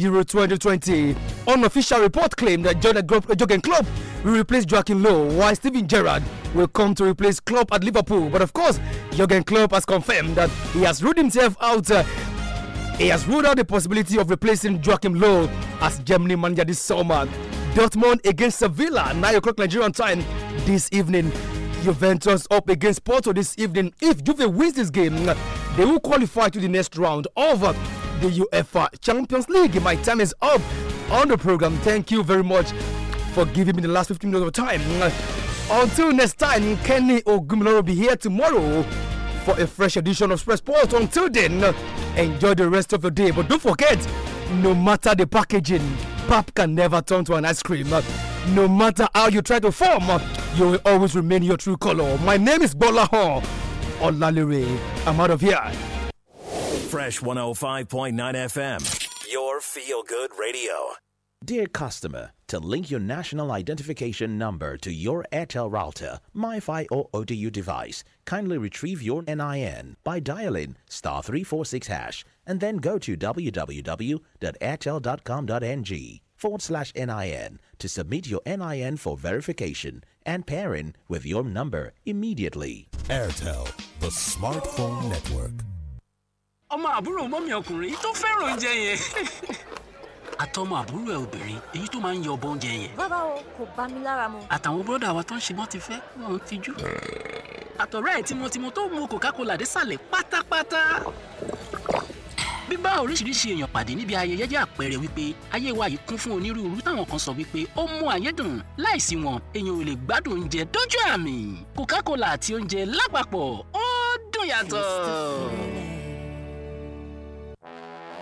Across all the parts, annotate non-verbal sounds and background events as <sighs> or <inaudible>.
Euro 2020. Unofficial report claimed that Jurgen Klopp will replace Joachim Low, while Steven Gerrard will come to replace Klopp at Liverpool. But of course, Jurgen Klopp has confirmed that he has ruled himself out. Uh, he has ruled out the possibility of replacing Joachim Low as Germany manager this summer. Dortmund against Sevilla, 9 o'clock Nigerian time this evening. Juventus up against Porto this evening. If Juve wins this game, they will qualify to the next round. Over the UEFA Champions League. My time is up on the program. Thank you very much for giving me the last 15 minutes of time. Until next time, Kenny Ogumiloro will be here tomorrow for a fresh edition of Express Sports. Until then, enjoy the rest of your day. But don't forget, no matter the packaging, pap can never turn to an ice cream. No matter how you try to form, you will always remain your true color. My name is Bola Ho Olalere. I'm out of here. Fresh 105.9 FM, your feel good radio. Dear customer, to link your national identification number to your Airtel router, MiFi or ODU device, kindly retrieve your NIN by dialing star 346 hash and then go to www.airtel.com.ng forward slash NIN to submit your NIN for verification and pairing with your number immediately. Airtel, the smartphone network. ọmọ àbúrò mọ́mì ọkùnrin tó fẹ́ràn oúnjẹ yẹn àtọmọ àbúrò ẹ obìnrin èyí tó máa ń yọ ọbọ oúnjẹ yẹn. rárá o kò bá mi lára mu. àtàwọn bọ́dà wa tó ń ṣe mọ́ ti fẹ́ wọn ò tijú. àtọ̀rẹ́ ẹ̀ tímọ́tímọ́ tó mu coca-cola désàlẹ̀ pátápátá. bíbá oríṣiríṣi èèyàn pàdé níbi ayẹyẹ jẹ́ àpẹẹrẹ wípé ayé wa yìí kún fún onírúurú táwọn kan sọ wípé ó mú àyẹ́dùn láìsí wọn èèyàn ò lè gbádùn oúnjẹ dójú àmì coca-cola àti oúnjẹ lápapọ̀ ó dùn yàtọ̀.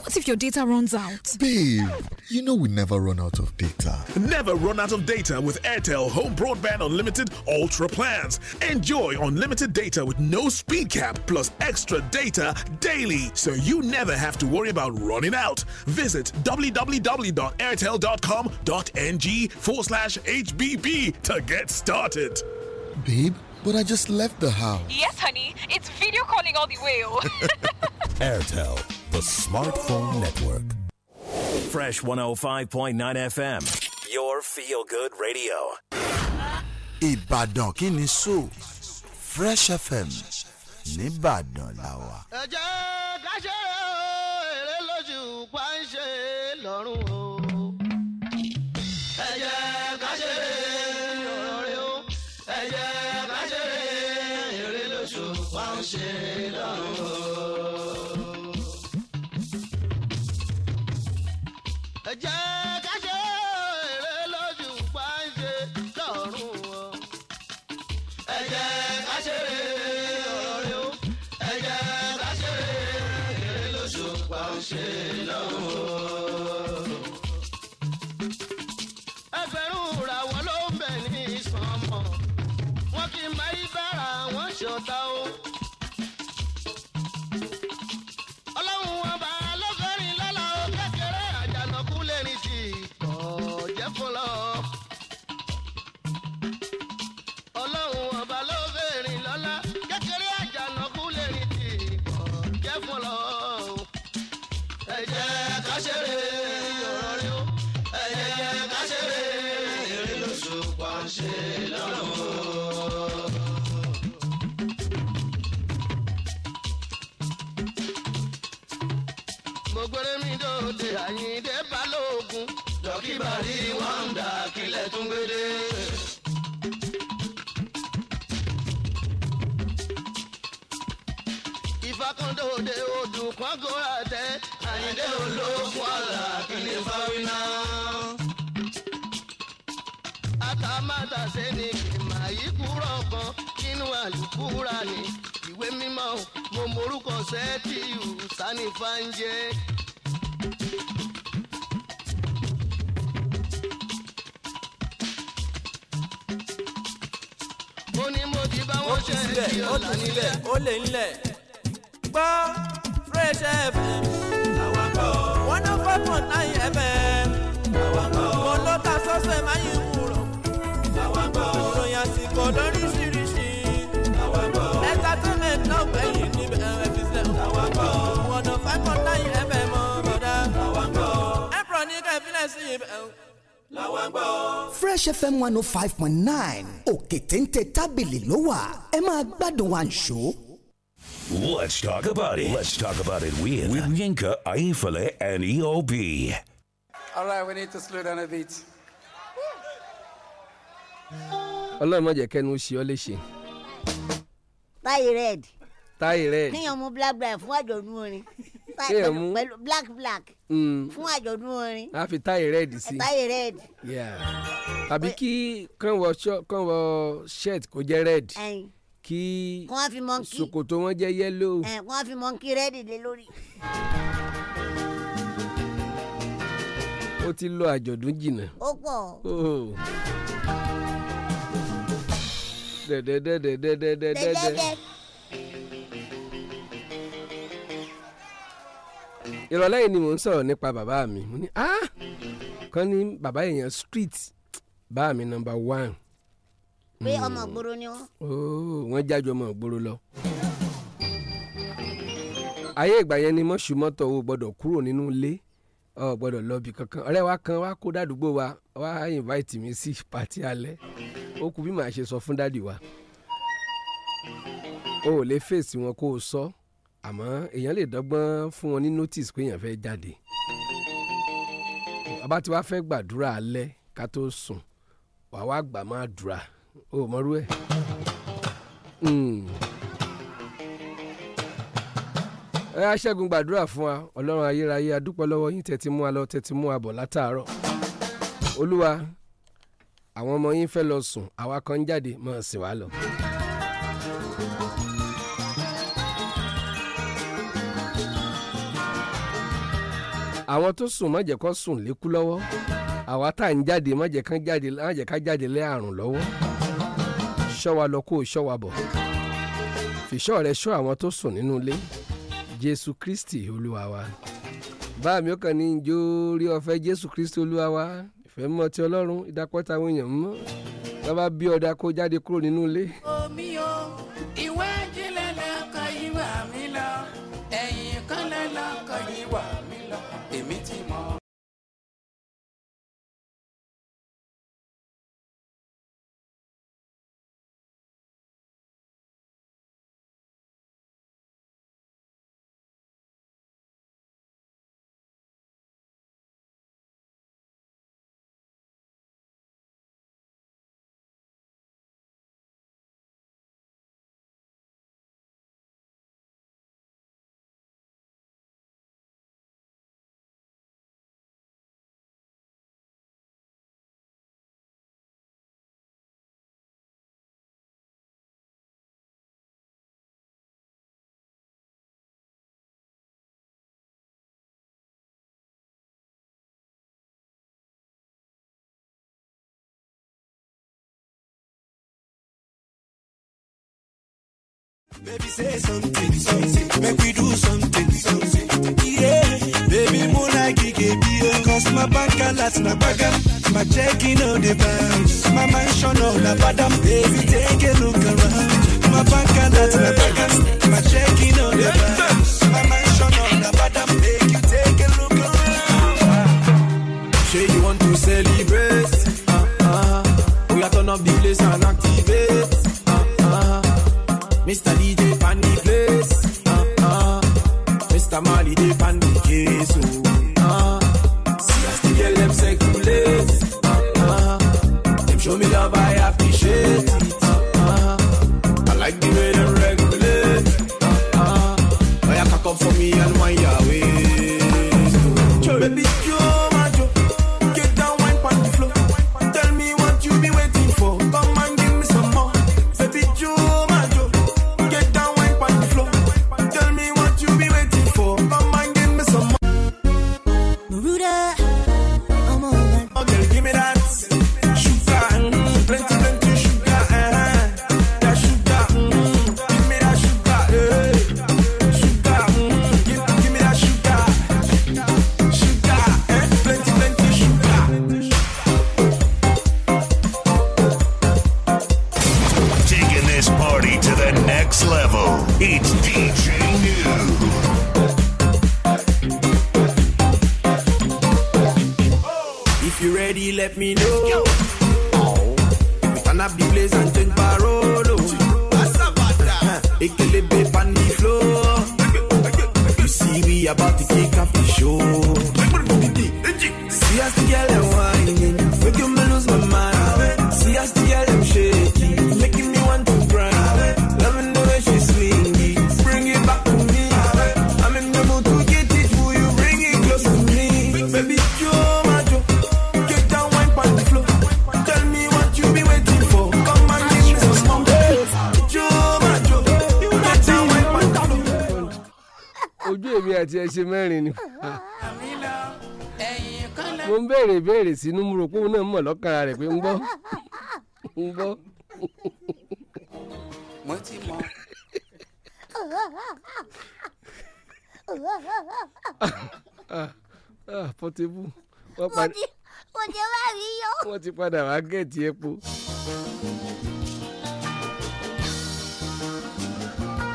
What if your data runs out? Babe, you know we never run out of data. Never run out of data with Airtel Home Broadband Unlimited Ultra plans. Enjoy unlimited data with no speed cap plus extra data daily so you never have to worry about running out. Visit www.airtel.com.ng forward slash HBB to get started. Babe, but I just left the house. Yes, honey. It's video calling all the way. Oh. <laughs> <laughs> Airtel the Smartphone Network. Fresh 105.9 FM, your feel good radio. Ibadan kini so Fresh FM ni la lawa. ẹ jẹ́ eré lójú pa lọ́rùn. Shetiu Sani Fanje. ó ní mo ti bá wọn ṣe é sí ọ̀la nílẹ̀. ó lè nílẹ̀ gbọ́ Fresh FM àwọn kọ́ one oh five point nine FM àwọn kọ́ mo lọ́ta sọ́sẹ̀ máa ń wúrọ̀ àwọn kọ́ ìròyìn àsìkò lórí. Oh. fresh fm one oh five point nine òkè téńté tábìlì ló wà ẹ máa gbádùn àǹṣó. let's talk about it let's talk about it with, with yinka ayefele and eob. all right we need to slow down a bit. ọlọ́run má jẹ́ kẹ́nu ṣe ọ́ léṣe táyì red táyì red kíyàn mú black black fún àjọ̀dún orin kíyàn mú pẹ̀lú black black mm. fún àjọ̀dún orin a fi táyì red sí táyì red tàbí kí kàn wọ kàn wọ shirt kó jẹ́ red kí ṣòkòtò wọn jẹ́ yellow wọ́n fi mọ́ńkì red lé lórí. ó ti lọ àjọ̀dún jìnnà. ó pọ̀. Oh dẹ́dẹ́dẹ́dẹ́dẹ́dẹ́dẹ́. ìrọ̀lẹ́ yìí ni mò ń sọ̀rọ̀ nípa bàbá mi mo ní ah kan ní bàbá èèyàn street bá mi number one. pé ọmọ ìgboro ni wọn. ooo wọn jájú ọmọ ìgboro lọ. ayé ìgbà yẹn ni mọ́ṣú mọ́tò ò gbọ́dọ̀ kúrò nínú ilé ọ gbọ́dọ̀ lọ bí kankan ọ̀rẹ́ wa kan wá kó dádúgbò wa wá invite mi sí pàtí alẹ́ ó kù bí màá ṣe sọ fún dádì wa o ò lè fèsì wọn kó o sọ àmọ́ èèyàn lè dọ́gbọ́n fún wọn ní notice pé èèyàn fẹ́ jáde bàbá tí wàá fẹ́ gbàdúrà alẹ́ ká tó sùn wàá wá gbà má dùrà o ò mọrú ẹ̀. Hmm. ẹ aṣẹ́gun gbàdúrà fún wa ọlọ́run ayérayé adúpọ̀ lọ́wọ́ yín tẹ́tí mú wa lọ tẹ́tí mú wa bọ̀ látàárọ̀ olúwa àwọn ọmọ yín fẹ́ lọ sùn àwa kan ń jáde mọ̀ sí wa lọ. àwọn tó sùn má jẹ́ kó sùn lékú lọ́wọ́ àwa tá à ń jáde má jẹ́ ká jáde má jẹ́ ká jáde lé àrùn lọ́wọ́ ṣọ́ lọ kó o ṣọ́ bọ̀ fìṣọ́ rẹ ṣọ́ àwọn tó sùn nínú ilé Jésù Kristi olúwa wa bá mi ní njó rí ọ̀fẹ́ Jésù Kristi olúwa wa ìfẹ́ mọ́ ti ọlọ́run ìdákọ́ta àwọn mọ́ lọ́ba bí ọ̀dà kó jáde kúrò nínú ilé. omi o. Baby, say something, something. Make we do something, something. Yeah. Baby, more like it, baby. Oh, Cause my bank alerts, na bagam. My checking on the bounce. My mansion on the bottom. Baby, take a look around. My bank alerts, na bagam. My checking on the bounce. My mansion on the bottom. Baby, take a look around. Say you want to celebrate. Uh, uh, we are turn up the place and activate. esta línea. mo ti mọ. Ah, ah, portable wọ́n padà wọ́n ti wá rí yọ. wọ́n ti padà wá gẹ̀ẹ́tì epo.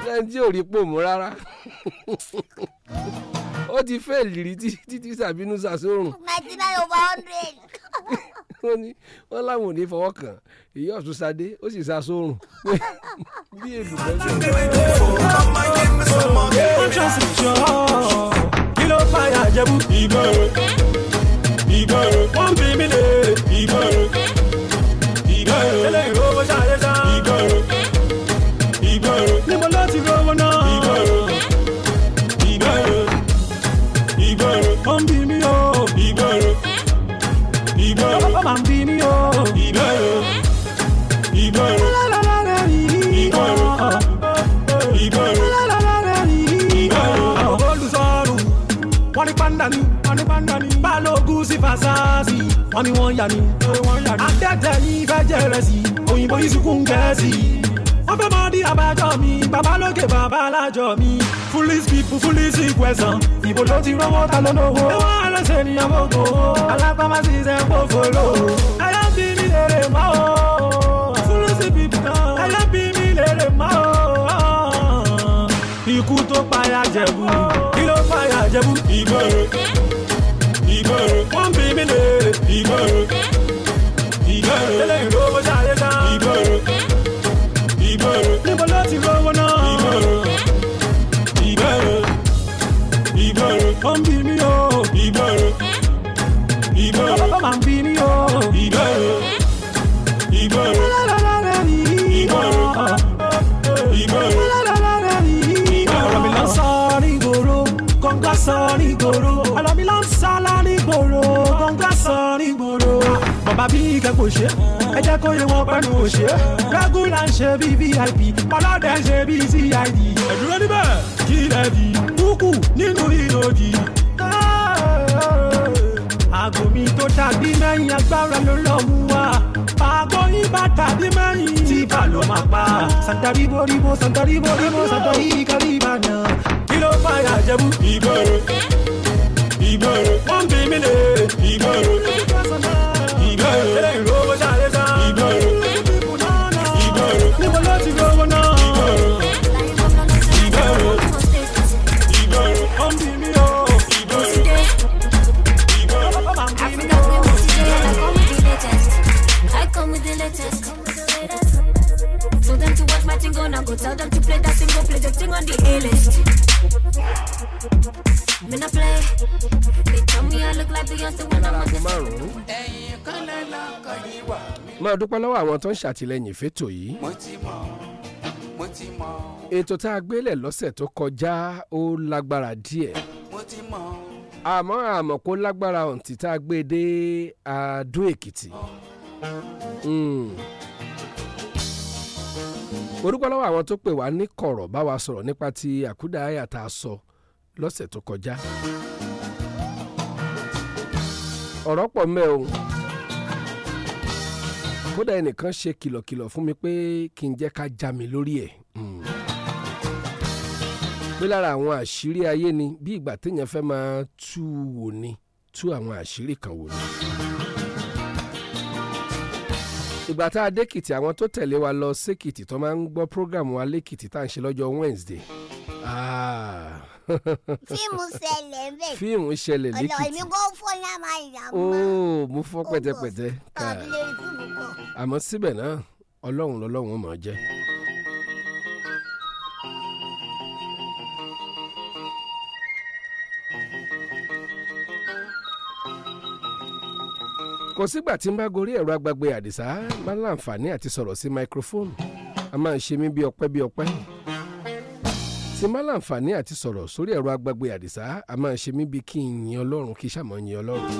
lẹ́ńtì ò rí pòmù rárá <laughs> ó ti fẹ́ẹ̀lì rí títí sàbínú sàsórùn. ninety nine over hundred. <laughs> wọ́n ní wọ́n láwọn ò ní fọwọ́ kàn ìyá ọ̀tún sadé ó sì sàsórùn. <laughs> bí èlùbọ́ ṣe ń bá. conscience is yours kí ló fàyà jẹ́bú ìgboro ìgboro wọ́n bí mi lè ìgboro ìgboro. wọ́n ní wọ́n yà ní. adẹ́tẹ̀ ní fẹ́ jẹrẹ sí òyìnbó yìí sunkún gẹ̀ẹ́sì. wọ́n fẹ́ mọ di àbájọ mi bàbá lókè bàbá alájọ mi. foolish people foolish question ìbò ló ti rówó ta ló lówó. ẹ wá lọ́sẹ̀ ní àbókò alápámá sì ṣe fòfò lò. ayé bí mi lèrè mọ́ o. foolish people náà ayé bí mi lèrè mọ́ o. ikú tó payà jẹ̀bú kí ló payà jẹ̀bú ìgboro. òṣè ẹ jẹ́ kó yé wọn pẹ̀lú òṣè rẹ́gúlà ń ṣe bí vip ọlọ́dẹ ń ṣe bí cid. ẹ̀dúró níbẹ̀ kí ilẹ̀ di kúkú nínú ìlòdì. àgò mi tó dàbí mẹ́yìn agbára ló lọ mú wa àgọ́ ibà tàbí mẹ́yìn tí ibà ló máa pa. santaribo ribo santaribo ribo santari kari ìbàdàn. kí ló fàyà jẹ́bú ìgboro ìgboro wọ́n bí mi lè ìgboro ìgboro. go tell them to play that thing, go play the thing on the A-list. Me not play. They tell me I look like Beyonce when I'm on the márùn máa dúpẹ́ lọ́wọ́ àwọn tó ń ṣàtìlẹ́yìn fẹ́tò yìí. ètò tá a gbélẹ̀ lọ́sẹ̀ tó kọjá ó lágbára díẹ̀ àmọ́ àmọ́ kó lágbára ọ̀ǹtí tá a gbé dé Adó Èkìtì. Mm orúkọ lọ́wọ́ àwọn tó pè wá ní kọ̀rọ̀ bá wa sọ̀rọ̀ nípa ti àkúdàáyà tá a sọ lọ́sẹ̀ tó kọjá. ọ̀rọ̀ pọ̀ mẹ́ o kódà ẹnìkan ṣe kìlọ̀kìlọ̀ fún mi pé kí n jẹ́ ká já mi lórí ẹ̀ hmm. pé lára àwọn àṣírí ayé ni bí ìgbà téèyàn fẹ́ máa tú wò ni tú àwọn àṣírí kan wò ni ìgbà tá a dékìtì àwọn tó tẹ̀lé wa lọ sékìtì tó máa ń gbọ́ program wa lẹ́kìtì tá à ń ṣe lọ́jọ́ Wednesday. Ah. fíìmù ṣẹlẹ̀ bẹ́ẹ̀. fíìmù ṣẹlẹ̀ lẹ́kìtì. ọ̀nà èmi kò fọ́ ní àmà ìyá ooo mo fọ́ pẹ̀tẹ́pẹ̀tẹ́. àmọ́ síbẹ̀ náà ọlọ́run lọ́lọ́run ó máa jẹ́. kò sígbà tí n bá gorí ẹ̀rọ agbagbe àdìsá máa ń láǹfààní àti sọ̀rọ̀ sí máikrófóònù a máa ń ṣe mí bí ọpẹ́ bí ọpẹ́ tí n bá láǹfààní àti sọ̀rọ̀ sórí ẹ̀rọ agbagbe àdìsá a máa ń ṣe mí bí kí n yin ọlọ́run kí sàmọ́ yin ọlọ́run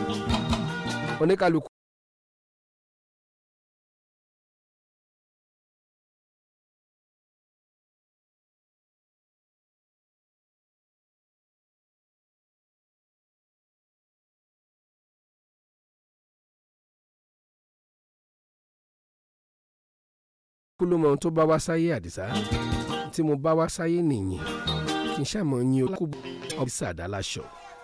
oníkálukú kú ló mọ ohun tó bá wá sáyé àdìsá tí mo bá wá sáyé nìyí kì í ṣàmọ̀ yín o kú ọbísà àdáláṣọ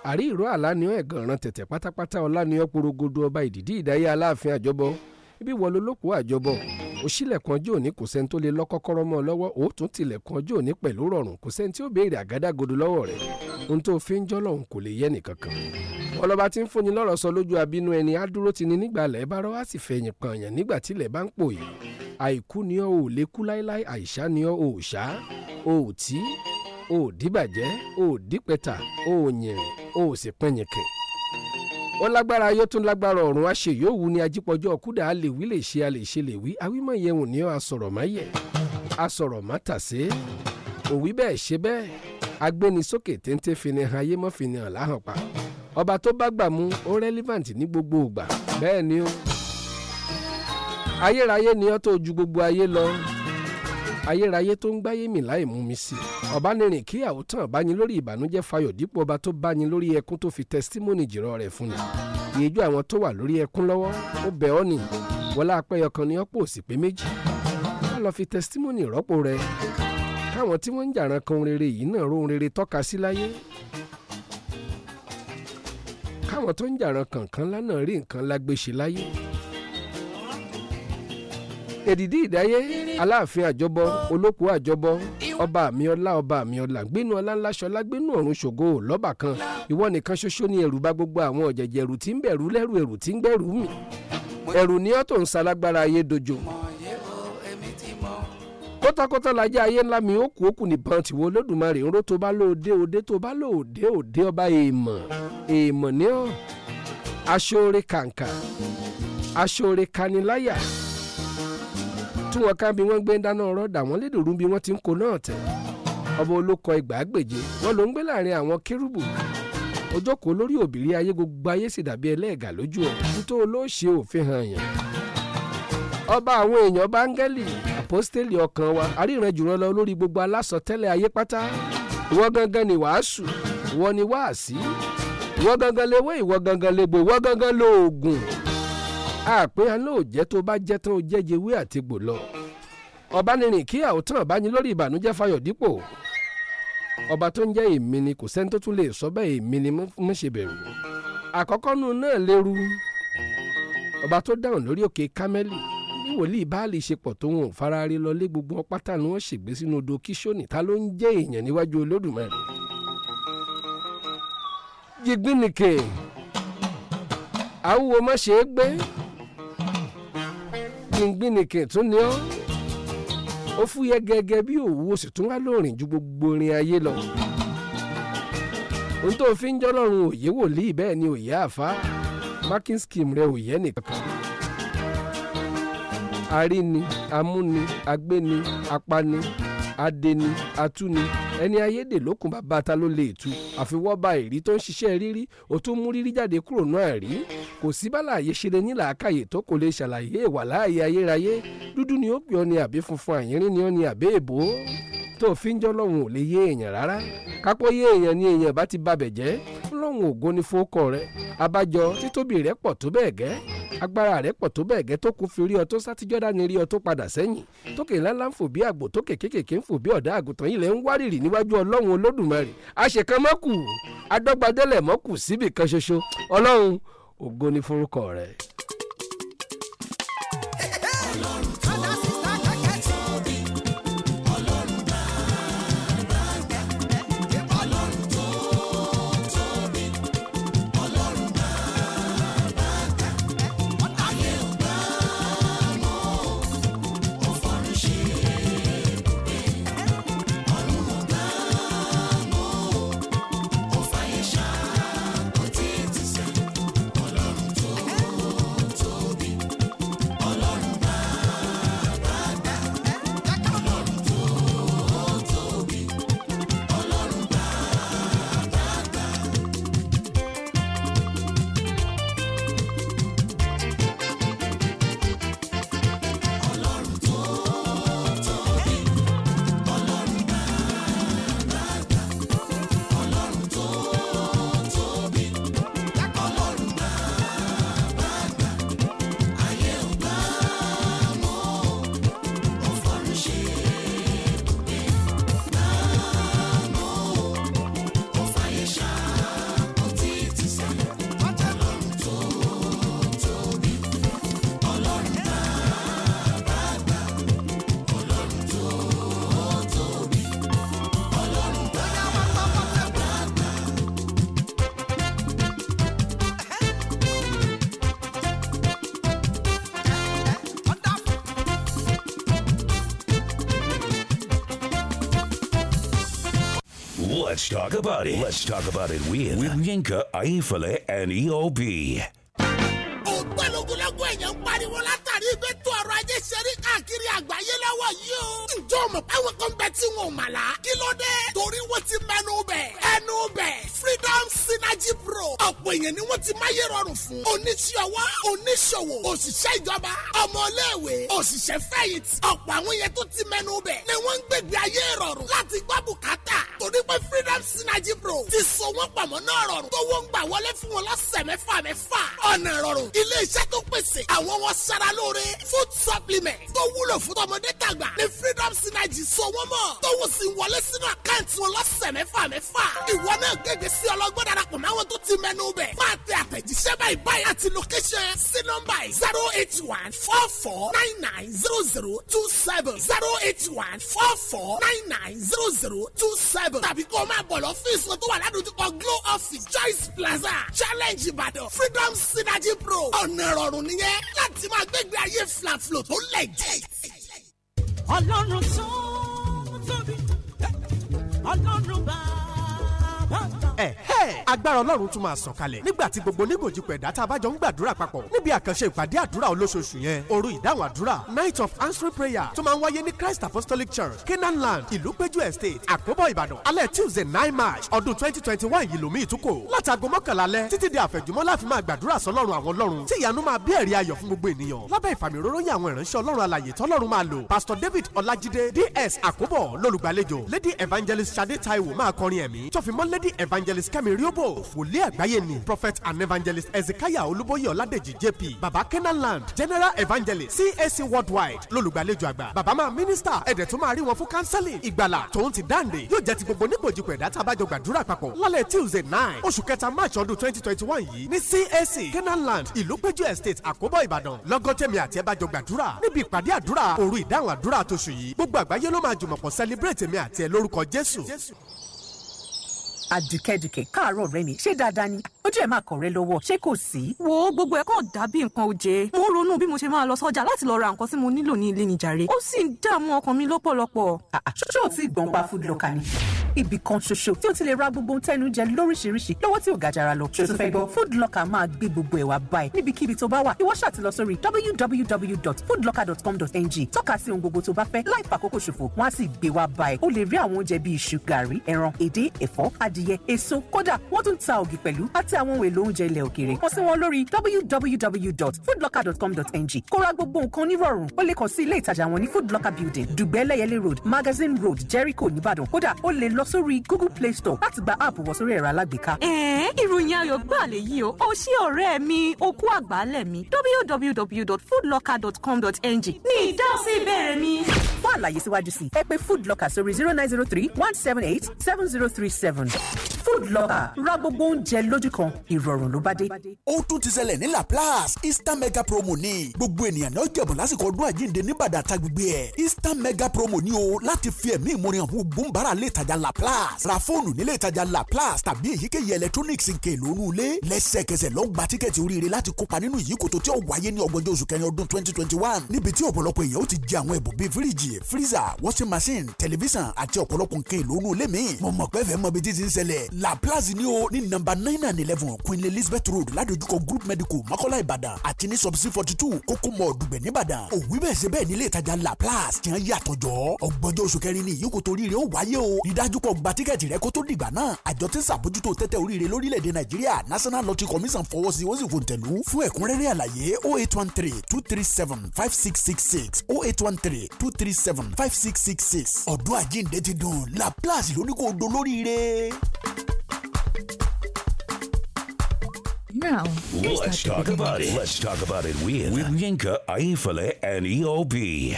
àrí ìró àlàníọ́ ẹ̀gànràn tẹ̀tẹ̀ pátápátá ọ̀làníọ́ porogodo ọba ìdìdí ìdáyé aláàfin àjọbọ ibi wọ̀ lólókùú àjọbọ òṣìlẹ̀kùn ọjọ́ òní kò sẹ́ni tó lè lọ kọ́kọ́rọ́ mọ́ ọ lọ́wọ́ òótún tilẹ̀kùn ọjọ́ òní pẹ̀lú rọrùn kò sẹ́ni tí ó béèrè àgádágodo lọ́wọ́ rẹ̀ ohun tó fi ń jọ́lọ̀ òun kò lè yẹ nìkankan. ọlọ́ba tí ń fúnni lọ́rọ̀ sọ lójú abínú ẹni á dúró ti ni nígbà lẹ́ẹ̀ bá rọ́ á sì fẹ̀yìn pààyàn nígbà tílẹ̀ bá ń pò àìkú ni ọ́ ò lè kú láéláé àìsá ni ọ́ ò sá ò tí ò dìbàjẹ́ ò dìpẹ̀tà ò yìnrìn ò sì pẹ̀yìnkìn ó lágbára ayé tó lágbára ọ̀run àṣẹ yóò wù ní ajípọ̀jọ́ kúdà a lè wí lè ṣe a lè ṣe lè wí awímọ̀ yẹn ò ní ọ́ asọ̀rọ̀ má yẹ asọ̀rọ̀ má tàsé òwí bẹ́ẹ̀ ṣe bẹ́ẹ̀ agbénisókè téńté fini han ayé mọ́ fini hàn láhàn pa ọba tó bá gbà mú ó relevant ní gbogbo ìgbà bẹ́ẹ̀ ni ó ayérayé ni ọ́ tó ju gbogbo ayé lọ ayérayé tó ń gbáyé mi láì mú mi sí ọ̀bánirin kí àwòtán báni lórí ìbànújẹ́ fayọ̀ dípò ọba tó báni lórí ẹkún tó fi tẹsítímọ́nì jìrọ̀ rẹ̀ fún ni ìyẹjú àwọn tó wà lórí ẹkún lọ́wọ́ ó bẹ̀ ọ́ nì wọlá apẹ́yọ kan ni ọ́ pò sí pé méjì wọ́n lọ fi tẹsítímọ́nì rọ́pò rẹ̀ káwọn tí wọ́n ń jàrán kan rere yìí náà rohun rere tọ́ka sí láyé káwọn tó ń jàrán kankan lánàá rí nǹkan lágbèsè láyé èdìdí ìdáyé aláàfin àjọbọ olókùú àjọbọ ọba àmìọlá ọba àmìọlá gbénu ọláńláṣọlá gbénu ọ̀run ṣògo lọ́ba kan ìwọ nìkan ṣoṣo ni ẹ̀rù bá gbogbo àwọn ọ̀jẹ̀jẹ̀ ẹ̀rù tí ń bẹ̀rù lẹ́rù ẹ̀rù tí ń gbẹ̀rù mi ẹ̀rù ni ọ́ tó ń salágbára ayé dojo kótákótá lajẹ ayé ńlá mi ó kú òkú nìbọn tìwọ olódùmarè ń ró tó bá lóde òde tó bá lóde òde ọba èèmọ̀ èèmọ̀ ní ọ aṣọ tú wọn ká bí wọ́n gbé ń dáná ọ̀rọ̀ dà wọ́n lédòrú bí wọ́n ti ń kó náà tẹ̀ ọba olóko ẹgbàágbèje wọ́n ló ń gbé láàrin àwọn kérúbù ojókòó lórí òbírí ayé gbogbo ayé sì dàbí ẹlẹ́ẹ̀gà lójú ọ nítorí olóòṣè òfin hàn yẹn ọba àwọn èèyàn báńgẹ́lì àpọ́stélì ọkàn wa aríran jùlọ lọ lórí gbogbo alásọtẹ́lẹ̀ ayé pátá ìwọ gangan ni wàásù ìwọ ni wáàsí ìwọ gangan lewé ìwọ gangan legbo ìwọ gangan lo lóògùn àpé aná ò jẹ́ tó bá jẹ́ tán ó jẹ́jẹ́ wí àtìgbò lọ ọ̀bánirin kí àwòtán àbáni lórí ìbànújẹ́ fayọ̀ dípò ọba tó ń jẹ́ èmi ni kò sẹ́ni tó tún lè sọ bẹ́ẹ̀ èmi ni mo ṣe bẹ̀rù àkọ́kọ́ nu náà léru ọba tó dáhùn lórí òkè kámẹ́lì bí báàlì ṣe tó wọn ò fara rí lọ lé gbogbo wọn ni wọ́n ṣègbé sínú odò kíṣónì ta ló ń jẹ́ èèyàn níwájú olódùmarè jigbínìkè àwùwọ̀ má ṣe é gbé. gbìngbìnìkè tún ni ọ́ ó fúyẹ́ gẹ́gẹ́ bí òwú ó sì tún wá lóòrìn ju gbogbo orin ayé lọ ohun tó fi ń jọlọ́run òye wòlíì bẹ́ẹ̀ ni òye àfa marking scheme rẹ òye nìkan aríni amúni agbéni apani adeni atuni ẹni ayédè lókun bàbá ta ló lè tu àfiwọ́ba èrí tó ń ṣiṣẹ́ rírí ó tún mú rírí jáde kúrò náà rí kò sí bálàyé ṣe lè ní làákàyè tó kò lè ṣàlàyé ìwà láàyè ayérayé dúdú ni ó pè ọ́ ni àbí funfun àyínrín ni ọ́ ni àbí èbó tó fi ń jọ́ lọ́hùn ò lè yé èèyàn rárá kápọ́ yé èèyàn ni èèyàn bá ti babẹ̀ jẹ́ lọ́hùn ògo ni fọ́kọ rẹ̀ abájọ títóbi rẹ̀ pọ̀ tó bẹ́ẹ̀ gẹ́ agbára rẹ̀ pọ̀ tó bẹ́ẹ̀ gẹ́ tó kún fi rí ọ tó sátijọ́dá ni rí ọ tó padà sẹ́yìn hmm. tókè ńláńlá ń fò bí àgbò tókè kékèké ń fò bí ọ̀dà àgùntàn yìí lẹ̀ ń wárìrì níwájú ọlọ́run olódùmarè àṣekàn mọ́kù adọ́gbadẹ́lẹ̀ mọ́kù síbì ṣoṣo ọlọ́run ògo ni forúkọ rẹ̀. talk about it. Let's talk about it with, with Yinka, Aifale, and EOB. ògbẹ́lógúnlógún èèyàn pariwo látàrí ibi tó ọrọ̀ ajé ṣe káàkiri àgbáyé lọ́wọ́ yìí o. ǹjọ́ mọ̀ báwọn kan bẹ tí wọn ò mà lá. kí ló dé? torí wọ́n ti mẹ́nu bẹ̀. ẹnu bẹ̀ freedom synergy pro. ọ̀pọ̀ èèyàn ni wọ́n ti máyé rọrùn fún. oníṣòwò oníṣòwò òṣìṣẹ́ ìjọba ọmọléèwé òṣìṣẹ́ fẹ̀yìntì ọ̀pọ̀ àwọn yẹn tó ti mẹ́nu bẹ̀ wọlé fún wọn lọ́sẹ̀ mẹ́fà mẹ́fà. ọ̀nà ìrọ̀rùn ilé iṣẹ́ tó pèsè àwọn wọn sara lóore food supplement tó wúlò fún tọmọdé tàgbà ní freedom synergy so wọ́n mọ̀ tówó sì wọlé sínú àkáǹtì wọn lọ́sẹ̀ mẹ́fà mẹ́fà ìwọ náà gègé sí ọlọ́gbọ́n darapọ̀ máwọn tó ti mẹ́nu bẹ̀ máa tẹ àtẹ̀jíṣẹ́ báyìí báyìí àti location sí nọ́mbà yìí zero eight one four four nine nine zero zero two seven zero eight one four four nine nine zero zero two seven tàbí kó o máa bọ̀ lọ́fíìsì tó wà ládojúkọ Glow office Choice Plaza Challenge Ìbàdàn Freedom Synergy Pro ọ̀nà ìrọ̀rùn nìyẹn láti máa gbégbé ayé flaflo tó lẹ̀ jẹ́. ọlọ́run tó tóbi ọlọ́run bá. ẹ̀hẹ́ agbára ọlọ́run tún máa sàn kalẹ̀ nígbà tí gbogbo oníbòjì pẹ̀dá tá a bá jọ ń gbàdúrà papọ̀ níbi àkànṣe ìpàdé àdúrà olóṣooṣù yẹn òru ìdáhùn àdúrà night of answering prayer tó máa ń wáyé ní christ apostolic church canaan land ìlú péjú estate àkóbọ̀ ìbàdàn alẹ́ tuesday nine march ọdún twenty twenty one yìí lómi ìtúkò látago mọ́kànlá alẹ́ títí di àfẹ̀jùmọ́ láfi máa gbàdúrà sọlọ́run àwọn ọlọ́run tí ìyanu máa bí ẹ̀rí ayọ̀ fún gbogbo ènìyàn lábẹ́ ìfàmìróróyìn àwọn pastor david ọlájídé ds àkóbọ̀ lólùgbàlejò lady evangelist sade taiwo máa kọrin ẹ̀mí tó daddy evangelist kẹ́mi riobo wòlíì àgbáyé ni prophet and evangelist ezekiah olúbóyè ọládèjì jp baba kenaland general evangelist cac worldwide lólùgbàlejò àgbà baba máa minister ẹ̀dẹ̀ tó máa rí wọn fún counseling ìgbàlà tòun ti dáǹdè yóò jẹ́ ti gbogbo nígbòjìpọ̀ ẹ̀dá tá a bá jọ gbàdúrà papọ̀ lálẹ́ tuesday nine oṣù kẹta march ọdún twenty twenty one yìí ní cac kenaland ìlúpéjú estate àkóbọ̀ ìbàdàn lọ́gọ́tẹ̀mí àti ẹ̀bájọ gbàdúrà níbi ìpàdé àdúrà òru ìdáhùn àdúrà tóṣù yìí gbogbo àgbáyé ló máa jùmọ̀pọ̀ celebrate mi àti ẹ lórúkọ jésù. jésù àdùkẹ́dùkẹ́ káàárọ̀ ọ̀rẹ́ mi ṣé dáadáa ni ojú ẹ̀ máa kọ̀ rẹ lọ́wọ́ ṣé kò sí. wo gbogbo ẹ kàn dàbí nǹkan oje mo ń ronú bí mo ṣe máa lọ sọ́jà láti lọ ra nǹkan tí mo nílò ní ilé nìjàre ó sì ń dààmú ọkàn mi lọ́pọ̀lọpọ̀. Ah, ah, ṣoṣo ò tí ì gbọ̀n food locker ni ibì kan ṣoṣo tí o ti lè ra gbogbo tẹnu jẹ lóríṣiríṣi lọ́wọ́ tí ò ga jara lọ. ṣòtún fẹ́ gbọ́ food locker máa gbé gbogbo ẹ̀ wá báyìí níbikíbi tó bá wà ìwọ ṣáà ti lọ sórí www.foodlocker.com.ng tọ́ka sí ohun gbogbo tó bá fẹ́ láì fàkókò ṣòfò wọ́n á sì gbé wá báyìí o lè rí àwọn oúnjẹ bíi iṣu gàrí ẹran èdè ẹ̀fọ́ adìyẹ adìyẹ èso kódà wọ́n tún ta ògì pẹ̀lú àti àwọn ohun èlò oúnjẹ ilẹ̀ òkèèrè kàn sí wọn lórí www.foodlocker.com.ng kó ra gbogbo nǹkan onírọ̀rùn o lè kàn sí ilé ìtajà wọn ní foodlocker building dùgbẹ́ lẹ́yẹlé road magazine road jericho nìbàdàn kódà o lè lọ sórí google play store láti gba app wọ sórí ẹ̀rọ alágbèéká. ẹ ìròyìn ayọ̀ gbà lè yí o ó ọ̀rẹ́ mi okú àgbálẹ̀ mi www.foodlocker.com.ng ní ìdásí ìbéèrè mi. fún àlàyé síwájú sí ẹ pé foodlocker sórí zero nine zero three one seven eight seven zero three seven food locker ra gbogbo oúnjẹ lójú kan ìrọ̀rùn ló bá dé. ó tún ti ṣẹlẹ̀ ní laplace easter mega promo ni gbogbo ènìyàn náà jẹ̀bọ̀ lásìkò ọdún àjíǹde níbàdàn àtàgbègbè ẹ̀ easter mega promo ni o láti fi ẹ̀mí ìmúrin àwọn ògbóǹbàrà lè tajà laplace ra fóònù nílé ìtajà laplace tàbí èyíkéyìí electronics nke lónú ilé lẹ́sẹ̀kẹsẹ̀ lọ gba tíkẹ́ẹ̀tì oríire láti kópa nínú ìyíkòtò tí ó wáyé ní ọgbọ̀njọ́ oṣù kẹrin ọdún twenty twenty one níbi tí ọ̀pọ̀lọpọ̀ èèyàn ó ti jẹ àwọn ẹ̀bùn bíi fíríjì fírísà washing machine tẹlifíṣàn àti ọ̀pọ̀lọpọ̀ nǹkan ìlónú ilé míì mo mọ̀ pé fẹ́ mọ ibi títí ìṣẹ̀lẹ̀ la plaza ni o ní nọ́mbà nine and eleven queen elizabeth road ládojúkọ group medical makola ìbàdàn àti ní subsidy forty two kókó mọ̀ dùgbẹ̀ nìbàdàn òwú bẹ́ẹ̀ ṣe bẹ́ẹ̀ nílé ìtajà la plaza tiẹ̀ yàtọ̀ jọ ọgbọ̀njọ́ oṣù kẹrin ni yòókù torí rẹ̀ ó wáyé o ìdájú kọ gba tíkẹ́ẹ̀tì rẹ kó tó dìgbà náà àjọ tí ń ṣàbójútó tẹ́tẹ́ oríire lórílẹ̀‐èdè nàìjíríà national lottery commission fọwọ́ sí ó sì fòǹtẹ̀lú fún ẹ̀kúnrẹ́rẹ́ àlàyé oh eight one three two three seven five six six six oh eight one three two three seven five six six six ọ̀dọ́ àjíǹde ti dùn laplace lóníkó dolóríire. Now, let's talk about it. Let's talk about it with, with Yinka, Aifale, and EOB.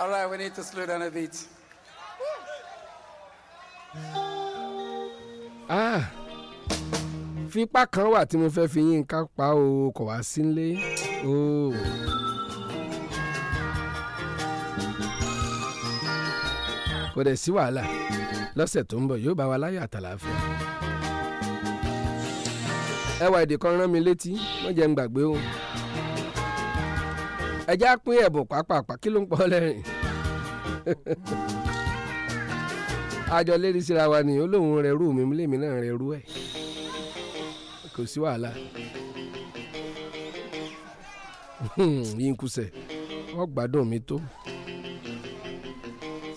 All right, we need to slow down a bit. Ah, fipá kan wà tí mo fẹ́ fi Yinka pa o kò wá sí nílé. Oh. kò dẹ̀ sí wàhálà lọ́sẹ̀ tó ń bọ̀ yóò bá wa láyọ̀ àtàlàáfíà. ẹwà èdè kan rán mi létí wọ́n jẹ́ ń gbàgbé o. ẹjẹ́ á pín ẹ̀bùn pàápàá kí ló ń pọ́ lẹ́rìn. <laughs> àjọ lérí síra wa nìyó lòun rẹ̀ rú mi lèmi náà rẹ̀ rú ẹ̀ kò sí wàhálà. Hmm, yín kùsẹ̀ wọ́n gbádùn mi tó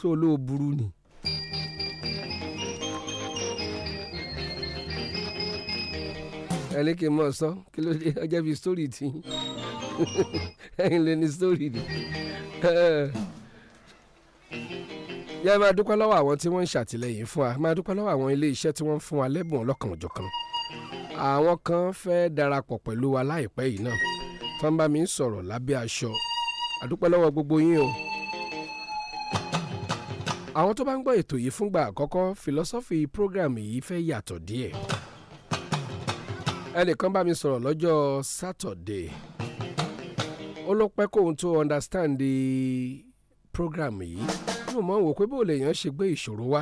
sọ olóò burú ni. ẹ ní kí n mọ̀ sọ kí ló dé ọjọ́ bíi sítórì tí ẹ̀yin lè ní sítórì ni. yá máa dúpẹ́ lọ́wọ́ àwọn tí wọ́n ń ṣàtìlẹ́yìn fún wa máa dúpẹ́ lọ́wọ́ àwọn ilé iṣẹ́ tí wọ́n ń fún wa lẹ́bùn ọlọ́kanòjọ̀kan àwọn kan fẹ́ darapọ̀ pẹ̀lú wa láìpẹ́ yìí náà tó ń bá mi sọ̀rọ̀ lábẹ́ aṣọ àdúpẹ́ lọ́wọ́ gbogbo yín o àwọn tó bá ń gbọ́ ètò yìí fúngbà àkọ́kọ́ philosophy program yìí fẹ́ yàtọ̀ díẹ̀ ẹnìkan bá mi sọ̀rọ̀ lọ́jọ́ Saturday ó ló pẹ́ kóun tó understand the program yìí mo mọ̀ wò pé bó lèèyàn ṣe gbé ìṣòro wá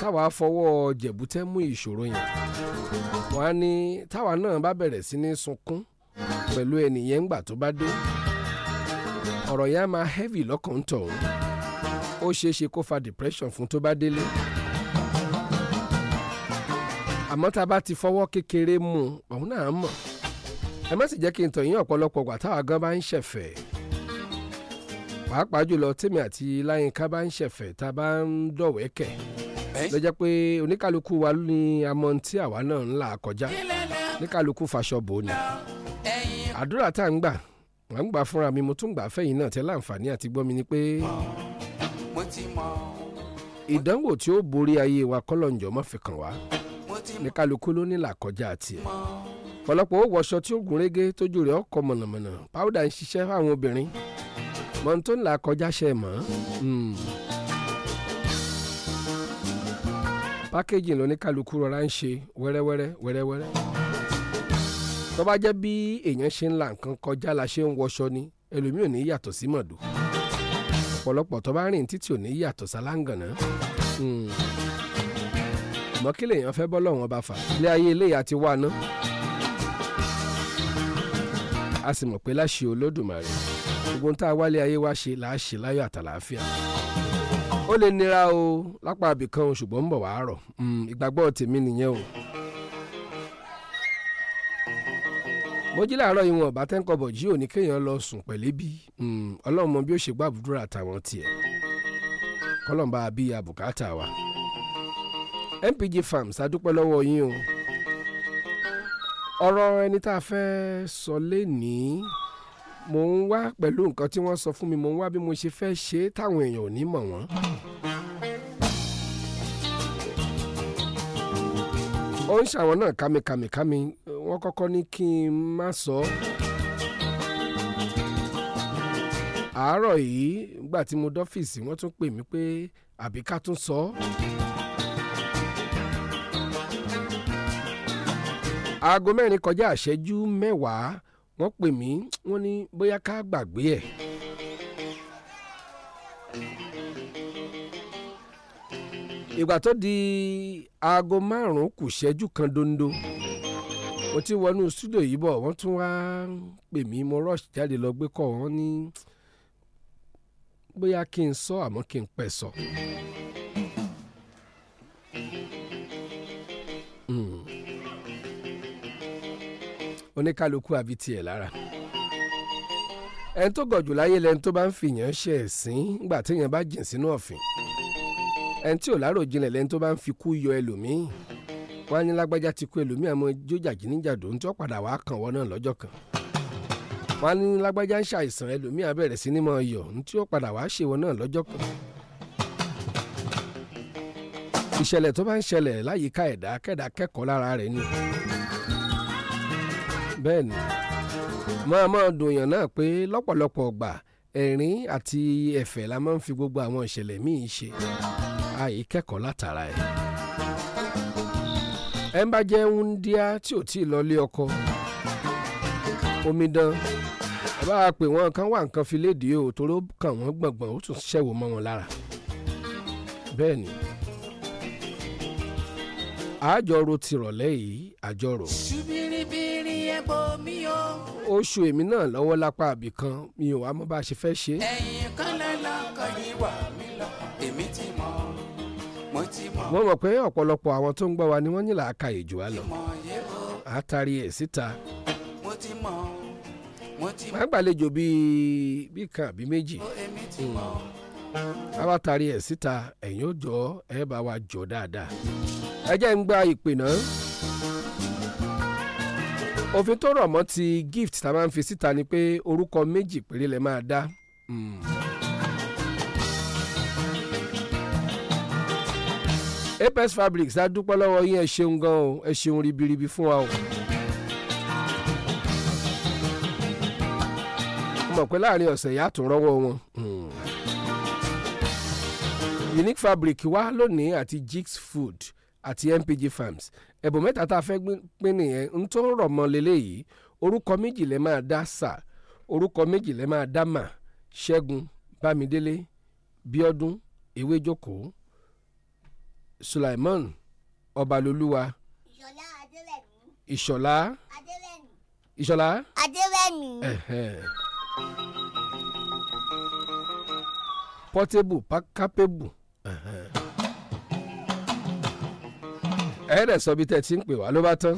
táwa fọwọ́ jẹ̀bútẹ́ mú ìṣòro yẹn wọ́n á ní táwa náà bá bẹ̀rẹ̀ sí ní sunkún pẹ̀lú ẹnìyẹn ńgbà tó bá dé ọ̀rọ̀ yẹn á máa heavy lọ́kàn tọ̀hún ó ṣeé ṣe kó fa depression fún tó bá délé àmọ́ tá a bá ti fọwọ́ kékeré mú un òun náà mọ̀ ẹ má sì jẹ́ kí n tàn yín ọ̀pọ̀lọpọ̀ gbà táwa gan bá ń ṣẹ̀fẹ̀ pàápàá jùlọ tèmi àti láyínká bá ń ṣẹ̀fẹ̀ tá a bá ń dọ̀wẹ́kẹ̀ ló jẹ́ pé oníkálukú wa ní amọ̀ tí àwa náà ń là kọjá oníkálukú faṣọ ni àdúrà tá à ń gbà wọ́n ń gbà fúnra mi mo tún gbà fẹ́yìn náà tẹ́ láǹfààní àti gbọ́ mi ni pé. Oh ti mọ̀. ìdánwò tí ó borí ayé wa kọ́lọ́njọ́ má fi kàn wá ní kálukú ló ní làkọjá tiẹ̀ ọ̀pọ̀lọpọ̀ ó wọṣọ tí ó gùn régé tójú rẹ̀ ọkọ̀ mọ̀nàmọ̀nà powder ń ṣiṣẹ́ fáwọn obìnrin mọ̀ntó ńlá kọjá ṣe mọ́ hmm. pákéjì ló ní kálukú rọra ń ṣe wẹ́rẹ́wẹ́rẹ́ wẹ́rẹ́wẹ́rẹ́ tó bí èèyàn ṣe ń la nǹkan kọjá la ṣe ń wọṣọ ni ẹlòmíràn ní yàtọ̀ sí mọ̀dù ọ̀pọ̀lọpọ̀ tó bá rìn títí ò ní yàtọ̀ sálángànà hmm. mọ́kílẹ̀ èèyàn fẹ́ bọ́ lọ́wọ́n ọba fà ilé ayé eléyà ti wá ná a sì mọ̀ pé láṣẹ olódùmarè gbogbo ń tá a wálé ayé wá ṣe làá ṣe láyọ̀ àtàlàáfíà ó lè nira o lápá abìkan ṣùgbọ́n ń bọ̀ wá hmm, ìgbàgbọ́ tèmi nìyẹn o. mojí làárọ̀ yìí wọn ọ̀bá tẹ́ńkọ̀bọ̀ jí òní kéèyàn lọ sùn pẹ̀lẹ́bí hmm, ọlọ́run mọ bí ó ṣe gbàbúdúrà tàwọn tiẹ̀ kọ́lọ́mbà àbí àbùkátà wa. MPG Farms adúpẹ́ lọ́wọ́ yín o ọ̀rọ̀ ẹni tá a fẹ́ sọ lénìí mò ń wá pẹ̀lú nǹkan tí wọ́n sọ fún mi mò ń wá bí mo ṣe fẹ́ ṣe táwọn èèyàn ò ní mọ̀ wọ́n. ó ń ṣàwọn náà kámikàmìkámi wọ́n kọ́kọ́ ní kí n má sọ ọ́ àárọ̀ yìí nígbà tí mo dọ́fíìsì wọ́n tún pè mí pé àbí ká tún sọ ọ́. aago mẹ́rin kọjá àṣẹ́jú mẹ́wàá wọ́n pè mí wọ́n ní bóyá ká gbàgbé ẹ̀. ìgbà tó di aago márùn-ún kù ṣẹ́jú kan dondo mo ti wọnú studio yìí bọ̀ wọ́n tún wá pè mí mo rush jáde lọ gbé kọ́ wọn ní bóyá kí n sọ àmọ́ kí n pẹ́ sọ. Hmm. oníkálukú àbí tiẹ̀ lára ẹni tó gọ̀jù láyé lẹni tó bá ń fìyàn ṣe ẹ̀sìn nígbà téèyàn bá jìn sínú ọ̀fìn ẹni tí ò lárò jinlẹ̀ lẹ́ni tó bá ń fi kú yọ ẹlòmíì wọ́n á ní lágbájá ti kú ẹlòmíì àmọ́ jójàjì níjàdó ń tọ́ padà wàá kàn wọ́n náà lọ́jọ́ kan wọ́n á ní lágbájá ń ṣàìsàn ẹlòmíì á bẹ̀rẹ̀ sí ní mọ̀ ọyọ̀ ń tí ó padà wàá ṣèwọ́ náà lọ́jọ́ kan. ìṣẹ̀lẹ̀ tó bá ń ṣẹlẹ̀ láyìíká ẹ̀dá kẹ́dà kẹ́kọ̀ọ́ lára rẹ̀ ni bẹ́ẹ̀ ni máa máa dùnyàn náà pé lọ́pọ̀lọpọ̀ ọgbà ẹ̀rín àti ẹ̀fẹ̀ la máa ń fi gbogbo àwọn ìṣẹ̀lẹ̀ àì kẹ́kọ̀ọ́ látara ẹ̀. ẹ ń bá jẹ́ wúńdíá tí ò tí ì lọlé ọkọ omidan ẹ bá a pè wọ́n kan wá nǹkan fi léde o toró kàn wọ́n gbọ̀ngbọ̀n ó tún ṣẹ̀wò mọ́ wọn lára bẹ́ẹ̀ ni àjọrò tìrọ̀lẹ́ yìí àjọrò. ṣùbìrìbìrì ẹ̀bọ̀ mi o. ó ṣù èmi náà lọ́wọ́ lápá àbìkan mi ò wá mọ́ bá a ṣe fẹ́ ṣe. ẹ̀yìn kan lọ́lọ́kọ̀ yìí wà mí mo mọ̀ pé ọ̀pọ̀lọpọ̀ àwọn tó ń gbọ́ wa ni wọ́n ní làákàyè jù wá lọ àtàrí ẹ̀ síta máa gbàlejò bíi bíi kan àbí méjì a bá taari ẹ̀ síta ẹ̀yin ó jọ ẹ bá wa jọ dáadáa ẹ jẹ́ ń gba ìpè náà òfin tó rọ̀ mọ́ ti gift tá a máa ń fi síta ni pé orúkọ méjì péré lè máa dá. Mm. Apex Fabrics a dúpẹ́ lọ́wọ́ yín ẹ ṣeun gan o ẹ ṣeun ribiribi fún wa o. mo mọ̀ pé láàrin ọ̀sẹ̀ yìí á wọn. Hmm. Unique Fabric wá lónìí àti Jigs Food àti MPG Farms ẹ̀bùn mẹ́ta tá a fẹ́ pín nìyẹn ń tó rọ̀ mọ́ lélẹ́yìí orúkọ méjì lẹ́ máa dá sà orúkọ méjì lẹ́ máa dá mà Ṣẹ́gun Bámidélé Bíọ́dún Ewéjókòó Suleiman, Ọbalolúwa Ìṣọ̀lá Ìṣọ̀lá Adéwẹ̀mí portable capable ẹ dẹ̀ sọ bí tẹ́ ti ń pè wá ló bá tán.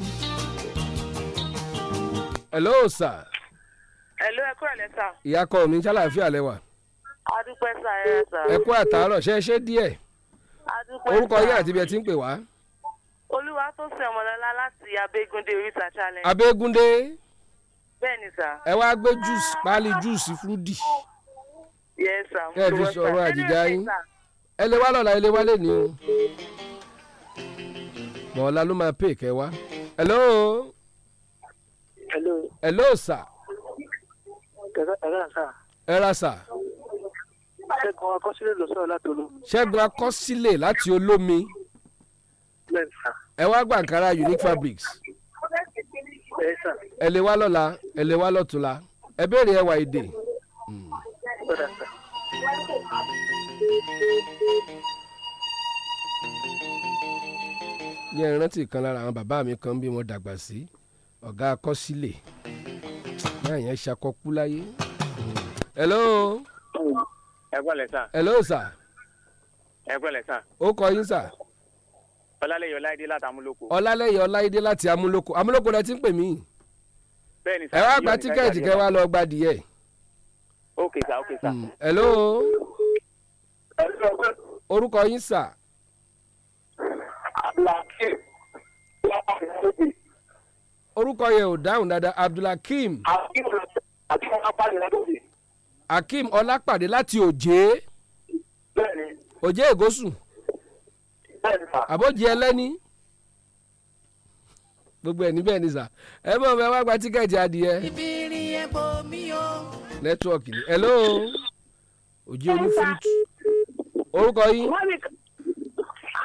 hello sà. hello ẹ kúrò lẹ́sà. ìyá kọ́ mi jálàáfíà lẹ́wà. a dúpẹ́ sà ẹ rẹ sà. ẹ àtàárọ̀ ṣe ṣe díẹ̀ orúkọ yín àti ibi ẹ ti ń pè wá. olúwa tó sẹ ọmọlọlá láti abegunde, oríta challenge. abégúndé. bẹ́ẹ̀ni sà. ẹ wá gbé juice páálí juice fúdì. yes sà. kẹ́ ẹ fi sọ̀rọ̀ àjìjà yín ẹ lè wá lọ́la ẹ lè wá lẹ́ni o. mọ̀ọ́lá ló máa pè kẹ́ wá. hello. hello. hello sà. ẹ ra sà. ẹ ra sà ṣẹ́gun akọsílẹ̀ ló sọ̀rọ̀ láti olómi. ṣẹ́gun akọsílẹ̀ láti olómi. ẹ wá gba Ankara unique fabrics. ẹ lè wá lọ́la ẹ lè wá lọ́tùnla ẹ béèrè ẹwà èdè. yẹn ìrántí kan lára àwọn bàbá mi kan bí wọ́n dàgbà sí ọ̀gá akọsílẹ̀ náà yẹn ṣakọ kú láyé. hello ẹ pẹ̀lẹ́ sà. hello sà. ẹ pẹ̀lẹ́ sà. ó kọ yín sà. ọlálẹ́yẹ ọláìdé láti amúlòkó. ọlálẹ́yẹ ọláìdé láti amúlòkó amúlòkó rẹ ti ń pè mí. bẹ́ẹ̀ni sà. ẹ wá gba tíkẹ́ẹ̀tì kẹ wá lọ gba díẹ̀. ok sà ok sà. Mm, hello. orúkọ yín sà. abdulhakeem láti ọ̀sẹ̀ orúkọ yẹn ò dáhùn dáadáa abdulhakeem. àbí ọ̀sẹ̀ àbí ọ̀sẹ̀ akeem ọlápàdé láti òjé òjé ègósù àbójì ẹlẹ́ni gbogbo ẹ̀ níbẹ̀ ni sà ẹ mọ̀ bẹ́ẹ̀ wá gba tíkẹ́ẹ̀tì adìyẹ. ìbírí ẹ̀bọ mi o. nẹ́tíwọ̀kì ni hello òjì olúfúrútù orúkọ yín.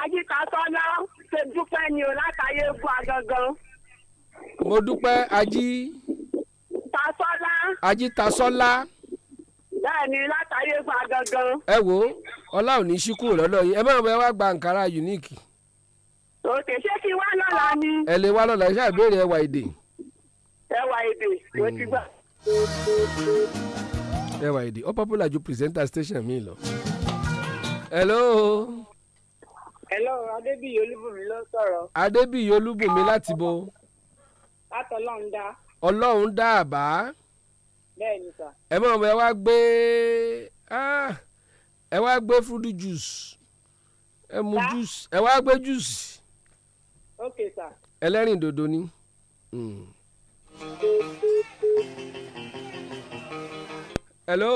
ajíkàtọ́lá ṣe dúpẹ́ ni o látàyè fún agangan. mo dúpẹ́ ají. tasọ́lá. ají tasọ́lá. bẹ́ẹ̀ni látàyè gba gangan. ẹ wo ọlá ò ní í ṣí kúrò lọ́dọ̀ yìí ẹ máa bẹ wá gba Ankara unique. òkè ṣé kí wá lọ́la ni. ẹ lè wá lọ́la iṣẹ́ ìbéèrè ẹwà èdè. ẹwà èdè ló ti gbà. Hmm. ẹwà èdè ó popular ju presenter station mi lọ. hello. hello adébíyí olúbùnmi ló sọrọ. sọ̀rọ̀. adébíyí olúbùnmi láti bo. látọlọ́run dá. ọlọ́run dá àbá. bẹ́ẹ̀ni sà ẹ mọ̀ ẹ wá gbé ah, ẹ wá gbé fruit juice ẹ mu juice ẹ wá gbé juice ẹlẹ́rìn dòdò ni. Hmm. hello.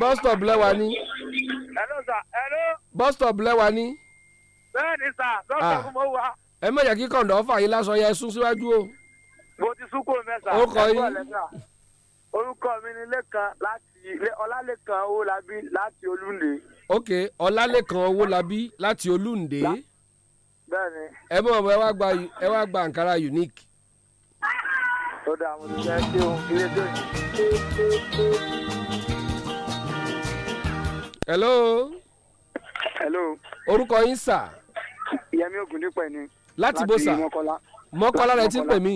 bus stop lẹ́wà ni. bus stop lẹ́wà ni. bẹ́ẹ̀ ni bus stop ah. mo wà ẹ má jẹ́ kí kọ̀ǹdọ̀ fà yín lásán yẹ sún síwájú o. mo ti sún kó mẹ́sà ẹ̀kọ́ lẹ́sà orúkọ mi ni lẹ́kan láti ọlálẹ́kan owólabí láti olúnde. ok ọlálẹ́kan owólabí láti olúnde. bẹ́ẹ̀ni. ẹ mọ̀ ẹ wá gba ankara unique. ó dà mo ti fẹ́ ṣe ohun ilé tó yìí. hello. hello. orúkọ yín sà. Yẹmí Ògúndípẹ̀ ni láti bó sà mọ́kànlá rẹ̀ ti ń pè mí.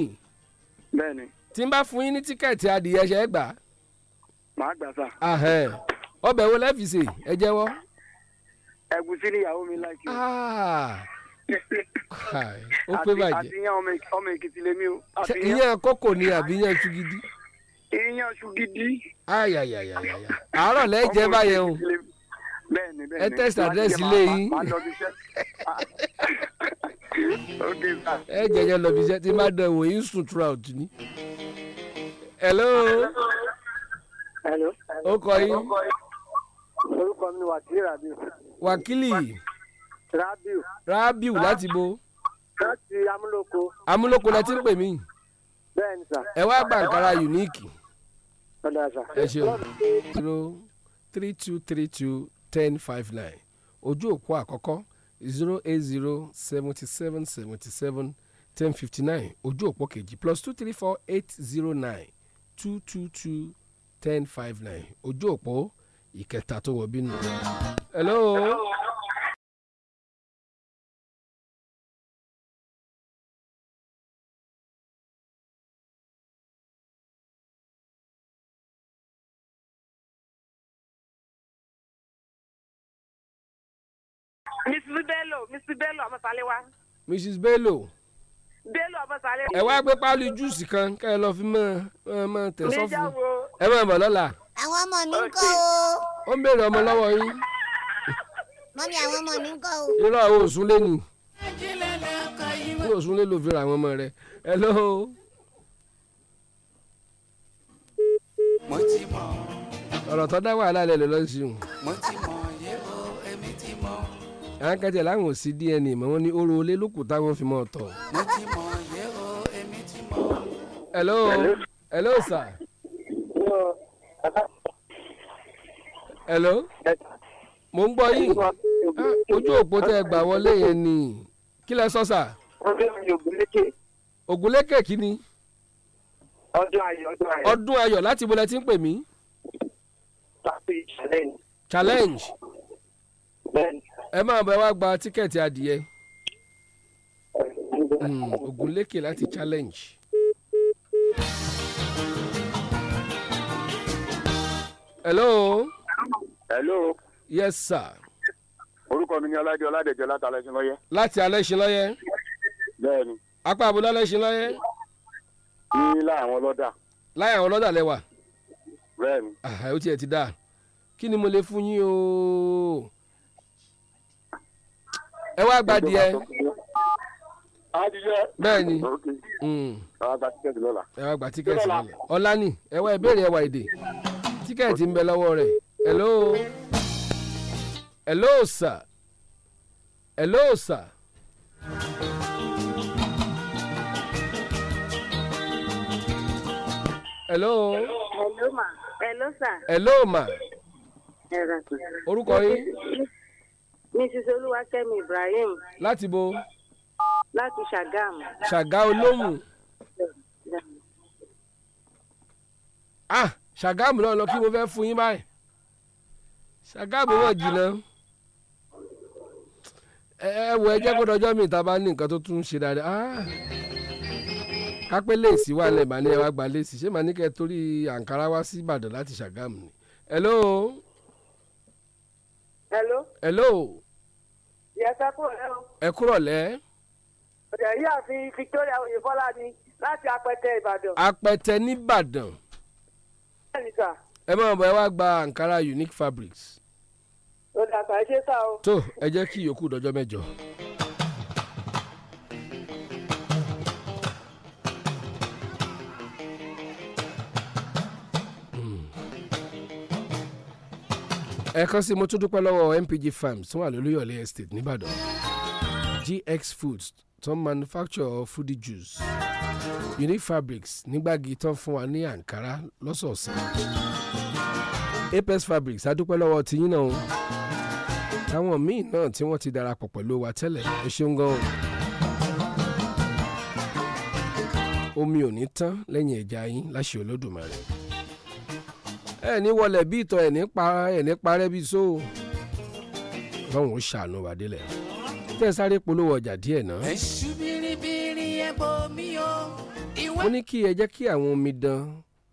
bẹ́ẹ̀ni. tí n bá fún yín ní tíkẹ́ẹ̀tì adìyẹ ṣe é gbà. màá gbà sà. ọbẹ̀ wo lẹ́ẹ̀fì sè é jẹ́wọ́. ẹ̀gúsí ni ìyàwó mi láìkí. Ah. ó pé bàjẹ́. àtìyàn ọmọ èkìtì lèmi o. ìyẹn kókò ni àbí ìyẹn iṣu gidi. ìyẹn iṣu gidi. àárọ̀ lẹ́jẹ̀ báyẹn o bẹ́ẹ̀ni bẹ́ẹ̀ni ẹ tẹsí àdírẹ́sì ilé <laughs> ẹ jẹjẹ lọ bí iṣẹ́ tí má dán wò yín sùn throughout ni. hello. hello. ó kọ yín. orúkọ mi wàkílì rabiu. wàkílì. rabiu. rabiu láti bo. láti amúlòkó. amúlòkó lẹ ti ń pè mí. bẹ́ẹ̀ni sà. ẹ wá gba Ankara unique. ọ̀dà sà. ẹ ṣeun. zero three two three two ten five nine ojú òpó àkọ́kọ́ Zero zero eight seventy seven 080 77 77 1059 ojú òpó kejì plus two three four eight zero 234 809 222 1059 ojú òpó ìkẹta tó wọ bínú. hello. hello. ọbọ̀sálẹ́wá. mrs bello. bello ọbọ̀sálẹ́wá. ẹ wá gbé páálí júùsì kan ká ẹ lọ fi mọ ọmọ tẹsán fún un ẹ mọ ìbọn lọ́la. àwọn ọmọ mi ń kọ́ o. ó ń béèrè ọmọ lọ́wọ́ yín. mọ́mí àwọn ọmọ mi ń kọ́ o. irọ́ àwọn òsùn lé ni. àwọn òsùn lé ló fi ra àwọn ọmọ rẹ̀ ẹ lọ́wọ́. ọ̀rọ̀ tó dá wàhálà lẹ̀ lọ́sìn àwọn kẹtẹ láwọn ò sí DNA mọ wọn ní oró olé lókùn táwọn fi mọ tọ. mo o èmi ti hello hello sir. hello mo ń gbọ́ yín ah, ojú òpó tẹ́ gbà wọlé yẹn ni kí lẹ sọ sà. ọdún ayọ̀ ògúnlékè. ògúnlékè kí ni. ọdún ayọ̀ ọdún ayọ̀. ọdún ayọ̀ láti bo lẹ ti ń pè mí. tàbí challenge. challenge. bẹ́ẹ̀ni ẹ máa bẹ wá gba tíkẹ́ẹ̀tì adìyẹ Ògúnlékè hmm, láti challenge. hello. hello. yes sir. orúkọ mi ni ọládé ọládèjọ láti alẹ́sìnlọ́yẹ. láti alẹ́sìnlọ́yẹ. bẹ́ẹ̀ni. apá abúlé alẹ́sìnlọ́yẹ. ní láàrin ọlọ́dà. láàrin ọlọ́dà lẹ́wà. bẹ́ẹ̀ni. ó tiẹ̀ ti dáa kí ni mo lè fún yín o ẹ wá gbadìẹ. bẹ́ẹ̀ ni mm. ẹ wá gba tíkẹ́ẹ̀tì lọ́la ọ̀la ni ẹ wá ìbéèrè ẹwà èdè tíkẹ́ẹ̀tì ń bẹ lọ́wọ́ rẹ̀ hello hello sir hello sir. hello. hello ma. hello sir. hello ma. orúkọ yín mrs olúwakẹ́mi ibrahim. láti bo. láti ṣàgámù. ṣàgá olóhùn. ah ṣàgámù náà lọ kí mo fẹ́ fún yín báyìí ṣàgámù náà jìnnà ẹ ẹ wo ẹ jẹ́ kó dọjọ́ mi ìta bá ní nǹkan tó tún ṣe dáadáa ah kápẹ́ léèsì wà lẹ́ẹ̀ bá ní ẹ wá gba léèsì ṣé màá ní kẹ́ torí àǹkárá wá sí ìbàdàn láti ṣàgámù ni. hello hello. hello. yẹsẹ kúrọ̀lẹ́ o. ẹ kúrọ̀lẹ́. ọ̀dẹ̀ yìí àfi Victoria Oyèbọ́lá ni láti apẹtẹ Ìbàdàn. apẹtẹ nìbàdàn. ẹ máa bọ̀ ẹ wá gba Ankara Unique Fabrics. ó dàgbà ẹ ṣe sá o. tó ẹ jẹ́ kí ìyókù dọjọ́ mẹ́jọ. ẹ̀kan sí mo tún dúpẹ́ lọ́wọ́ MPG Farms tó wà estate nìbàdàn GX Foods tó manufacture foodie juice Unique Fabrics nígbàgì tó ń fún wa ní àǹkárá lọ́sọ̀ọ̀sẹ̀ Apex Fabrics adúpẹ́ lọ́wọ́ tiyín náà táwọn míì náà tí wọ́n ti darapọ̀ pẹ̀lú wa tẹ́lẹ̀ ẹ ṣeun gan-an omi ò ní tán lẹ́yìn ẹja yín láṣẹ Olódùmarè ẹ ní wọlé bí ìtọ̀ ẹ̀ ní para ẹ̀ ní parẹ́ bí so báwọn ó ṣàánú wa délẹ̀ tẹ́ polówó ọjà díẹ̀ náà. ẹṣu biribiri ẹ mi o. wọ́n ní kí ẹ jẹ́ kí àwọn omidan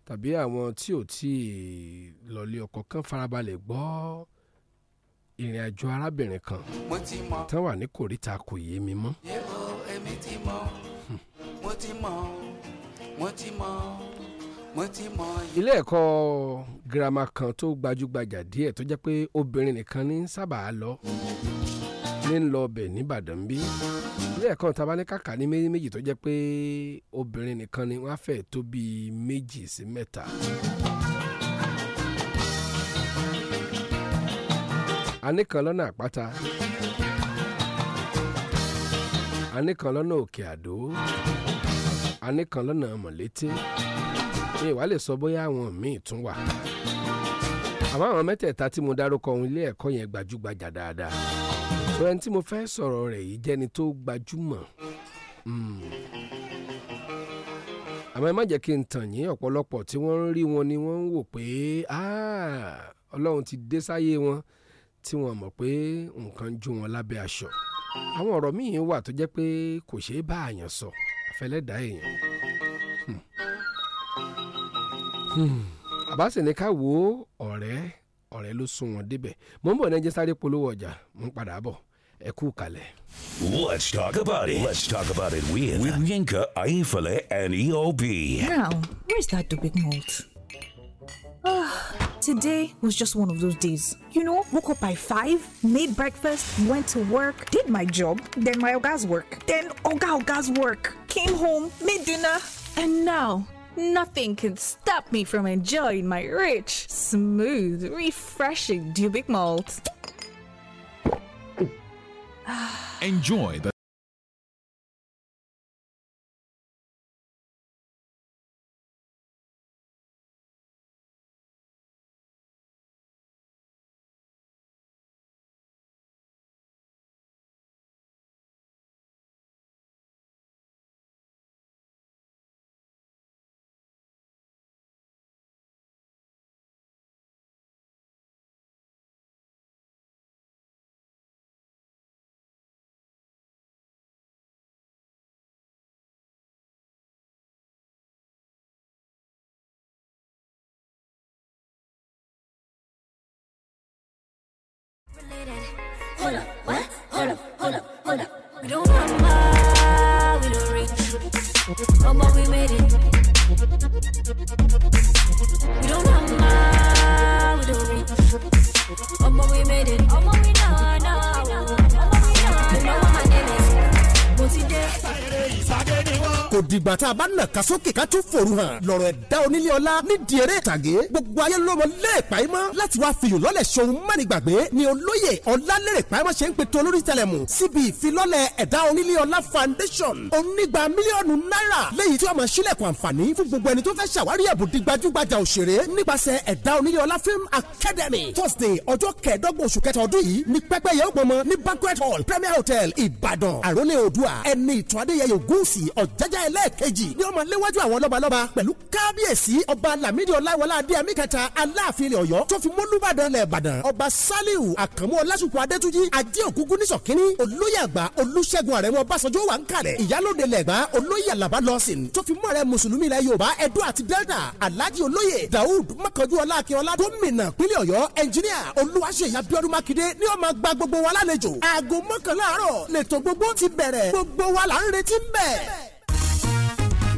tàbí àwọn tí ò tí ì lọ́lé ọkọ̀ kan farabalẹ̀ gbọ́ ìrìn àjò arábìnrin kan tán wà ní kòríta kò yé mi mọ́. yẹ́wò èmi ti mọ̀ hmm. mo ti mọ̀ mo ti mọ̀ ilé ẹ̀kọ́ girama kan tó gbajúgbajà díẹ̀ tó jẹ́ pé obìnrin nìkan ní sábà lọ ní lọ bẹ̀ nìbàdàn bí ilé ẹ̀kọ́ tàbá ní kàkà ní méjì méjì tó jẹ́ pé obìnrin nìkan ni wọ́n á fẹ́ tó bíi méjì sí mẹ́ta. anìkan lọ́nà àpáta anìkan lọ́nà òkè àdó anìkan lọ́nà mọ̀lété mi ìwà lè sọ bóyá àwọn míì tún wà àmọ́ àwọn mẹ́tẹ̀ẹ̀ta tí mo dárúkọ ohun ilé ẹ̀kọ́ yẹn gbajúgbajà dáadáa tó ẹni tí mo fẹ́ sọ̀rọ̀ rẹ̀ yìí jẹ́ni tó gbajúmọ̀ hmm. àmọ́ ẹ má jẹ́ kí n tàn yín ọ̀pọ̀lọpọ̀ tí wọ́n rí wọn ni wọ́n ń wò pé ọlọ́run ti dé sáyé wọn tí wọ́n mọ̀ pé nǹkan ju wọn lábẹ́ aṣọ àwọn ọ̀rọ̀ míì wà tó jẹ́ pé kò ṣeé bá àyàn sọ àfẹlẹ́dàá èèyàn àbá sì ká wo ọ̀rẹ́ ọ̀rẹ́ ló sún wọn débẹ̀ mo ń bọ̀ ní ẹjẹ́ sáré polówó ọjà mo ń padà bọ̀ ẹ kú kalẹ̀. Let's talk about it. Let's talk about it with, with Yinka Ayefele and EOB. Now, where is that Dubic malt? Ah, today was just one of those days. You know, woke up by five, made breakfast, went to work, did my job, then my oga's work, then oga oga's work, came home, made dinner, and now Nothing can stop me from enjoying my rich, smooth, refreshing Dubic malt. Enjoy the Thank you. kò dìgbà tá a bá nà ká sókè ká tún fòrú hàn lọ́rọ̀ ẹ̀dá onílé ọlá nídìí eré ìtàgé gbogbo ayé ló mọ lẹ́ẹ̀pá yín mọ́ láti wá fìyàn lọ́lẹ̀ ṣòun mẹ́nìgbàgbé ni olóyè ọ̀làlérè pàmò ṣe ń pe tó lórí tẹlẹmù síbi ìfilọ́lẹ̀ ẹ̀dá onílé ọlá foundation onígba mílíọ̀nù náírà léyìí tí ó máa ṣílẹ̀kùn àǹfààní fún gbogbo ẹni tó fẹ́ ṣàwárí ẹ̀bùdí gbajúgbajà òṣèré nípasẹ̀ ẹ̀dá onílé ọlá film academy thursday ọjọ́ kẹẹ̀ẹ́dọ́gbọ̀n oṣù kẹta ọdún yìí ní pẹ́pẹ́yẹ ó gbọmọ ní banquet hall premier hotel ìbàdàn àrólé oòdùà ẹni ìtàn adéyẹyẹ ògúnùsì ọ̀jájá ẹlẹ́ẹ̀kejì ni ó máa léwájú àwọn lọ́balọ́ba pẹ̀lú kábíyèsí ọba lamidi ọláwọlá adéyẹmí kẹta aláàfin ilẹ̀ ọ̀yọ́ tó fi mọ́lúbàdàn lẹ̀ ìbàdàn ọba saliu àkànmú ọlásùpọ̀ adétúnjì ajé ògúngún nísọ̀kínní olóyè àgbà olúṣẹ́gun àrẹ̀mọ ọbásanjọ́ wà ń kalẹ̀ ìyálòde lẹ̀gbá olóyè àlàbá lọ́sìn tó fi mọ́ rẹ̀ mùsùlùmí ilẹ̀ yorùbá ẹdó àti delta alhaji olóyè daoud mọ́kànjú ọlákínọlá gómìnà pínlẹ̀ ọ̀yọ́ ẹnjiníà olúwaṣeyà bíọ́dún mákindé ni ó máa gba gbogbo wa lálejò aago mọ́kànlá àárọ̀ lẹ́tọ̀ gbogbo ti bẹ̀rẹ̀ gbogbo wa ń retí ń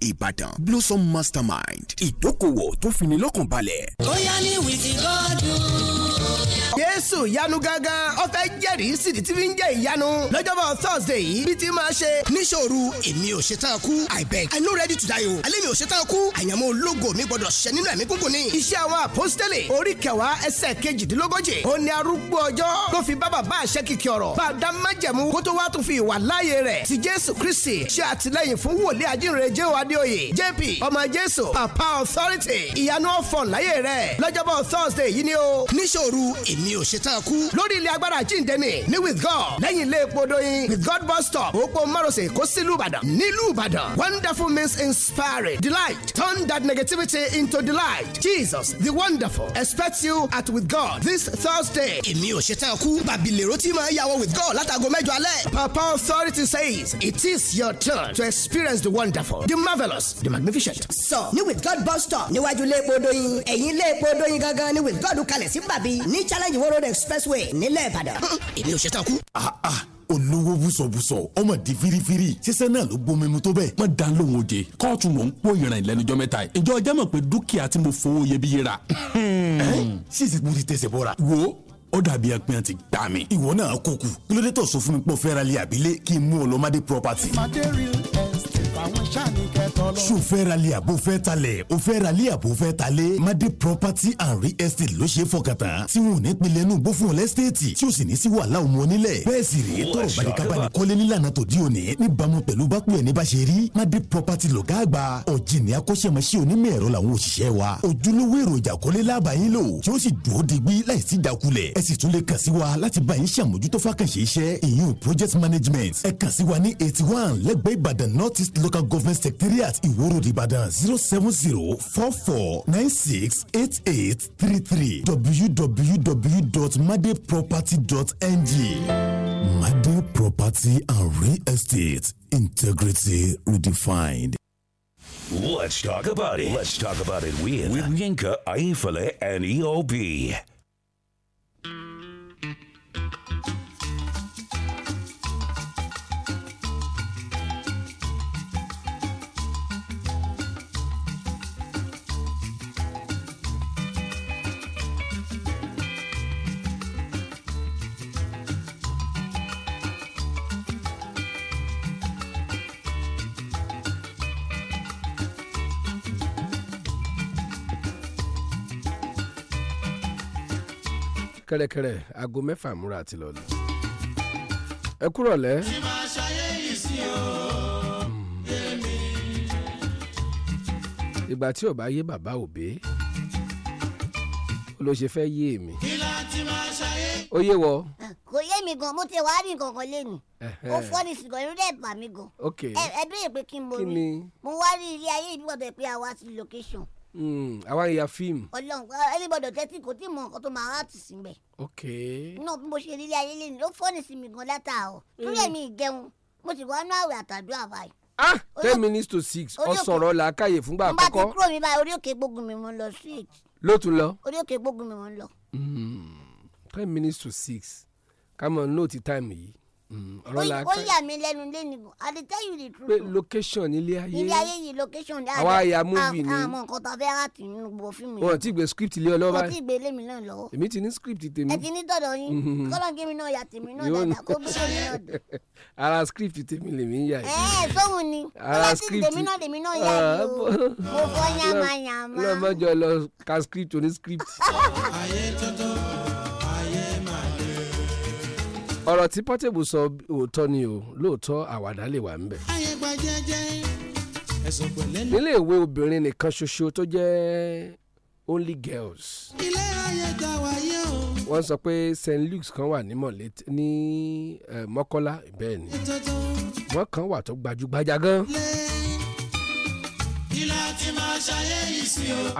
church ìbàdàn blossom mastermind ìdókòwò tó fini lọ́kàn balẹ̀. bóyá ní wìtí gọ́dún jésù yanu gangan ó fẹ́ jẹ́rìí sídi tí fi ń jẹ́ ìyanu lọ́jọ́bọ̀ thursday yìí bí ti máa ṣe. níṣòro èmi ò ṣe tán kú i beg i no ready to die o alẹ́ mi ò ṣe tán kú àyànmọ́ ológo mi gbọ́dọ̀ ṣẹ nínú ẹ̀mí gúngun ni. iṣẹ́ àwọn àpọ́stélè orí kẹwàá ẹsẹ̀ kejìdínlógójì ó ní arúgbó ọjọ́ tó fi bá bàbá àṣẹ kìkì ọ̀rọ̀ bá a dá májẹ̀mú kó tó wá tó fi ìwà láàyè rẹ̀ ti jésù kristi ṣe àtìlẹ́yìn adéoyè jp ọmọ jésù papa authority ìyanu ọ̀fọ̀n láyé rẹ̀ lọ́jọ́bọ̀ thursday yìí ni o níṣòro èmi ò ṣetán kú lórí ilẹ̀ agbára jíǹdẹ́nì ní with god lẹ́yìn ilé epo doyin with god bus stop òpó márosẹ̀ kó sílùú ìbàdàn nílùú ìbàdàn wonderful means inspiring delight turn that negativity into delight jesus the wonderful expects you at with god this thursday èmi ò ṣetán kú bàbílẹ̀rọ tí máa yàwọ̀ with god látàgọ́ mẹ́jọ alẹ́. papa authority says it is your turn to experience the wonderful the marvellous the magnificent. sọ ní with god bus stop níwájú ilé epo doyin ẹ̀yìn ilé epo doyin gangan ní with god kalẹ̀ sí bàbí ní challenge world expressway nílẹ̀ ìbàdàn. èmi ò ṣe tán kú. Ah, ah, olówó bùsọ̀bùsọ̀ ọmọ di firifiri ṣiṣẹ́ náà ló gbómi mu tó bẹ́ẹ̀ má dá lóhùn oje kóòtù mò ń pò ìrìn lẹ́nujọ́ mẹ́ta yìí ìjọ ọjà mọ̀ pé dúkìá tí mo fowó iyebíye rà. Hmm. ṣíṣe mo ti tẹsẹ̀ bọ́ra. wo ó dàbí ẹpin àti gbà mí. ìwọ náà kò kù kí ló dé tó sọ fún mi pé o ilé àbílẹ̀ kí n mú ọlọ́mọdé property. ìmàdé real estate àwọn sáà ní kẹ́ ṣó fẹ́ ra lẹ̀ àbò fẹ́ talẹ̀ o fẹ́ ra lẹ̀ àbò fẹ́ talẹ̀ madi property and real estate ló ṣe fọkàn tán tí wọn ò ní pinlẹ̀ nù bó fún ọ̀lẹ́ stéètì tí o sì ní sí wàhálà òun onílẹ̀ bẹ́ẹ̀ sì rèé tọrọ balikaba ni kọ́lé nílànà tó di òní níbàámu pẹ̀lú bá pè ní bá ṣe rí madi property lọ́gá àgbà ọ̀jìnì akọ́ṣẹ́mọṣẹ́ onímọ̀ ẹ̀rọ làwọn òṣìṣẹ́ wa ojúlówó èròjà kọ́lé lábàáyín lò tí ó sì dúró digbí láìsí ìjákulẹ̀ ẹ sì tún lè kàn project management ẹ kàn eighty one lẹ́gbẹ̀ẹ́ Ìbàdàn North East Local Government Secretariat ìwòrò ìbàdàn zero seven Ibadan zero seven zero four four nine six eight eight three three www.madeproperty.ng Made Property and Real Estate Integrity Redefined. Let's talk about it. Let's talk about it with, with Yinka, Aifale, and EOB. kẹ́rẹ́kẹ́rẹ́ aago mẹ́fà múra àti lọ́ọ̀lì. ẹ kúrọ̀lẹ́. tí máa ṣayé yìí sí o yémi. ìgbà tí ò bá yé bàbá òbí ló ṣe fẹ́ yé mi. kí la ti máa ṣayé. ó yé wọ kò yé mi gan mo ti wá rí nǹkan kan lẹ́nu ó fọ́ ní ṣùgbọ́n irú dẹ̀ bà mí gan ẹ béèrè pé kí n borí mo wá rí ilé ayé ìbí wọ́n bẹ̀ pé a wá location Hmm, àwa ìyá fíìmù. Ọlọ́run ẹlẹgbọdọ eh, tẹ́tí kò tí mọ nǹkan tó máa ráàtì sí mbẹ. ok. náà bí mo ṣe rí ayé lẹ́nu ló fọ́ọ̀nì sí mi gan látàárọ̀ torí hmm. èmi ìgẹun mo sì wá nú àwẹ̀ àtàdúrà báyìí. ah ten minutes to six ọ̀sọ̀rọ̀ làákàyè fúngbà àkọ́kọ́. mo bá ti kúrò mi báyìí orí òkè gbógun mi mo ń lọ street. ló tún lọ. orí òkè gbógun mi mo ń lọ. Hmm, ten minutes to six ká mọ̀ nóòtì táìmù yìí Mm, ó yà mí lẹ́nu lẹ́nu i dey tell you the pé location nílé ayé nílé ayé yìí location dáadáa àwa àyà múvì ni àmọ́ nǹkan tó fẹ́ nínú gbogbo fíìmù yìí. wọn ti gbé script lé ọ báyìí. wọn ti gbé lèmi náà lọ́wọ́. èmi ti ní script tèmi. ẹ ti ní tọ̀dọ̀ yín mm-hmm. kọ́lọ́ gẹ́mi náà yà tèmi náà dáadáa kó gbé lèmi náà dùn. <laughs> ara script tèmi lèmi ń yà yìí. ẹ ẹ sóhun ni ara script tèmi náà lèmi náà yà ah, yìí o mo fọ yàmà yàmà. lọ́mọdé lọ script oní script ọ̀rọ̀ tí Portable sọ òótọ́ ni o lóòótọ́ àwàdà lè wà ń bẹ̀. nílé ìwé obìnrin nìkan ṣoṣo tó jẹ́ only girls. ilé ayé ta wọ́n sọ pé St. Luke's kan wà ní Mọ́kọ́lá bẹ́ẹ̀ ni wọ́n kan wà tó gbajúgbajà gan.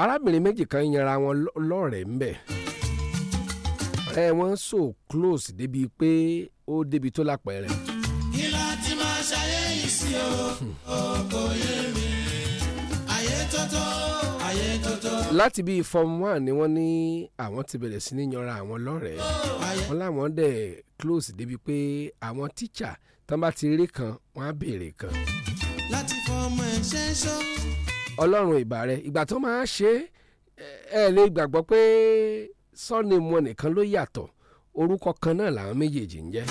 arábìnrin méjì kan yanra wọn lọ́rẹ̀ẹ́ ń ẹ wọ́n so close débi pé ó débi tó lápẹ̀rẹ̀. kí la ti máa ṣayé yìí sí o kò yé mi ayé tótó ayé tótó. láti bíi form one ni wọ́n ní àwọn ti bẹ̀rẹ̀ sí ní yanra àwọn lọ́rẹ̀ẹ́ wọ́n láwọn dẹ̀ close débi pé àwọn tíṣà tán bá ti rí kan wọ́n á béèrè kan. láti fọ ọmọ ẹ ṣe é ṣọ́. ọlọ́run ìbà rẹ ìgbà tó máa ṣe é ẹ lè gbàgbọ́ pé sọ́ni wọn nìkan ló yàtọ̀ orúkọ kan náà làwọn méjèèjì ń jẹ́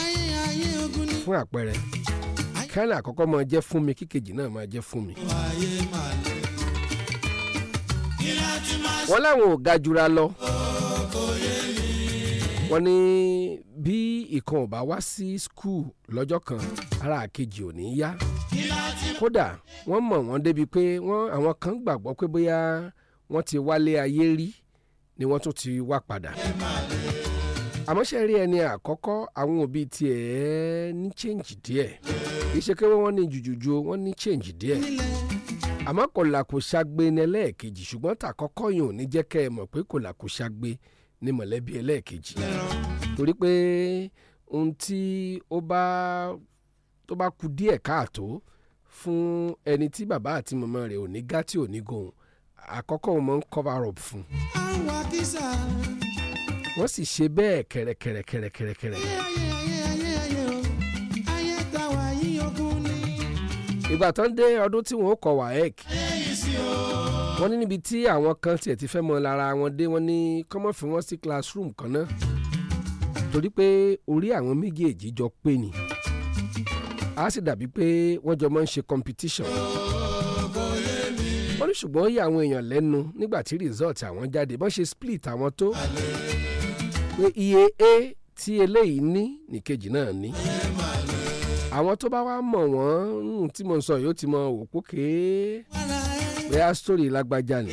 fún àpẹẹrẹ kẹ́lẹ́ àkọ́kọ́ máa jẹ́ fún mi kíkejì náà máa jẹ́ fún mi. wọ́n láwọn ò ga jura lọ wọ́n ní bí ìkan ò bá wá sí skul lọ́jọ́ kan ara àkejì ò ní yá kódà wọ́n mọ̀ wọ́n débi pé àwọn kan gbàgbọ́ pé bóyá wọ́n ti wálé ayé rí ni wọ́n tún ti wá padà. àmọ́ ṣe rí ẹni àkọ́kọ́ àwọn òbí tiẹ̀ ní change díẹ̀ ìṣèké wọn ní jùjùjù wọn ní change díẹ̀ àmọ́ kòlà kò ṣagbe ní ẹlẹ́ẹ̀kejì ṣùgbọ́n tàkọ́kọ́ yìí ò ní jẹ́ kẹ́ ẹ mọ̀ pé kòlà kò ṣagbe ní mọ̀lẹ́bí ẹlẹ́ẹ̀kejì torí pé ohun tí ó bá tó bá ku díẹ̀ káàtó fún ẹni tí bàbá àti màmá rẹ̀ ò ní gá tí ò ní gòun àkọ́kọ́ wọn máa ń cover up fún un wọ́n sì ṣe bẹ́ẹ̀ kẹ̀rẹ̀kẹ̀rẹ̀kẹ̀rẹ̀kẹ̀rẹ̀. ìgbà tán dé ọdún tí wọ́n kọ waec wọ́n ní níbi tí àwọn kan tiẹ̀ ti fẹ́ mọ lára wọn dé wọ́n ní kọ́mọ́ fi wọ́n sí classroom kan náà torí pé orí àwọn méjèèjì jọ pé ni a sì dàbí pé wọ́n jọ máa ń ṣe competition. Yeah, yeah, yeah ṣùgbọ́n ó yà àwọn èèyàn lẹ́nu nígbà tí result àwọn jáde bọ́n ṣe split àwọn tó pé iye a tí eléyìí ní nìkejì náà ní àwọn tó bá wá mọ̀ wọ́n tí mo ń sọ yìí ti mọ òkú kéé bẹ́ẹ̀ story lágbájá ni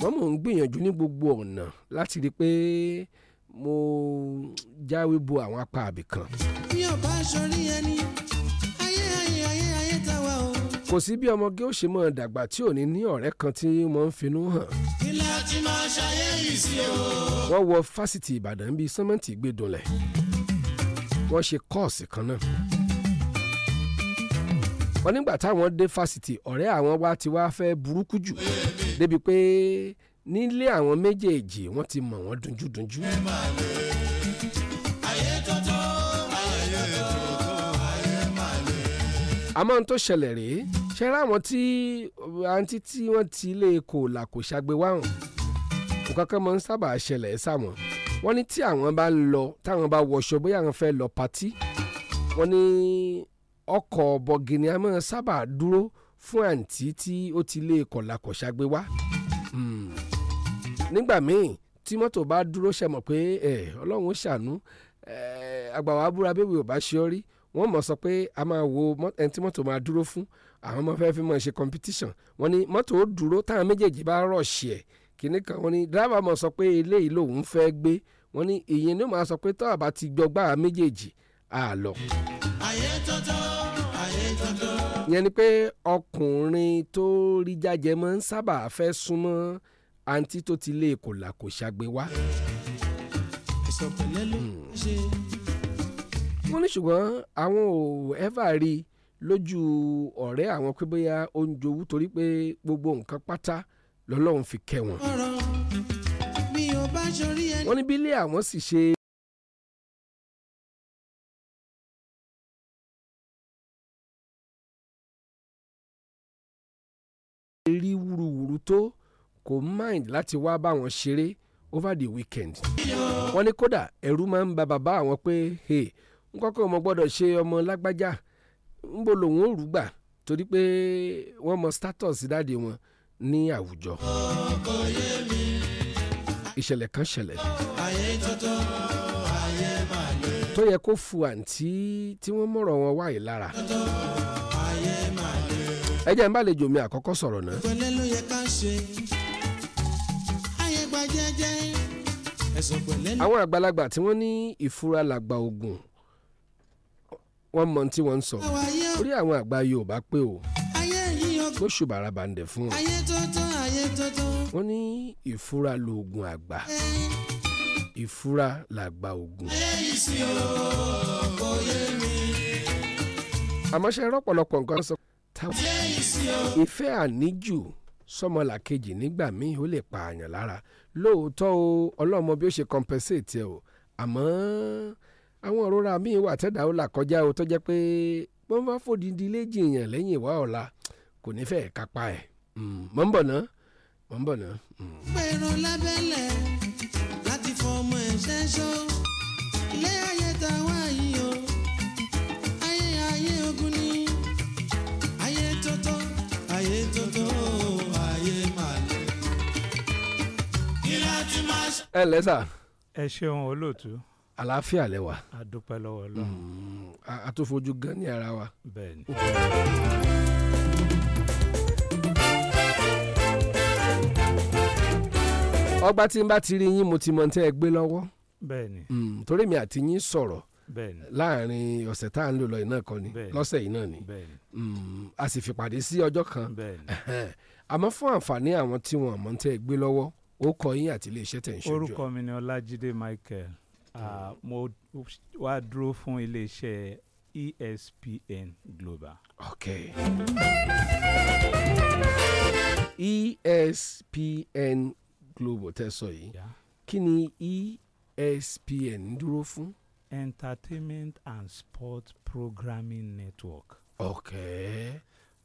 wọ́n mọ̀ ń gbìyànjú ní gbogbo ọ̀nà láti rí i pé mo jáwé bo àwọn apá àbìkan. mi ò bá aṣọ rí ẹni kò sí bí ọmọge ó ṣe máa dàgbà tí ò ní ní ọ̀rẹ́ kan tí wọ́n ń finú hàn. ilé ti máa ṣayé yìí sí o. wọ́n wọ fásitì ìbàdàn bíi sẹ́mẹ́ǹtì gbẹdùnlẹ̀ wọ́n ṣe kọ́ọ̀sì kan náà. wọ́n nígbà táwọn dé fásitì ọ̀rẹ́ àwọn wá ti wá fẹ́ burúkú jù débi pé nílé àwọn méjèèjì wọ́n ti mọ̀ wọ́n dunjúdunjú. ẹ máa lè àmọ́ ohun tó ṣẹlẹ̀ rèé ṣe ráwọn tí àǹtí tí wọ́n ti lé kò là kò ṣàgbé wáhùn kò kankan mọ́ ń sábà ṣẹlẹ̀ sáwọn wọ́n ní tí àwọn bá ń lọ táwọn bá wọṣọ bóyá àwọn fẹ́ lọ patí wọ́n ní ọkọ̀ bọ̀gìnì a sábà dúró fún àǹtí tí ó ti lé kọ̀làkọ̀ṣà gbé wá. Hmm. nígbà míì tí mọ́tò bá dúró ṣe mọ̀ pé ọlọ́run ṣàánú àgbà búra bébí ò bá ṣe ọ́ rí wọ́n mọ̀ sọ pé a máa wo ẹni tí mọ́tò máa dúró fún àwọn ọmọ fẹ́ẹ́ fi mọ̀ ṣe competition wọ́n ní mọ́tò ó dúró táwọn méjèèjì bá rọ̀ṣì ẹ̀ kìnnì kan wọ́n ní dábàá mọ̀ sọ pé eléyìí lòun fẹ́ gbé wọ́n ní ìyẹn ni ó máa sọ pé tó àbá ti gbọgbá méjèèjì á lọ. ìyẹn ni pé ọkùnrin tó rí jájẹ máa ń sábà fẹ́ súnmọ́ àǹtí tó ti lé e kòlà kò ṣàgbé ẹ̀sọ̀ pẹ̀lẹ́ ló ń hmm. ṣe wọ́n ní ṣùgbọ́n àwọn ò ẹ́fà rí lójú ọ̀rẹ́ àwọn pé bóyá ó ń jowú torí pé gbogbo nǹkan pátá lọ́lọ́run fi kẹ́ wọn. wọ́n ní bí ilé àwọn sì ṣe. rí wúruwúru tó kò mind láti wá bá wọn ṣeré over the weekend. wọ́n ní kódà ẹ̀rù máa ń ba bàbá àwọn pé hey, kọ́kọ́ mo gbọ́dọ̀ ṣe ọmọ lágbájá ń bo lòun ò rúgbà torí pé wọ́n mọ status dáde wọn ní àwùjọ. ìṣẹ̀lẹ̀ kan ṣẹlẹ̀ tó yẹ kó fu àǹtí tí wọ́n mọ̀rọ̀ wọn wáyé lára ẹ jẹ́ n bá àlejò mi àkọ́kọ́ sọ̀rọ̀ náà. ìpínlẹ̀ ló yẹ ká ṣe ayé gba ẹ̀sùn pẹ̀lẹ́. àwọn àgbàlagbà tí wọ́n ní ìfura làgbà oògùn wọ́n mọ tí wọ́n ń sọ orí àwọn àgbà Yorùbá pé o gbóṣù bàràbà ń dẹ̀ fún ọ wọ́n ní ìfura lóògùn àgbà ìfura làgbà ògùn. àmọ́ ṣe rọ́pọ̀lọpọ̀ nǹkan sọ. ìfẹ́ àníjù sọmọlàkejì nígbà míì ó lè pààyàn lára lóòótọ́ o ọlọ́mọ bí ó ṣe compensate ẹ o àmọ́ àwọn ìrora míì wà tẹ́dà ó là kọjá o tó jẹ́ pé wọ́n bá fòdìdí léjì èèyàn lẹ́yìn ìwà ọ̀la kò ní fẹ́ẹ̀ kápá ẹ̀ mọ̀ hmm, ń bọ̀ ná mọ̀ ń bọ̀ ná. Hmm. pẹ̀rọ lábẹ́lẹ̀ láti fọmọ ẹ̀ṣẹ́ ṣó ilé ayé ta wá yìí o ayé ayé ogun ni ayé tótó ayé tótó ayé màlẹ́. kí láti máa. ẹ lẹ́sà. ẹ ṣeun olóòtú àlàáfíà lẹ́wà. a dúpẹ́ lọ́wọ́ Ọlọ́run. Hmm, a tó fojú gan ní ara wa. bẹ́ẹ̀ni. ọgbà tí n bá ti rí yín mo ti mọ tẹ́ ẹ gbé lọ́wọ́. bẹ́ẹ̀ni. Hmm, torí mi àti yín sọ̀rọ̀ láàrin ọ̀sẹ̀ tá à ń lò lọ iná kan ni lọ́sẹ̀ yìí náà ni hmm, a sì fìpàdé sí ọjọ́ kan àmọ́ fún àǹfààní àwọn tí wọ́n mọ̀ tẹ́ gbé lọ́wọ́ ó kọ yín àti iléeṣẹ́ tẹ̀ ń ṣojú. orúkọ mi ni Ọlájídé Michael. Ah, mo wá dúró fún iléeṣẹ́ ESPN Global. Okay. ESPN Global tẹ́ sọ yìí kí ni ESPN dúró fún. Entertainment and sports Programming Network. Okay.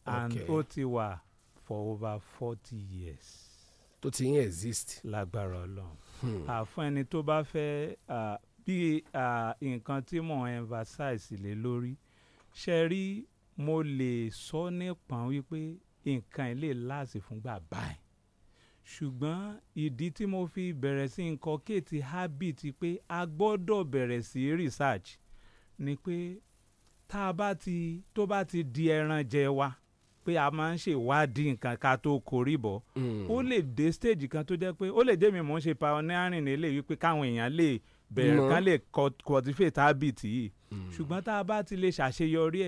And okay. ó ti wà for over forty years. tó ti ń exist. lágbára Ọlọ́run Hmm. fún ẹni tó bá fẹ́ bí nǹkan tí mò ń emphasize lé lórí ṣe rí mo lè sọ nípa wípé nǹkan ilé láàsì fúngbà báyìí ṣùgbọ́n ìdí tí mo fi bẹ̀rẹ̀ sí inculcate habit pé a gbọ́dọ̀ bẹ̀rẹ̀ sí research ni pé tá a bá ti tó bá ti di ẹran jẹ wa pé a máa ń ṣèwádìí nǹkan ká tó korí bọ̀ hmm. ó lè dé stage kan tó jẹ́ pé ó lè dé mi mò ń ṣe pioneering nílé wípé káwọn èèyàn lè bẹ̀rẹ̀ ká lè cultivate habit yìí hmm. ṣùgbọ́n tá a bá ti lè ṣàṣeyọrí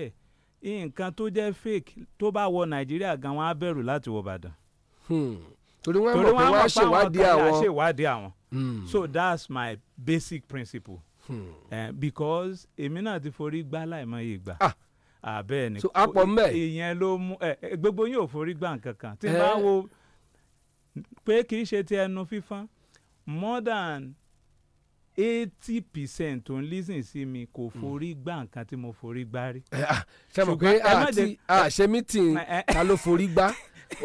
ẹ̀ nǹkan tó jẹ́ fake tó bá wọ nàìjíríà gan wọn á bẹ̀rù láti wọ ìbàdàn. Hmm. torí wọn mọ̀ pé wọn á ṣèwádìí àwọn. so that's my basic principle. Hmm. Uh, because èmi náà ti forí gbá láìmọye ìgbà. ah àbẹ́ẹ̀ ni. so apọ̀ mbẹ́. ìyẹn ló mú ẹ gbogbo yín ò forí gbà kankan tí bá eh. wo pé kì í ṣe ti ẹnu fífọ́n more than eighty percent on ń lísìn sí mi kò mm. forí gbà nǹkan tí mo forí gbá rí. Eh, ah, ṣe mọ̀ pé àti àṣẹ mítìn ta ló forí gbá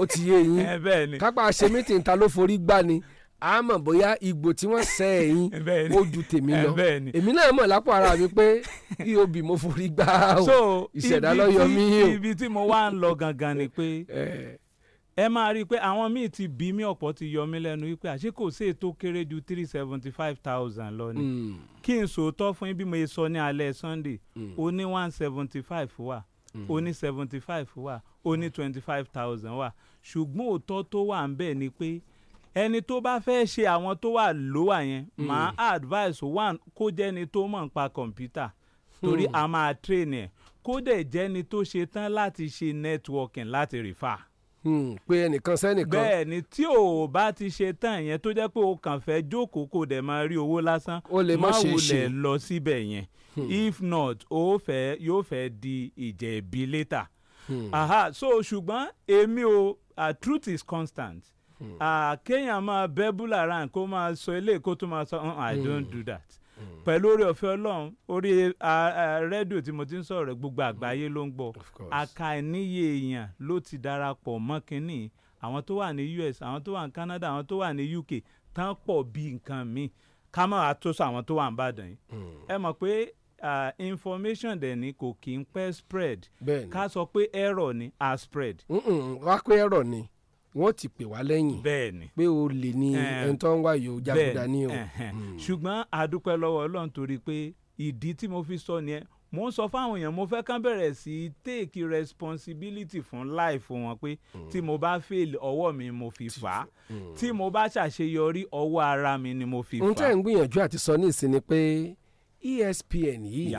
ó ti yé yín <laughs> eh, kápá àṣẹ mítìn ta ló forí gbá ni a mọ̀ bóyá igbó tí wọ́n sẹ́ ẹ̀yìn <laughs> ó ju tèmi lọ èmi náà mọ̀ lápò ara mi pé eob mo forí gbá o <laughs> ìṣẹ̀dá lọ́yọ̀ mi o. ibi tí mo wá ń lọ gangan ni pé <laughs> eh. ẹ máa rí i pé àwọn míì ti bí mi ọ̀pọ̀ ti yọ mí lẹ́nu wípé àṣé kò sí ètò kéré ju three seventy five thousand lọ ni hmm. kí n sòótọ́ fún yín bí mo sọ ní alẹ́ Sunday ó hmm. one seventy five wà ó hmm. seventy five wà ó twenty five thousand wà ṣùgbọ́n òótọ́ tó wà ń bẹ̀ ni pé ẹni tó bá fẹ́ ṣe àwọn tó wà lówà yẹn máa hmm. advice one kó jẹ́ ni tó mọ̀ pa kọ̀ǹpútà torí hmm. a máa train ẹ̀ kó dẹ̀ jẹ́ ni tó ṣe tán láti ṣe networking láti refer. Hmm, pé ẹnìkan sẹ́nìkan. bẹ́ẹ̀ ni tí o bá ti ṣe tán yẹn tó jẹ́ pé o kàn fẹ́ jókòó kó dẹ̀ máa rí owó lásán o lè má ṣe ṣe má wulẹ̀ lọ síbẹ̀ yẹn hmm. if not o fẹ́ yóò fẹ́ di ìjẹ̀bi later. Hmm. aha so ṣùgbọ́n èmi o uh, truth is constant kéèyàn máa bẹ́ búlára kó máa sọ eléyìí kó tó máa sọ mm, i mm. don't do that mm. pẹ̀lú orí ọ̀fẹ́ ọlọ́run orí rédíò tí mo ti ń sọ̀rọ̀ gbogbo àgbáyé ló ń gbọ́ àkàìníye èèyàn ló ti darapọ̀ mọ́ kínní àwọn tó wà ní US àwọn tó wà ní Canada àwọn tó wà ní UK tán pọ̀ bí nǹkan mi ká má wàá tó sọ àwọn tó wà ní Ìbàdàn yìí ẹ mọ̀ pé Uh, information dẹ̀ ni kò kí n pẹ́ spread ká sọ pé error ni a spread. wá pé error ni wọ́n ti pè wá lẹ́yìn bẹ́ẹ̀ni pé o lè ní ẹni tó ń wá yòó jagoda ní o. Hmm. ṣùgbọ́n àdúpẹ́ lọ́wọ́ ọlọ́run torí pé ìdí tí mo fi sọ nìyẹn mo ń sọ fáwọn èèyàn mo fẹ́ kán bẹ̀rẹ̀ sí í take responsibility fún life wọn pé hmm. tí mo bá fail ọwọ́ mi mo fi fà á hmm. tí mo bá ṣàṣeyọrí ọwọ́ ara mi ni mo fi fà á. n tẹ́ ń gbìyànjú àti sọ ní ìsinmi pé ESPN yìí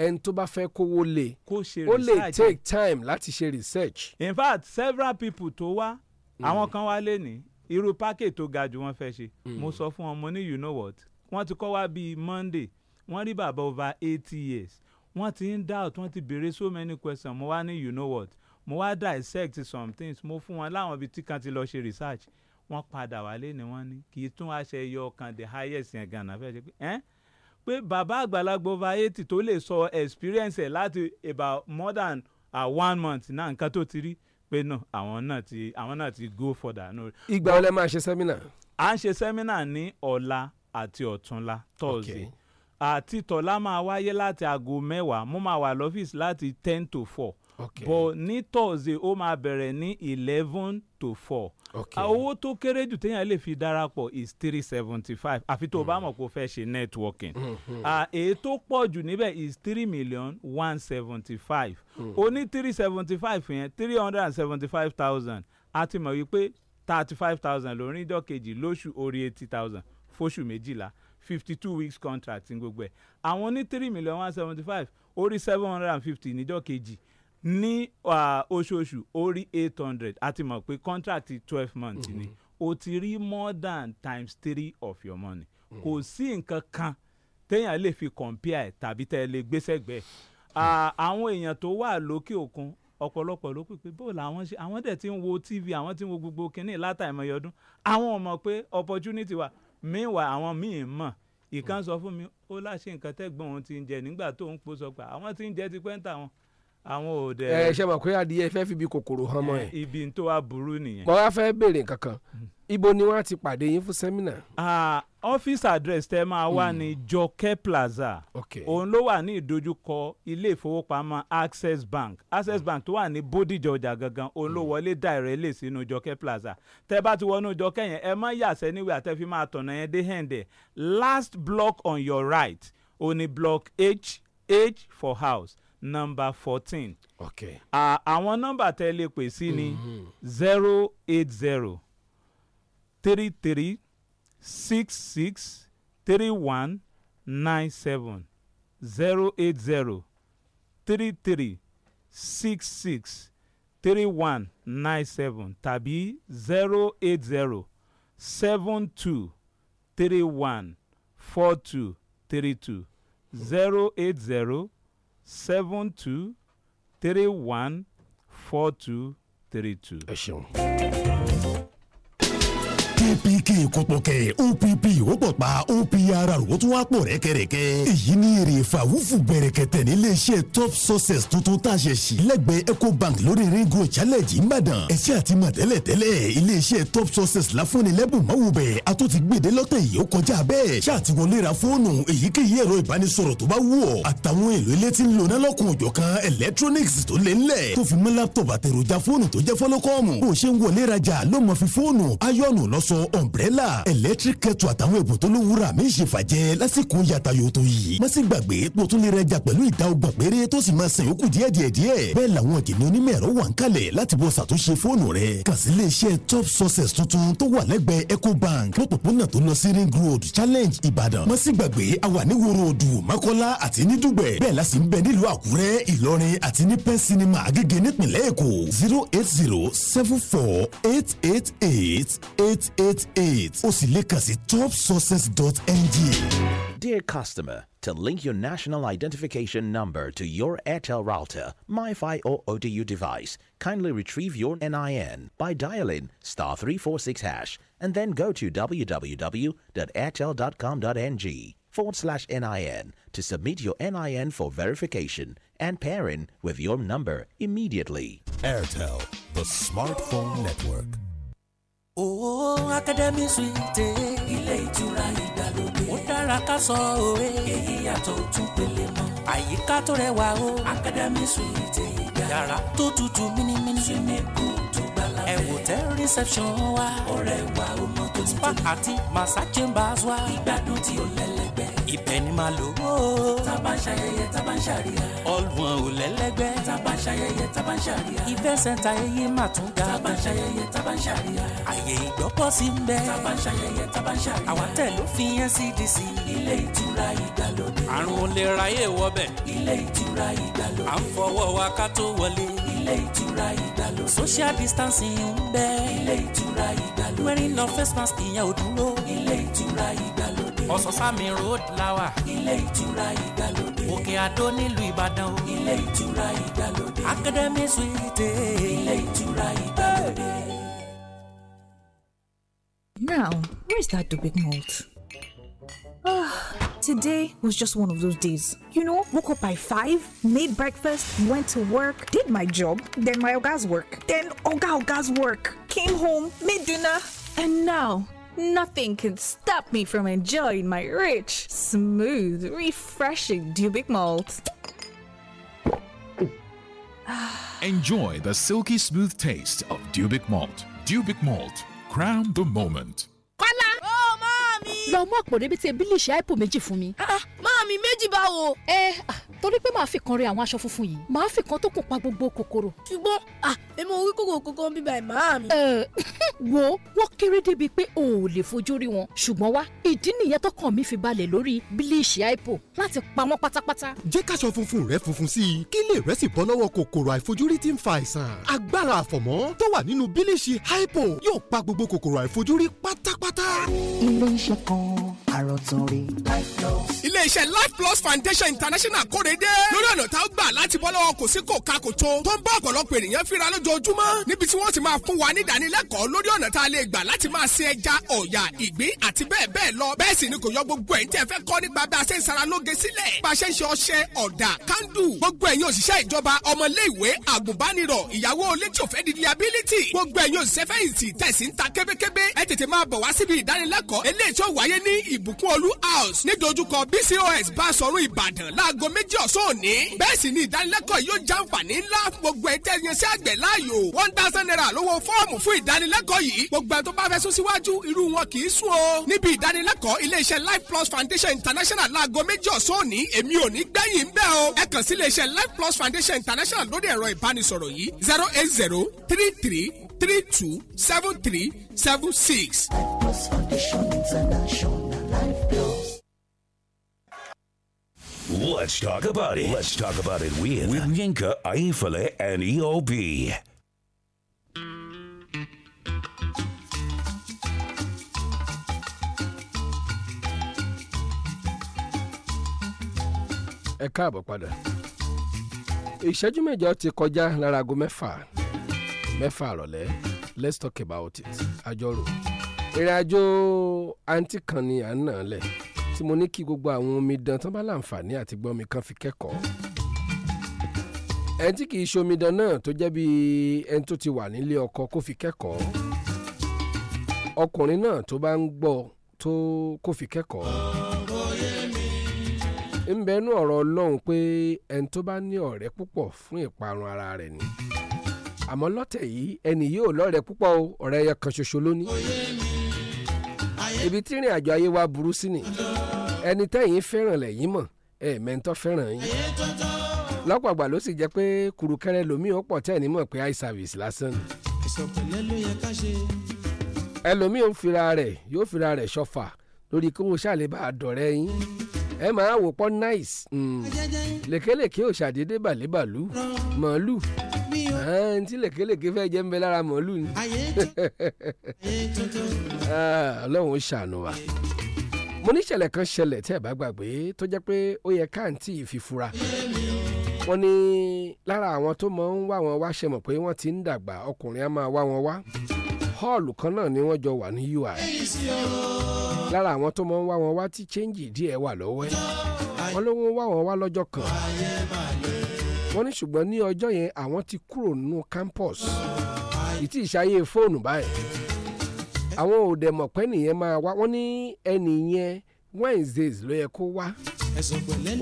ẹni tó bá fẹ́ kówó lé ó lè take time láti ṣe research. in fact several people tó wá Mm. àwọn kan wá lé ní irú pákẹ́ tó ga jù wọ́n fẹ́ ṣe mm. mo sọ fún wọn mo ní you know what wọ́n ti kọ́ wá bíi monday wọ́n rí bàbá over eighty years wọ́n ti ń doubt wọ́n ti béèrè so many questions mo wá ní you know what mo wá dissect some things mo fún wọn láwọn ibi tí kan ti lọ ṣe research wọ́n padà wálé ni wọ́n ní kì í tún wá ṣe ẹyọ the highest yẹn gan-an fẹ́ ṣe pé ẹ́n pé bàbá àgbàlagbà over eighty tó lè sọ experience ẹ̀ láti about more than uh, one month náà nǹkan tó ti rí pé no àwọn náà ti àwọn náà ti go further. ìgbà wo lẹ máa ṣe sẹ́mínà. à ń ṣe sẹ́mínà ní ọ̀la àti ọ̀túnla thursday àti tọ̀la máa wáyé láti aago mẹ́wàá mo máa wà lọ́fíìsì láti ten to four okay. but ní thursday ó máa bẹ̀rẹ̀ ní eleven to four okay. owó tó kéré jù téèyàn lè fi darapọ̀ is three seventy five àfi tó o bá hmm. mọ̀ kó fẹ́ ṣe networking hmm, hmm. èyí tó pọ̀ jù níbẹ̀ is three million one seventy five o ní three seventy five yẹn three hundred and seventy five thousand a ti mọ̀ wípé thirty five thousand lórí ìjọ kejì lóṣù orí eighty thousand fóṣù méjìlá fifty two weeks contract ní gbogbo ẹ̀ àwọn ní three million one seventy five orí seven hundred and fifty níjọ́ kejì ní oṣooṣù orí eight hundred a ti mọ̀ pé contract twelve months ni mm-hmm. o ti rí more than times three of your money mm. kò sí nǹkan kan téèyàn lè fi compare tàbí tẹ́ ẹ lè gbéṣẹ́ gbẹ́ àwọn èèyàn tó wà lókè òkun ọ̀pọ̀lọpọ̀ ló pè pé bóòlù àwọn ṣe àwọn dẹ̀ ti ń wo tv àwọn ti ń wo gbogbo kínní látàìmọye ọdún àwọn ò mọ̀ pé opportunity wa. meanwhile àwọn míì mọ̀ ìkan mm. fún mi ó láṣẹ nǹkan tẹ́gbọ́n òun ti ń jẹ nígbà tó ń pò sọ pé àwọn ti ń jẹ ti pẹ́ńtà wọn àwọn ò dẹ. ẹ ṣe mọ̀ pé adìyẹ fẹ́ fi ibi kòkòrò hàn mọ́ ẹ. Eh, ibi tó wá burú nìyẹn. mo wá fẹ́ béèrè kankan hmm. ibo ni wọ́n ti pàdé yín fún sẹ́mínà. ah office address tẹ máa wá ní hmm. Jọkẹ́ Plaza okay. òun ló wà ní ìdojúkọ ilé ìfowópamọ́ Access Bank Access hmm. Bank tó wà ní Bódìjà ọjà gangan òun ló wọlé dàrẹ́lẹ̀ sínú Jọkẹ́ Plaza tẹ bá ti wọnú Jọkẹ́ yẹn ẹ má yàsẹ́ níwèé àtẹ́fí máa tọ̀nà yẹn dé hẹ́ǹdẹ̀ last block on your right òun ni block H H for house Number fourteen. okay. àwọn nọmba tẹ́ lè pè sí ni mhm. zero eight zero three three six six three one nine seven zero eight zero three three six six three one nine seven tàbí zero eight zero seven two three one four two three two zero eight zero. seven two three one four two kpk kọpọkẹ opp òpọ̀pá opr ó tún wá pọ̀ rẹ́kẹrẹ́kẹ́. èyí ni èrè fàwùfù bẹ̀rẹ̀kẹ̀tẹ̀ níléeṣẹ́ top success tuntun tá a ṣe sí lẹ́gbẹ̀ẹ́ ecobank lórí ring road challenge ìbàdàn ẹ̀ṣẹ́ àti mọ̀tẹ́lẹ̀ tẹ́lẹ̀ iléeṣẹ́ top success láfúnilẹ́bùn máwùbẹ̀ a tún ti gbèdé lọ́tẹ̀ yìí ó kọjá bẹ́ẹ̀ ṣàtiwọlé ra fóònù èyíkéyìí ẹ̀rọ ìbánisọ̀rọ̀ tó bá wù ọ́ àtàwọn èlò ilé tí ń lona lọ́kùn òjọ̀ kan electronics tó lé ńlẹ̀ tó fi mọ́ láptọ̀pù àtẹ̀rọ̀jà fóònù tó jẹ́ fọ́lọ́kọ́ọ̀mù bó ṣe ń wọlé rajà ló mọ̀ fi fóònù ayọ́nù lọ́s aṣọ ọ̀mbrẹ́là electric kẹtù àtàwọn èbò tó ló wúra mi ṣe fàjẹ́ lásìkò yàtayò tó yìí má sì gbàgbé pé o tún lè rẹjà pẹ̀lú ìdá ọgbọ̀n péré tó sì máa sàn yòókù díẹ̀ díẹ̀ díẹ̀ bẹ́ẹ̀ làwọn ìjìnlẹ̀ onímọ̀ ẹ̀rọ wà ń kalẹ̀ láti bọ́ ṣàtúnṣe fóònù rẹ kàn sí ilé iṣẹ́ top success tuntun tó wà lẹ́gbẹ̀ẹ́ ecobank lọ́pọ̀pọ̀nà tó lọ sí ring road challenge ìbàdàn má sì gbàgbé a ní woro odù mọ́kọ́lá àti ní dùgbẹ̀ bẹ́ẹ̀ la sì ń bẹ nílùú àkúrẹ́ ìlọrin àti ní pen cinema agége nípìnlẹ̀ èkó zero eight zero seven four eight eight eight eight eight eight eight o sì lè kàn sí Dear customer, to link your national identification number to your Airtel router, MiFi or ODU device, kindly retrieve your NIN by dialing star 346 hash and then go to www.airtel.com.ng forward slash NIN to submit your NIN for verification and pairing with your number immediately. Airtel, the smartphone network. Oo Academy Suite. Ilé ìtura ìgbàlódé. Ó dára ká sọ òwe. Èyí yàtọ̀ ojú pele mọ́. Àyíká tó rẹwà o. Academy Suite ìgbà. Yàrá tó tutù mímímí. Swimming pool tó gbàlà bẹ́ẹ̀. Ẹ̀wò tẹ reception wa. Ọ̀rẹ́ wa o mọ tó tutù. Spa àti massage chambers wa. Ìgbádùn tí ó lẹ́lẹ́gbẹ́ ibẹ̀ ni màá lò ó. tábà ń ṣayẹyẹ tábà ń ṣàríyá. ọlùwọ̀n ò lẹ́lẹ́gbẹ́. tábà ń ṣayẹyẹ tábà ń ṣàríyá. ìfẹ́ sẹ́ńtà ẹyẹ mà tún ga. tábà ń ṣayẹyẹ tábà ń ṣàríyá. àyè ìgbọ́kọ̀ sí ń bẹ. tábà ń ṣayẹyẹ tábà ń ṣàríyá. àwọn tẹ̀ ló fi NCDC. ilé ìtura ìgbàlódé. àrùn olè ráyè wọbẹ̀. ilé ìtura ìgbàlódé. ilé ìtura ìgbàlódé. social distancing ń bẹ. ilé ìtura ìgbàlódé. wearing no face mask ìyẹn ò dúró. ilé ìtura ìgbàlódé Ososami road lawa. ilé ìtura ìgbàlódé. Òkè Àdó nílùú Ìbàdàn o. ilé ìtura ìgbàlódé. Academy suite. ilé ìtura ìgbàlódé. Now, where is that Dubic malt? Ah, today was just one of those days. You know, woke up by five, made breakfast, went to work, did my job, then my oga's work, then oga oga's work, came home, made dinner, and now Nothing can stop me from enjoying my rich, smooth, refreshing Dubic malt. <sighs> Enjoy the silky smooth taste of Dubic malt. Dubic malt. Crown the moment. Kala, Oh, mommy! lọ mú àpò rẹbí tí bílíṣì àìpò méjì fún mi. Ah, ah, máàmì méjì báwo. ẹ ah, torí pé màá fi kan rẹ àwọn aṣọ funfun yìí màá fi kan tó kùn pa gbogbo kòkòrò. ṣùgbọ́n èmi ò rí kòkòrò kankan bíbá ẹ̀ máàmì. <laughs> wo wọ́n kéré débi pé o ò lè fojú rí wọn ṣùgbọ́n wá ìdí nìyẹn tọkàn mi fi balẹ̀ lórí bílíṣì àìpò láti pa wọ́n pátápátá. jẹ́ káṣọ funfun rẹ funfun sí i kí lè rẹ́ sì bọ́ lọ́wọ́ kòkòrò àìfojúrí tí ń fa àìsàn. agbára àfọ̀mọ́ tó wà nínú bílíṣì àìpò yóò pa gbogbo kòkòrò kan àròtún rí. iléeṣẹ́ life plus foundation international kóre dé lórí ọ̀nà tá a gbà láti bọ́ lọ́wọ́ kò sí kò ká kò tó tó ń bá ọ̀pọ̀lọpọ̀ ènìyàn fínra lójoojúmọ́ níbi tí wọ́n ti máa fún wa ní ìdánilẹ́kọ̀ọ́ lórí ọ̀nà tá a lè gbà láti máa sin ẹja ọ̀yà ìgbín àti bẹ́ẹ̀ bẹ́ẹ̀ lọ bẹ́ẹ̀ sì ni kò yọ gbogbo ẹ̀yin tẹ́ fẹ́ kọ́ nípa bí a ṣe ń sara lóge sílẹ̀ bá a ṣe ń ṣe ọṣẹ ọ̀dà kándù gbogbo ẹ̀yin òṣìṣẹ́ ìjọba ọmọléèwé àgùnbánirọ̀ ìyàwó olétòfẹ́ di liability gbogbo ẹ̀yin òṣìṣẹ́ fẹ̀yìntì tẹ̀sí ń ta kébékébé ẹ tètè máa bọ̀ wá síbi ìdánilẹ́kọ̀ọ́ eléyìí tó wà wáyé ní ìbùkúnolú house nídojúkọ bcos basọ̀run ìbàdàn láago méjì ọ̀sán òní bẹ́ẹ̀ sì ni ìdánilẹ́kọ̀ọ́ yóò jẹ́ àǹfààní ńlá gbogbo ẹ̀ tẹ́ yẹn sí àgbẹ̀ láàyò one thousand naira lówó fọ́ọ̀mù fún ìdánilẹ́kọ̀ọ́ yìí gbogbo ẹ̀ tó bá fẹ́ sún síwájú irú wọn kì í sún o níbi ìdánilẹ́kọ̀ọ́ iléeṣẹ́ life plus foundation international láago méjì ọ̀sán òní èmi ò ní gbẹ̀yìn bẹ́ẹ̀ o ẹ kàn sí iléeṣẹ́ life plus foundation international lórí ẹ̀rọ ìbánisọ̀rọ̀ yìí zero eight zero three three three two seven three seven six. Plus Foundation International Life Plus. Let's talk about it. Let's talk about it with, with Yinka, Aifale, and EOB. ẹ káàbọ̀ padà ìṣẹ́jú mẹ́jọ ti kọjá lára aago mẹ́fà mẹ́fà rọ̀lẹ́ let's talk about it àjọrò ìrìn àjò àǹtí kan ni à ń nà lẹ̀ tí mo ní kí gbogbo àwọn omidan tán bá láǹfààní àti gbọ́ mi kan fi kẹ́kọ̀ọ́ ẹni tí kì í ṣomidan náà tó jẹ́ bí ẹni tó ti wà nílé ọkọ kó fi kẹ́kọ̀ọ́ ọkùnrin náà tó bá ń gbọ́ tó kó fi kẹ́kọ̀ọ́ ń bẹnu ọ̀rọ̀ Ọlọ́run pé ẹni tó bá ní ọ̀rẹ́ púpọ̀ fún ìparun ara rẹ̀ ni àmọ́ lọ́tẹ̀ yìí ẹni yóò lọ́rẹ̀ púpọ̀ o ọ̀rẹ́ ẹyọ kan ṣoṣo lónìí ibi tí ìrìn àjò ayé wa burú sí ni ẹni tẹ́yìn fẹ́ràn lẹ́yìn mọ̀ ẹ mẹ́ńtọ́ fẹ́ràn yín lọ́pọ̀ àgbà ló sì jẹ́ pé kùrùkẹ́rẹ́ lomiì ó pọ̀ mọ̀ pé eye service lásán ni. ẹlòmíì ó fira rẹ̀ yóò fira rẹ̀ ṣọ̀fà lórí kí wọ́n ṣàlè bá a dọ̀rẹ́ yín ẹ máa wò pọ́ nice hmm. lèkélèké ò ṣàdédé bàlébàlú màálù àǹtí lèkélèké fẹ́ jẹ́ ń bẹ lára màálù ni <laughs> ah, ọlọ́run ṣàánú wa mo ní ìṣẹ̀lẹ̀ kan ṣẹlẹ̀ tẹ́ ẹ̀ bá gbàgbé tó jẹ́ pé ó yẹ káàntì ìfifura wọ́n ní lára àwọn tó máa ń wá wọn wá ṣe mọ̀ pé wọ́n ti ń dàgbà ọkùnrin á máa wá wọn wá họ́ọ̀lù kan náà ni wọ́n jọ wà ní UI lára àwọn tó máa ń wá wọn wá tí chẹ́ńjì díẹ̀ wà lọ́wọ́ ẹ̀ ló ń wá wọn wá lọ́jọ́ kan wọ́n ní ṣùgbọ́n ní ọjọ́ yẹn àwọn ti kúrò nínú campus ìtì ìṣayé fóònù báyìí àwọn ò dẹ̀ mọ̀ pé nìyẹn máa wá wọ́n ní ẹnì yẹn Wednesdays ló yẹ kó wá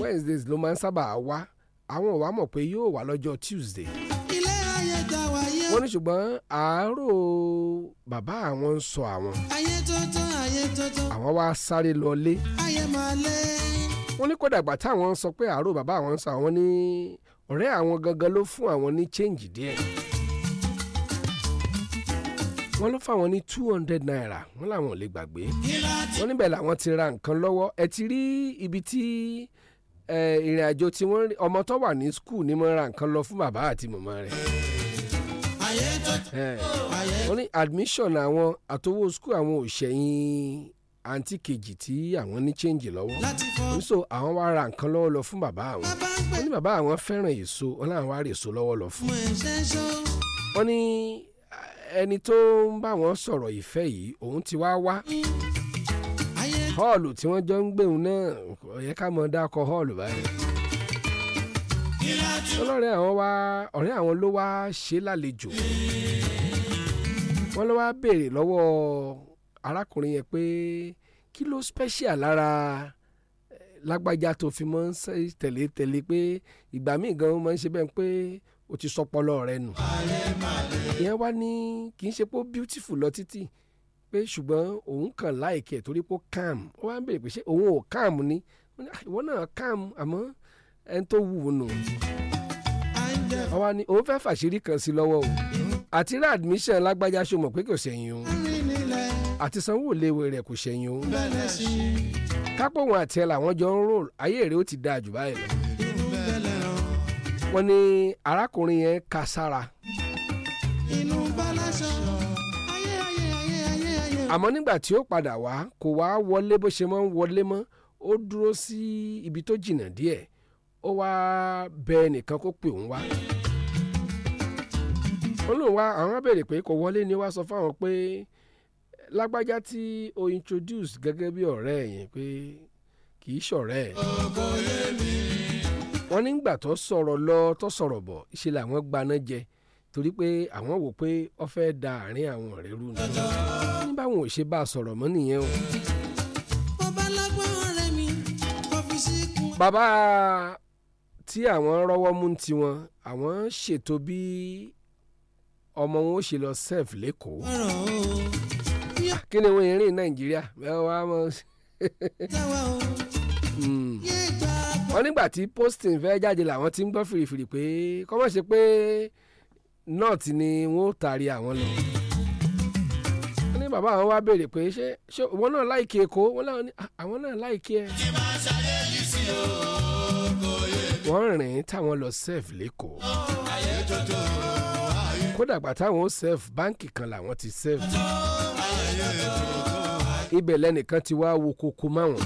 Wednesdays ló máa ń sábà wá àwọn ò wá mọ̀ pé yóò wá lọ́jọ́ Tuesday wọ́n ní ṣùgbọ́n àárò bàbá àwọn ń sọ àwọn. ayé tuntun ayé tuntun. àwọn wá sáré lọlé. ayé máa lé. wọ́n ní kódà ìgbà táwọn sọ pé àárò bàbá àwọn ń sọ àwọn ní ọ̀rẹ́ àwọn gangan ló fún àwọn ní change díẹ̀. wọ́n ló fáwọn ní two hundred naira wọ́n làwọn ò lè gbàgbé. wọ́n níbẹ̀ làwọn ti ra nǹkan lọ́wọ́ ẹ ti rí ibi tí ìrìn àjò tí wọ́n ọmọ tó wà ní skul ni mo ra nǹkan lọ fún bàbá àti màmá rẹ̀ wọ́n ní admission àwọn àtowó skul àwọn òṣèyìn àǹtí kejì tí àwọn ní change lọ́wọ́ níṣó àwọn wá ra nǹkan lọ́wọ́ lọ fún bàbá àwọn wọ́n ní bàbá àwọn fẹ́ràn èso wọ́n láwọn wá rè èso lọ́wọ́ lọ fún wọ́n ní ẹni tó ń bá wọn sọ̀rọ̀ ìfẹ́ yìí òun ti wá wá họ́ọ̀lù tí wọ́n jọ ń gbéhùn náà ó mọ̀ dákọ̀ họ́ọ̀lù báyìí ọlọ́rẹ́ àwọn wá ọ̀rẹ́ àwọn ló wá ṣe lálejò wọ́n ló wá béèrè lọ́wọ́ arákùnrin yẹn pé kí ló special lára eh, lágbájá tó fi máa ń tẹ̀lé tẹ̀lé pé ìgbà míì gan máa ń ṣe bẹ́ẹ̀ pé o ti sọpọlọ rẹ nù ìyẹn wá ní kì í ṣe pé ó beautiful lọ títì pé ṣùgbọ́n òun kàn láìkẹ́ torí pé ó calm ó wá ń béèrè pé ṣé òun ò calm ni ah, ìwọ náà calm àmọ́ ẹni tó wù ú nù àwa ni òun fẹ́ fàṣírí kan sí lọ́wọ́ o àti rí admission lágbájá ṣo mọ̀ pé kò ṣẹ̀yìn o àti sanwó léwe rẹ̀ kò ṣẹ̀yìn o kápọ̀ wọn àti ẹ̀ làwọn jọ ń rò ayé rẹ̀ ó ti dáa jù báyìí lọ wọ́n ní arákùnrin yẹn ka sára àmọ́ nígbà tí ó padà wá kò wá wọlé bó ṣe máa ń wọlé mọ́ ó dúró sí ibi tó jìnnà díẹ̀ ó wáá bẹ ẹnìkan kó pè òun wá olóhùn wa àwọn béèrè pé kò wọlé ni wá sọ fáwọn pé lágbájá tí o introduce gẹ́gẹ́ bí ọ̀rẹ́ yẹn pé kì í ṣọ̀rẹ́ ẹ̀. wọ́n nígbà tó sọ̀rọ̀ lọ tó sọ̀rọ̀ bọ̀ ṣe làwọn gbaná jẹ torí pé àwọn wò pé ó fẹ́ da àárín àwọn ọ̀rẹ́ rú ni. ní báwọn ò ṣe bá a sọ̀rọ̀ mọ́ nìyẹn o. bàbá tí àwọn rọ́wọ́ mú tiwọn àwọn ṣètò bí ọmọ wọn ó ṣe lọ sef lẹ́kọ̀ọ́ kí ni wọ́n rìn nàìjíríà bẹ́ẹ̀ wá mọ́ hmm. wọ́n nígbà tí posting fẹ́ jáde làwọn ti ń gbọ́ fìrìfìrì pé kọ́mọ̀ ṣe pé north ni wọ́n ó taari àwọn lọ wọ́n ní bàbá àwọn wá béèrè pé ṣé wọn náà láìkí èkó wọn láwọn ní ah, àwọn náà láìkí ẹ. kí máa ṣàlẹ́ yìí sí o kò wọ́n rìn táwọn lọ sef lẹ́kọ̀ọ́ kódà gbà táwọn ó sef báǹkì kan làwọn ti sef ibẹ̀ lẹ́nìkan ti wá wo koko máwọn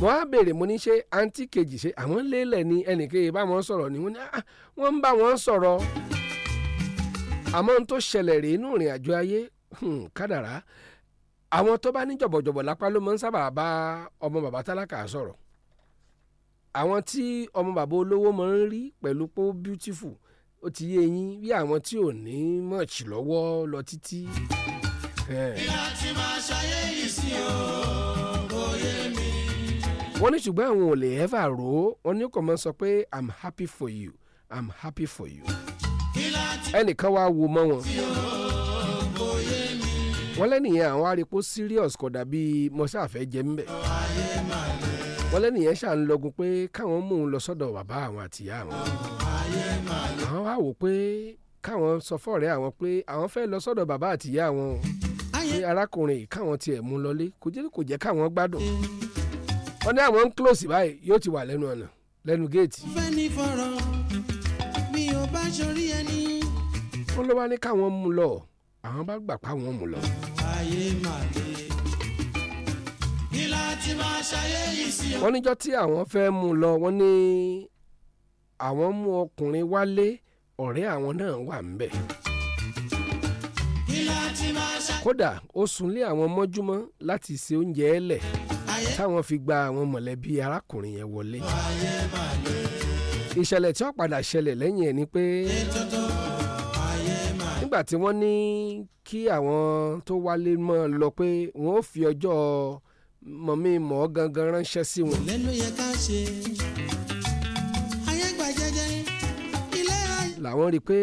mo á béèrè mo ní ṣe àǹtí kejì ṣe àwọn lélẹ̀ ni ẹnìkejì bá wọn sọ̀rọ̀ ni ah, wọ́n ń bá wọn sọ̀rọ̀ àmọ́ n tó ṣẹlẹ̀ rèé nínú ìrìn àjò ayé hmm, kádàrá àwọn tó bá ní jọ̀bọ̀jọ̀bọ̀ lápá ló máa ń sábà bá ọmọ bàbá tálákà sọ̀rọ̀ àwọn tí ọmọ bàbá olówó máa ń rí pẹ̀lú pó beautiful ó ti yé yín bí àwọn tí ò ní much lọ́wọ́ lọ títí. ìlà tí ṣayé yìí sí o bóyá mi. wọ́n ní ṣùgbọ́n àwọn ò lè ẹ́fà rò ó wọ́n ní kò mọ́ sọ pé i'm happy for you i'm happy for you. ẹnìkan wá wo mọ́ wọn. wọ́n lẹ́nìyẹn àwọn arípo serious kódà bíi mọ́ṣáfẹ́ jẹ́ ń bẹ̀ wọ́n lẹ́nu yẹn ṣà ń lọ́gun pé káwọn mú un lọ sọ́dọ̀ bàbá àwọn àti àwọn. àwọn wá wò pé káwọn sọ fọ́ọ̀rẹ́ àwọn pé àwọn fẹ́ lọ sọ́dọ̀ bàbá àti àwọn ní arákùnrin káwọn tiẹ̀ mú lọlé kò jẹ́ kò jẹ́ káwọn gbádùn. wọ́n ní àwọn ń close báyìí yóò ti wà lẹ́nu ọ̀nà lẹ́nu géètì. wọ́n ló wá ní káwọn mú lọ àwọn bá gbà pa àwọn mú lọ. ayé màdé wọ́n níjọ́ tí àwọn fẹ́ mú un lọ wọ́n ní àwọn mú ọkùnrin wálé ọ̀rẹ́ àwọn náà wà ńbẹ̀. kódà ó súnlé àwọn mọ́júmọ́ láti ṣe oúnjẹ ẹlẹ̀ táwọn fi gba àwọn mọ̀lẹ́bí arákùnrin yẹn wọlé. ìṣẹ̀lẹ̀ tí ó padà ṣẹlẹ̀ lẹ́yìn ẹ̀ ni pé nígbà tí wọ́n ní kí àwọn tó wálé mọ́ ọ lọ pé wọ́n ó fi ọjọ́ ọ mọ̀mí mọ̀ ọ́ gangan ránṣẹ́ sí wọn. lẹ́nu yẹ ká ṣe ayé gbà jẹjẹ ilé ayé. làwọn rí i pé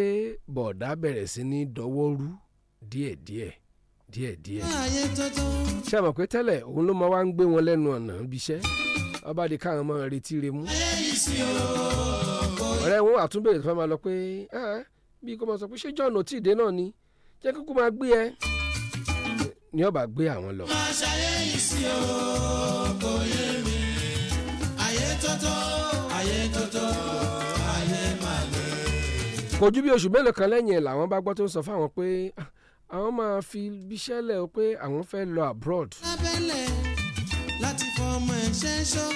bọ̀dá bẹ̀rẹ̀ sí ní dọwọ́ rú díẹ̀díẹ̀ díẹ̀díẹ̀. ṣé àmọ̀ pé tẹ́lẹ̀ òun ló máa wá ń gbé wọn lẹ́nu ọ̀nà ibi iṣẹ́ ọba di káwọn máa retí re mú. ọ̀rẹ́ wọn àtúnbẹ̀rẹ̀ tó fẹ́ máa lọ pé bí kò máa sọ pé ṣé John ò tí ì dé náà ni jẹ́ kókó máa gbé ẹ ni ọba gbé àwọn lọ. máa ṣàyẹ̀yìn sí o kò yé mi ayé tótó ayé tótó ayé máa lè. kò ju bí oṣù mélòó kan lẹ́yìn ẹ̀ làwọn bá gbọ́ tó ń sọ fáwọn pé ah, àwọn máa fi bíṣẹ́ lẹ̀ o pé àwọn fẹ́ lọ abroad. lábẹ́lẹ̀ láti fọ ọmọ ẹ̀ ṣẹ́ṣọ́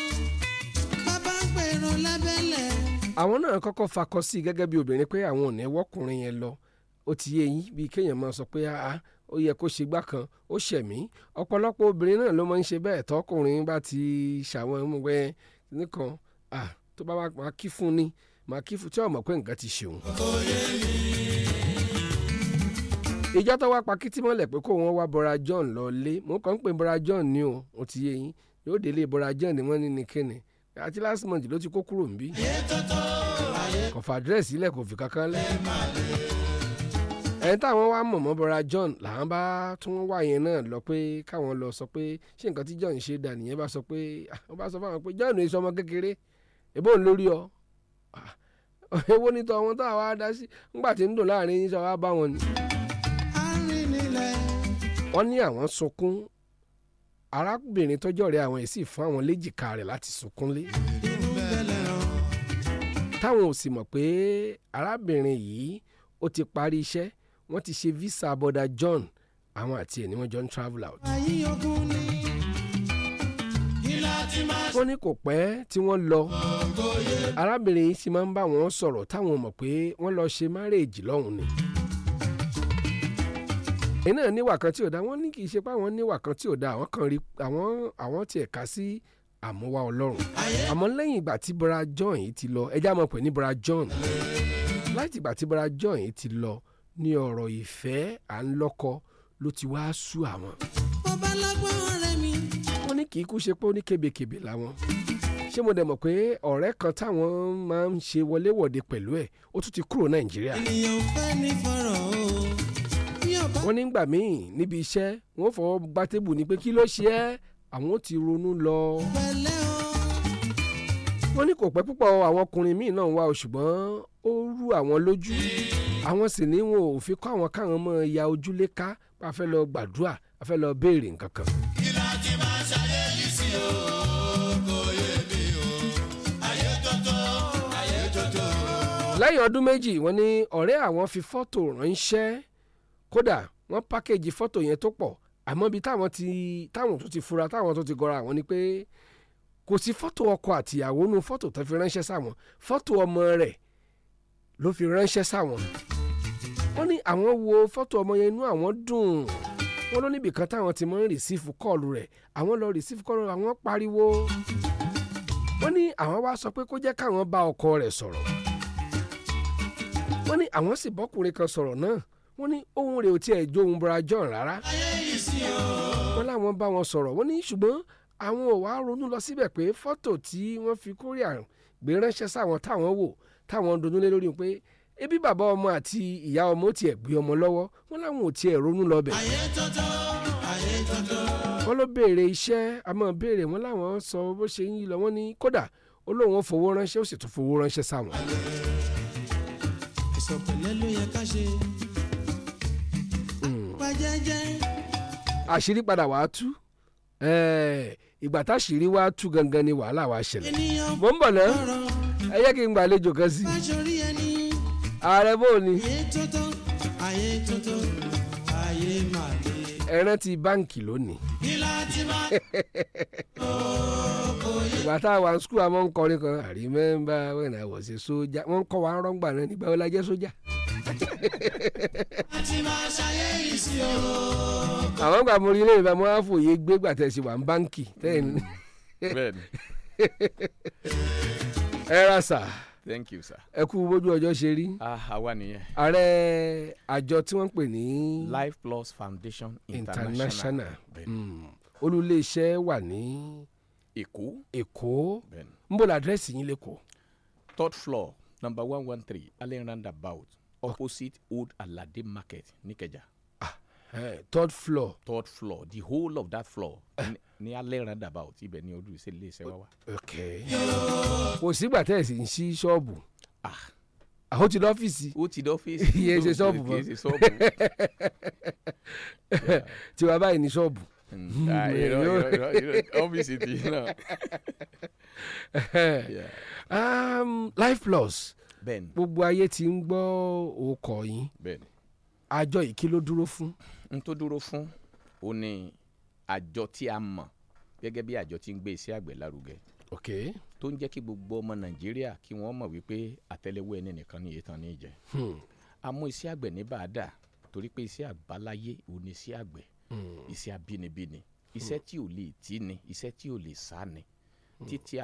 bàbá ń pèrò lábẹ́lẹ̀. àwọn náà kọ́kọ́ fakọ sí i gẹ́gẹ́ bí obìnrin pé àwọn ò ní wọ́kùnrin yẹn lọ ó ti yé yín bíi kéèyàn máa sọ pé ah ó yẹ kó ṣe gbá kan ó ṣẹ̀mí ọ̀pọ̀lọpọ̀ obìnrin náà ló máa ń ṣe bẹ́ẹ̀ tọkùnrin bá ti ṣàwọn ọmọ nìkan tó bá máa kí fún ni máa kí fún tí ọmọ pé nǹkan ti ṣeun. ìjọ tó wá pakítí mọ́lẹ̀ pé kó wọ́n wá bọ́ra John lọ lé mo kàn ń pè bọ́ra John ni o ó ti yé yín yóò délé bọ́ra John ni wọ́n ní ní kíni àti last month ló ti kó kúrò níbí kò fà dírẹ́sì ilẹ̀ kò fi kankan lẹ́ ẹni táwọn wá mọ̀mọ́ bọ́ra John làwọn bá tún wá yẹn náà lọ pé káwọn lọ sọ pé ṣé nǹkan tí John ṣe dà nìyẹn bá sọ pé ah, wọ́n bá sọ fáwọn pé John èso ọmọ kékeré èbó ń lórí ọ ah, èwo ni tọ́ wọn tá a wá dá sí ńgbà tí ń dùn láàrin yín sọ wá bá wọn ni. wọ́n ní àwọn sunkún arábìnrin tọ́jọ́ rẹ̀ àwọn èsì fún àwọn léjìká rẹ̀ láti sunkún lé táwọn ò sì mọ̀ pé arábìnrin yìí ó ti parí iṣẹ́ wọ́n ti ṣe visa bọ́dà John àwọn àti ẹ̀ ni wọ́n jọ ń travel out. wọ́n ní kò pẹ́ tí wọ́n lọ arábìnrin yìí sì máa ń bá wọn sọ̀rọ̀ táwọn mọ̀ pé wọ́n lọ ṣe márèèjì lọ́hùn ni iná níwà kan tí ò da wọ́n ní kì í ṣe pé àwọn níwà kan tí ò da àwọn kan rí àwọn àwọn ti ẹ̀ka sí àmúwá ọlọ́run àmọ́ lẹ́yìn ìgbà tí bra John yìí ti lọ ẹjá mọ̀ pé ní bra John láti ìgbà tí bra John yìí ti lọ ní ọ̀rọ̀ ìfẹ́ à ń lọ́kọ ló ti wá sú àwọn. bàbá lágbọ́n ọ̀rẹ́ mi. wọ́n ní kì í kú ṣe pé ó ní kébèkébè làwọn ṣé mo dẹ̀ mọ̀ pé ọ̀rẹ́ kan táwọn máa ń ṣe wọléwọ̀de pẹ̀lú ẹ̀ ó tún ti kúrò nàìjíríà. ènìyàn fẹ́ ní fọ̀rọ̀ o. wọ́n nígbà míì níbi iṣẹ́ wọ́n fọwọ́ gba tébù ni pé kí ló ṣe ẹ́ àwọn ó ti ronú lọ. wọ́n ní kò pẹ́ púpọ̀ àwọn ọkùnrin míì náà wá o ṣùgbọ́n ó rú àwọn lójú àwọn sì ní wọn ò fi kọ́ àwọn káwọn mọ̀ ya ojúlé ká a fẹ́ lọ gbàdúrà a fẹ́ lọ béèrè nǹkan kan. ti máa ṣayé yìí sí o kò yé mi o ayé tótó ayé tótó. lẹ́yìn ọdún méjì wọ́n ní ọ̀rẹ́ àwọn fi fọ́tò ránṣẹ́ kódà wọ́n pákéjì fọ́tò yẹn tó pọ̀ àmọ́ ibi táwọn ti táwọn tó ti fura táwọn tó ti gọra àwọn ni pé kò sí fọ́tò ọkọ àtìyàwó nu fọ́tò tó fi ránṣẹ́ sáwọn fọ́tò ọmọ rẹ̀ ló fi ránṣẹ́ sáwọn wọ́n ní àwọn wo fọ́tò ọmọ yẹn inú àwọn dùn wọ́n ló níbì kan táwọn ti mọ ń rìsífù kọ́ọ̀lù rẹ̀ àwọn lọ rìsífù kọ́ọ̀lù rẹ̀ àwọn pariwo wọ́n ní àwọn wá sọ pé kó jẹ́ káwọn bá ọkọ rẹ̀ sọ̀rọ̀ wọ́n ní àwọn sì bọ́kùnrin kan sọ̀rọ̀ náà wọ́n ní ohun rẹ̀ ò tiẹ̀ jó ohun bora john rárá wọ́n láwọn bá wọn sọ̀rọ̀ wọ́n ní ṣùgbọ́n àwọn ò wá ronú lọ síbẹ̀ pé fọ́tò tí wọ́n fi kórè àrùn gbé ránṣẹ́ sáwọn táwọn wò táwọn dunú lé lórí pé ebi bàbá ọmọ àti ìyá ọmọ tiẹ̀ gbé ọmọ lọ́wọ́ wọn láwọn ò tiẹ̀ ronú lọ ayé ayé wọn sọ bó ṣe ń lọ wọn ni kódà ó lóun fowó ránṣẹ́ ó sì tún fowó ránṣẹ́ sáwọn. Hmm. gangan ni wàhálà wàá ṣẹlẹ̀ ń bọ̀ náà ẹ yẹ ààrẹ bò ni. ayé tuntun báǹkì lónìí. ìgbà tá a wà ní skul a máa ń kọrin kan I remember when I was a soldier wọ́n ń kọ́ wa rọ́ngbà náà nígbà wo la jẹ́ sójà. àti àwọn gbà mo rí ilé ìgbà mo á fòye gbé gbàtẹ́sí wà ní báǹkì ẹ ra sáà thank you sir. ẹ kú bójú ọjọ́ ṣe rí. Ah, àwa nìyẹn. ààrẹ àjọ tí wọ́n ń pè ní. life plus foundation international. Hmm. olùléeṣẹ́ wà ní. èkó. èkó ń bọ̀ ládírẹ́sì yín lẹ́kọ̀ọ́. third floor number one one three allen roundabout opposite old alade market níkẹjà. Eh. third floor. third floor the whole of that floor ní alẹ́ about. ibẹ̀ ni ojú ìṣe ilé iṣẹ́ wa wà. ok kò sígbà tẹ́ ẹ̀ sì ń ṣí ṣọ́ọ̀bù ah. Ah, ó ti dọ́fíìsì. ó ti dọ́fíìsì. iye <laughs> ṣe ṣọ́ọ̀bù mọ́ <laughs> tiwa báyìí ní ṣọ́ọ̀bù. Hmm. Ah, ọ́fíìsì ti náà. <laughs> Um, life plus gbogbo ayé ti ń gbọ́ ọkọ̀ yín. bẹ́ẹ̀ni àjọ yìí kí ló dúró fún. n tó dúró fún ó ní àjọ tí a mọ̀ gẹ́gẹ́ bí àjọ tí ń gbé iṣẹ́ àgbẹ̀ lárugẹ. ok tó ń jẹ́ kí gbogbo ọmọ nàìjíríà kí wọ́n mọ̀ wípé àtẹ́lẹwọ́ ẹni nìkan ní ìtàn ní ìjẹ. Hmm. a mú iṣẹ́ àgbẹ̀ ní bàdà torí pé iṣẹ́ àbáláyé ò ní iṣẹ́ àgbẹ̀ hmm. iṣẹ́ abínibíni iṣẹ́ tí ò lè tí ni iṣẹ́ tí ò lè sá ni hmm. títí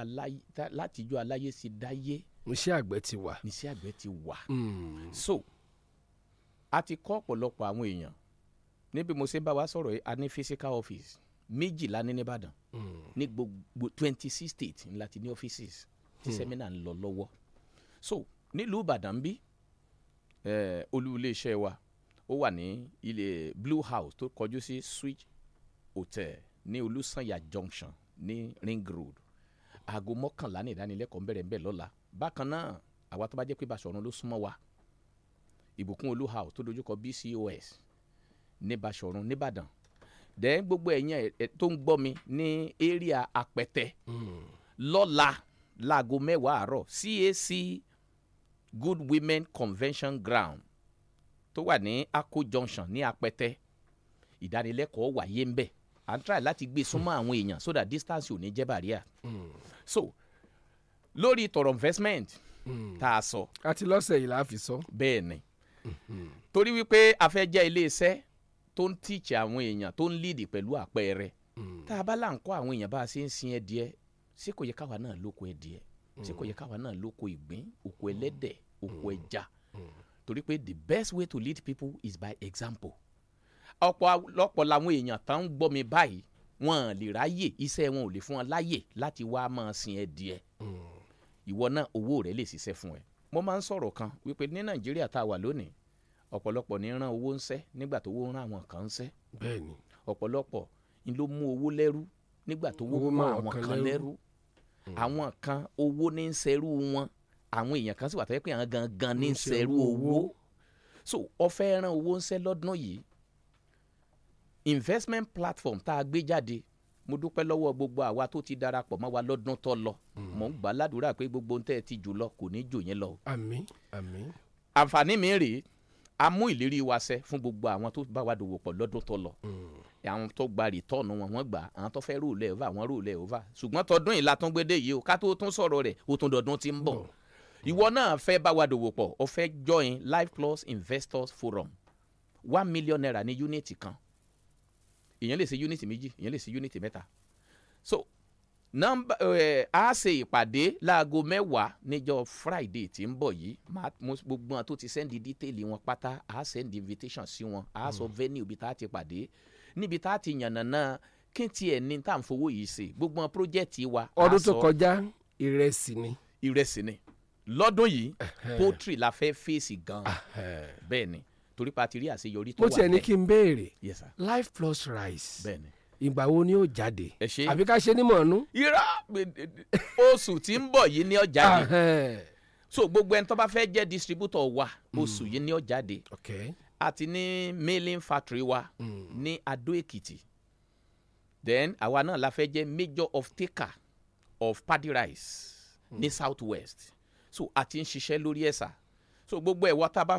látijọ́ aláyé sí dáyé. iṣẹ́ àgbẹ̀ ti wà. iṣẹ́ àgbẹ̀ ti wà. so a ti kọ́ ọ̀pọ̀lọpọ̀ àwọn èèyàn níbi mo ṣe bá wa sọ̀rọ̀ yìí a ní physical office méjìlá ní nìbàdàn hmm. ní gbogbo twenty six states ńlá ti ní offices tí hmm. sẹ́mínà ń lọ lọ́wọ́ so nílùú ìbàdàn bí olú iléeṣẹ́ wa ó wà ní ilé blue house tó kọjú sí switch hotel ní olùsànyà junction ní ring road aago mọ́kànlá ní ìdánilẹ́kọ̀ọ́ ń bẹ̀rẹ̀ ń bẹ̀ lọ́la bákan náà àwa tó bá jẹ́ pé Baṣọ̀run ló súnmọ́ wa ìbùkún olúha tó dojúkọ bcos ní basọ̀run nìbàdàn dẹ́n gbogbo ẹ̀yin ẹ̀ tó ń gbọ́ mi ní area apẹ̀tẹ̀ lọ́la láago mẹ́wàá àárọ̀ cac good women convention ground tó wà ní akko junction ní apẹ̀tẹ̀ ìdánilẹ́kọ̀ọ́ wáyé ń bẹ̀ à ń try láti gbé súnmọ́ àwọn èèyàn so that distance ò ní jẹ́ barrier so lórí tọrọ investment mm. tá a sọ. àti lọ́sẹ̀ yìí la fi sọ. bẹ́ẹ̀ ni torí wípé a fẹ́ jẹ́ iléeṣẹ́ tó ń tíìchì àwọn èèyàn tó ń líìdì pẹ̀lú àpẹẹrẹ hmm. tá a bá là ń kọ́ àwọn èèyàn bá a ṣe ń sin ẹdìẹ ṣé kò yẹ káwa náà lóko ẹdìẹ ṣé kò yẹ káwa náà lóko ìgbín òkú hmm. ẹlẹ́dẹ̀ òkú hmm. ẹja torí pé the best way to lead people is by example ọ̀pọ̀lọpọ̀ làwọn èèyàn tán ń gbọ́ mi báyìí wọn à lè ráyè iṣẹ́ wọn ò lè fún wọn láyè láti wá máa sin ẹdìẹ ìwọ náà owó rẹ lè ṣiṣẹ́ fún ẹ mo máa ń sọ̀rọ̀ kan wípé ní nàìjíríà tá a wà lónìí ọ̀pọ̀lọpọ̀ ní rán owó ńṣẹ́ nígbà tó wó rán àwọn kan ńṣẹ́ bẹ́ẹ̀ni ọ̀pọ̀lọpọ̀ ni ló mú owó lẹ́rú nígbà tó wó mú àwọn kan lẹ́rú hmm. àwọn kan owó ní ń ṣerú wọn àwọn èèyàn kan sì wà tó yẹ pé àwọn gangan ní ń ṣerú owó so ọfẹ́ rán owó ńṣẹ́ lọ́dún yìí investment platform tá a gbé jáde mo dúpẹ́ lọ́wọ́ gbogbo àwa tó ti darapọ̀ mọ́ wa lọ́dún tó lọ hmm. mò ń gbà ládùúrà pé gbogbo ń tẹ́ ti jù lọ kò ní jò yẹn lọ. àmín àǹfààní mi rèé a mú ìlérí wa ṣẹ fún gbogbo àwọn tó bá wa dòwò pọ̀ lọ́dún tó lọ hmm. àwọn tó gba rìtọ́ọ̀nù wọn wọ́n gbà àwọn tó fẹ́ rúlẹ̀ ova àwọn rúlẹ̀ ova ṣùgbọ́n tọdún yìí látún gbédè yìí o ká tó tún sọ̀rọ̀ rẹ̀ o tún dọ̀dún ti ń bọ̀ hmm. ìwọ náà fẹ́ bá wa dòwò pọ̀ o fẹ́ join life plus investors forum one million naira ní yúnítì kan èèyàn lè ṣe unit méjì èèyàn lè ṣe unit mẹ́ta so nọmba ẹ eh, a ṣe ìpàdé láago mẹ́wàá níjọ́ friday tí ń bọ̀ yìí gbogbo wọn tó ti sẹ́ndì dítèlì wọn pátá a sẹ́ndì invitation sí wọn a sọ hmm. venue ibi tá a ti pàdé níbi tá a ti yànnàná kí n tiẹ̀ ní tá à ń fowó yìí ṣe gbogbo wọn projẹ́tì wa. ọdún tó kọjá ìrẹsì ni. ìrẹsì ni lọ́dún yìí poultry la fẹ́ fèsì gan-an bẹ́ẹ̀ ni torí pa ti rí àṣeyọrí tó wà mo tiẹ̀ ní kí n béèrè life plus rice. bẹ́ẹ̀ni ìgbà wo ni yóò jáde àbí ká ṣe nímọ̀ ọ̀nù. irọ́ oṣù tí ń bọ̀ yìí ni ó jáde so gbogbo ẹni tó bá fẹ́ jẹ́ distributor wa hmm. oṣù yìí ni ó jáde àti ní mailing factory wa mm. ní Adó Èkìtì then àwa náà la fẹ́ jẹ́ major of taker of paddy rice mm. ní south west so a ti ń ṣiṣẹ́ lórí ẹ̀sà so gbogbo ẹ̀ wá tá a bá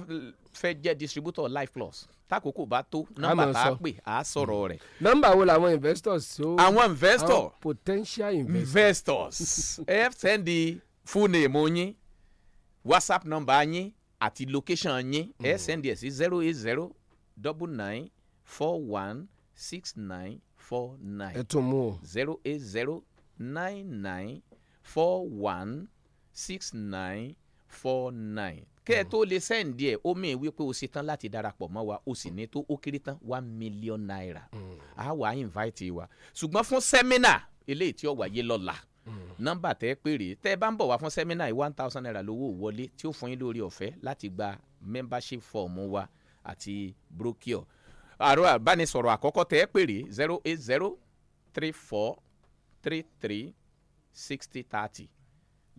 fẹ́ jẹ́ distributor life plus tákòókò bá tó nọ́mbà tá a pè á sọ̀rọ̀ rẹ̀. nọ́mbà wo làwọn investors tó. So, àwọn investors. àwọn potential investors. investors ẹ <laughs> send the full name yín whatsapp number yín àti location yín ẹ mm. send ẹ sí zero eight zero double nine four one six nine four nine. ẹ tún mú o. zero eight zero nine nine four one six nine four nine kẹ́ ẹ hmm. tó lè sẹ́ǹdì ẹ̀ ó mìíràn wípé o ṣetán láti darapọ̀ mọ́ wa o sì ní tó ó kéré tán one million naira hmm. a wà á invite wa ṣùgbọ́n fún sẹ́mínà eléyìí tí ó wáyé lọ́la hmm. nọ́mbà tẹ́ péré tẹ́ ẹ bá ń bọ̀ wá fún sẹ́mínà yìí one thousand naira lówó wọlé tí ó fún yín lórí ọ̀fẹ́ láti gba membership form wa àti brochure àrò àbánisọ̀rọ̀ àkọ́kọ́ tẹ́ péré zero eight zero three four three three sixty thirty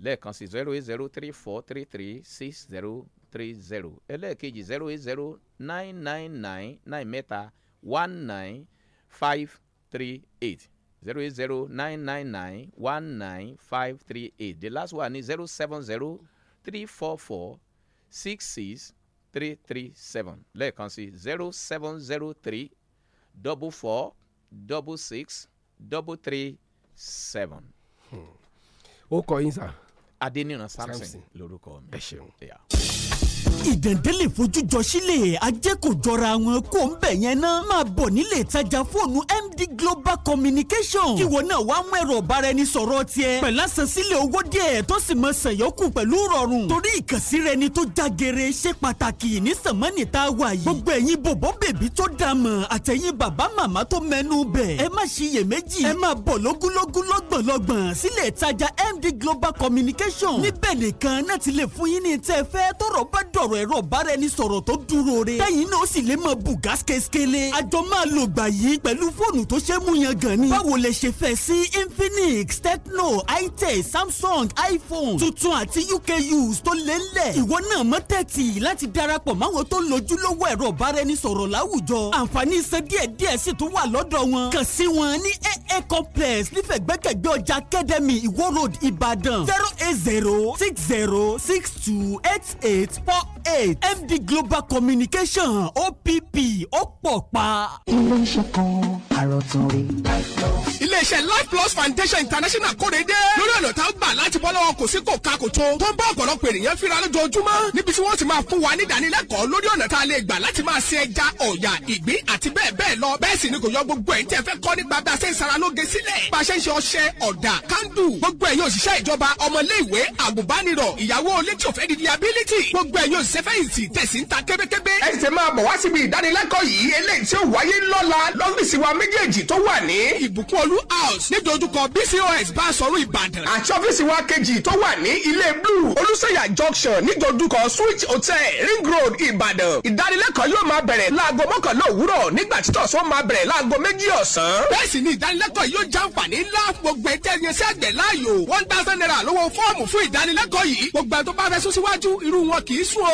lẹ́ẹ̀kan sí zero eight zero three four three three six zero three zero ẹlẹ́ẹ̀kejì zero eight zero nine nine nine nine mẹ́ta one nine five three eight zero eight zero nine nine nine one nine five three eight the last one ni zero seven zero three four four six six three three seven lẹ́ẹ̀kan sí zero seven zero three double four double six double three seven. Hmm ó kọ yín sà. Adéníran Samson lórúkọ mi. ẹ ṣeun ìdẹ̀ndẹ́ lè fojú jọ sílẹ̀ ajẹ́ kò jọra wọn kó ń bẹ̀ yẹn náà máa bọ̀ nílé ìtajà fóònù MD Global Communication kí wọn náà wá mú ẹ̀rọ ọ̀bára ẹni sọ̀rọ̀ tiẹ̀ pẹ̀lú àṣẹsílẹ̀ owó díẹ̀ tó sì mọ sẹ̀yọ́kù pẹ̀lú rọrùn torí ìkànsí rẹ ni tó já gere ṣe pàtàkì ní sànmọ́nì tá a wà yìí gbogbo ẹ̀yin bòbọ́ bèbí tó dà mọ̀ àtẹ̀yin bàbá màmá tó mẹ́nu bẹ̀ ẹ má ṣiyèméjì ẹ máa bọ̀ lógúnlógún lọ́gbọ̀nlọ́gbọ̀n sílẹ̀ ìtajà MD Global Communication níbẹ̀ nìkan náà ti lè fún yín ní tẹ́ fẹ́ tọ́rọ̀ bá dọ̀ sọ̀rọ̀ ẹ̀rọ báraẹnisọ̀rọ̀ tó dúró re tẹ́yìn náà sì lè máa bù gas kéékèèlé àjọ máa lò gbà yìí pẹ̀lú fóònù tó ṣe é mú yan gan ni báwo lè ṣe fẹ́ sí Infinix Tecno itel Samsung iPhone tuntun àti UKUs tó lé ńlẹ̀ ìwọ náà mọ́ tẹ́tì láti darapọ̀ máwọn tó lójúlówó ẹ̀rọ báraẹnisọ̀rọ̀ láwùjọ àǹfààní iṣẹ́ díẹ̀díẹ̀ sì tún wà lọ́dọ̀ wọn kàn sí wọn ní AA complex nífẹ̀gbẹ́kẹ̀gbẹ́ ọjà Academy Iwo Road Ìbàdàn zero eight zero six zero six two eight eight four eight MD Global Communication OPP ó pọ̀ pa. ilé iṣẹ́ kan àròtún rí. iléeṣẹ́ life plus foundation international kóde dé lórí ọ̀nà tá a gbà láti bọ́ lọ́wọ́ kò sí kò ká kò tó tó ń bá ọ̀pọ̀lọpọ̀ ènìyàn fira lójoojúmọ́ níbi tí wọ́n ti máa fún wa ní ìdánilẹ́kọ̀ọ́ lórí ọ̀nà tá a lè gbà láti máa ṣe ẹja ọ̀yà ìgbín àti bẹ́ẹ̀ bẹ́ẹ̀ lọ bẹ́ẹ̀ sì ni kò yọ gbogbo ẹ̀yin tí ẹ fẹ́ kọ́ nípa bí a ṣe ń sara lóge sílẹ̀ bá a ṣe ń ṣe ọṣẹ ọ̀dà kándù gbogbo ń ṣe tẹ̀sí ń ta kébékébé. ẹ ṣe máa bọ̀ wá síbi ìdánilẹ́kọ̀ọ́ yìí eléyìí tí ó wáyé lọ́la lọ́fíìsì wa méjèèjì tó wà ní. ìbùkún olú house ní bcos bá sọ̀rọ̀ ìbàdàn. àti ọ́fíìsì wa kejì tó wà ní ilé blue olùsẹ̀yà junction ní switch hotel ring road ìbàdàn. ìdánilẹ́kọ̀ọ́ yóò máa bẹ̀rẹ̀ láago mọ́kànlá òwúrọ̀ nígbà tí tọ̀sán one thousand naira lówó fọ́ọ̀mù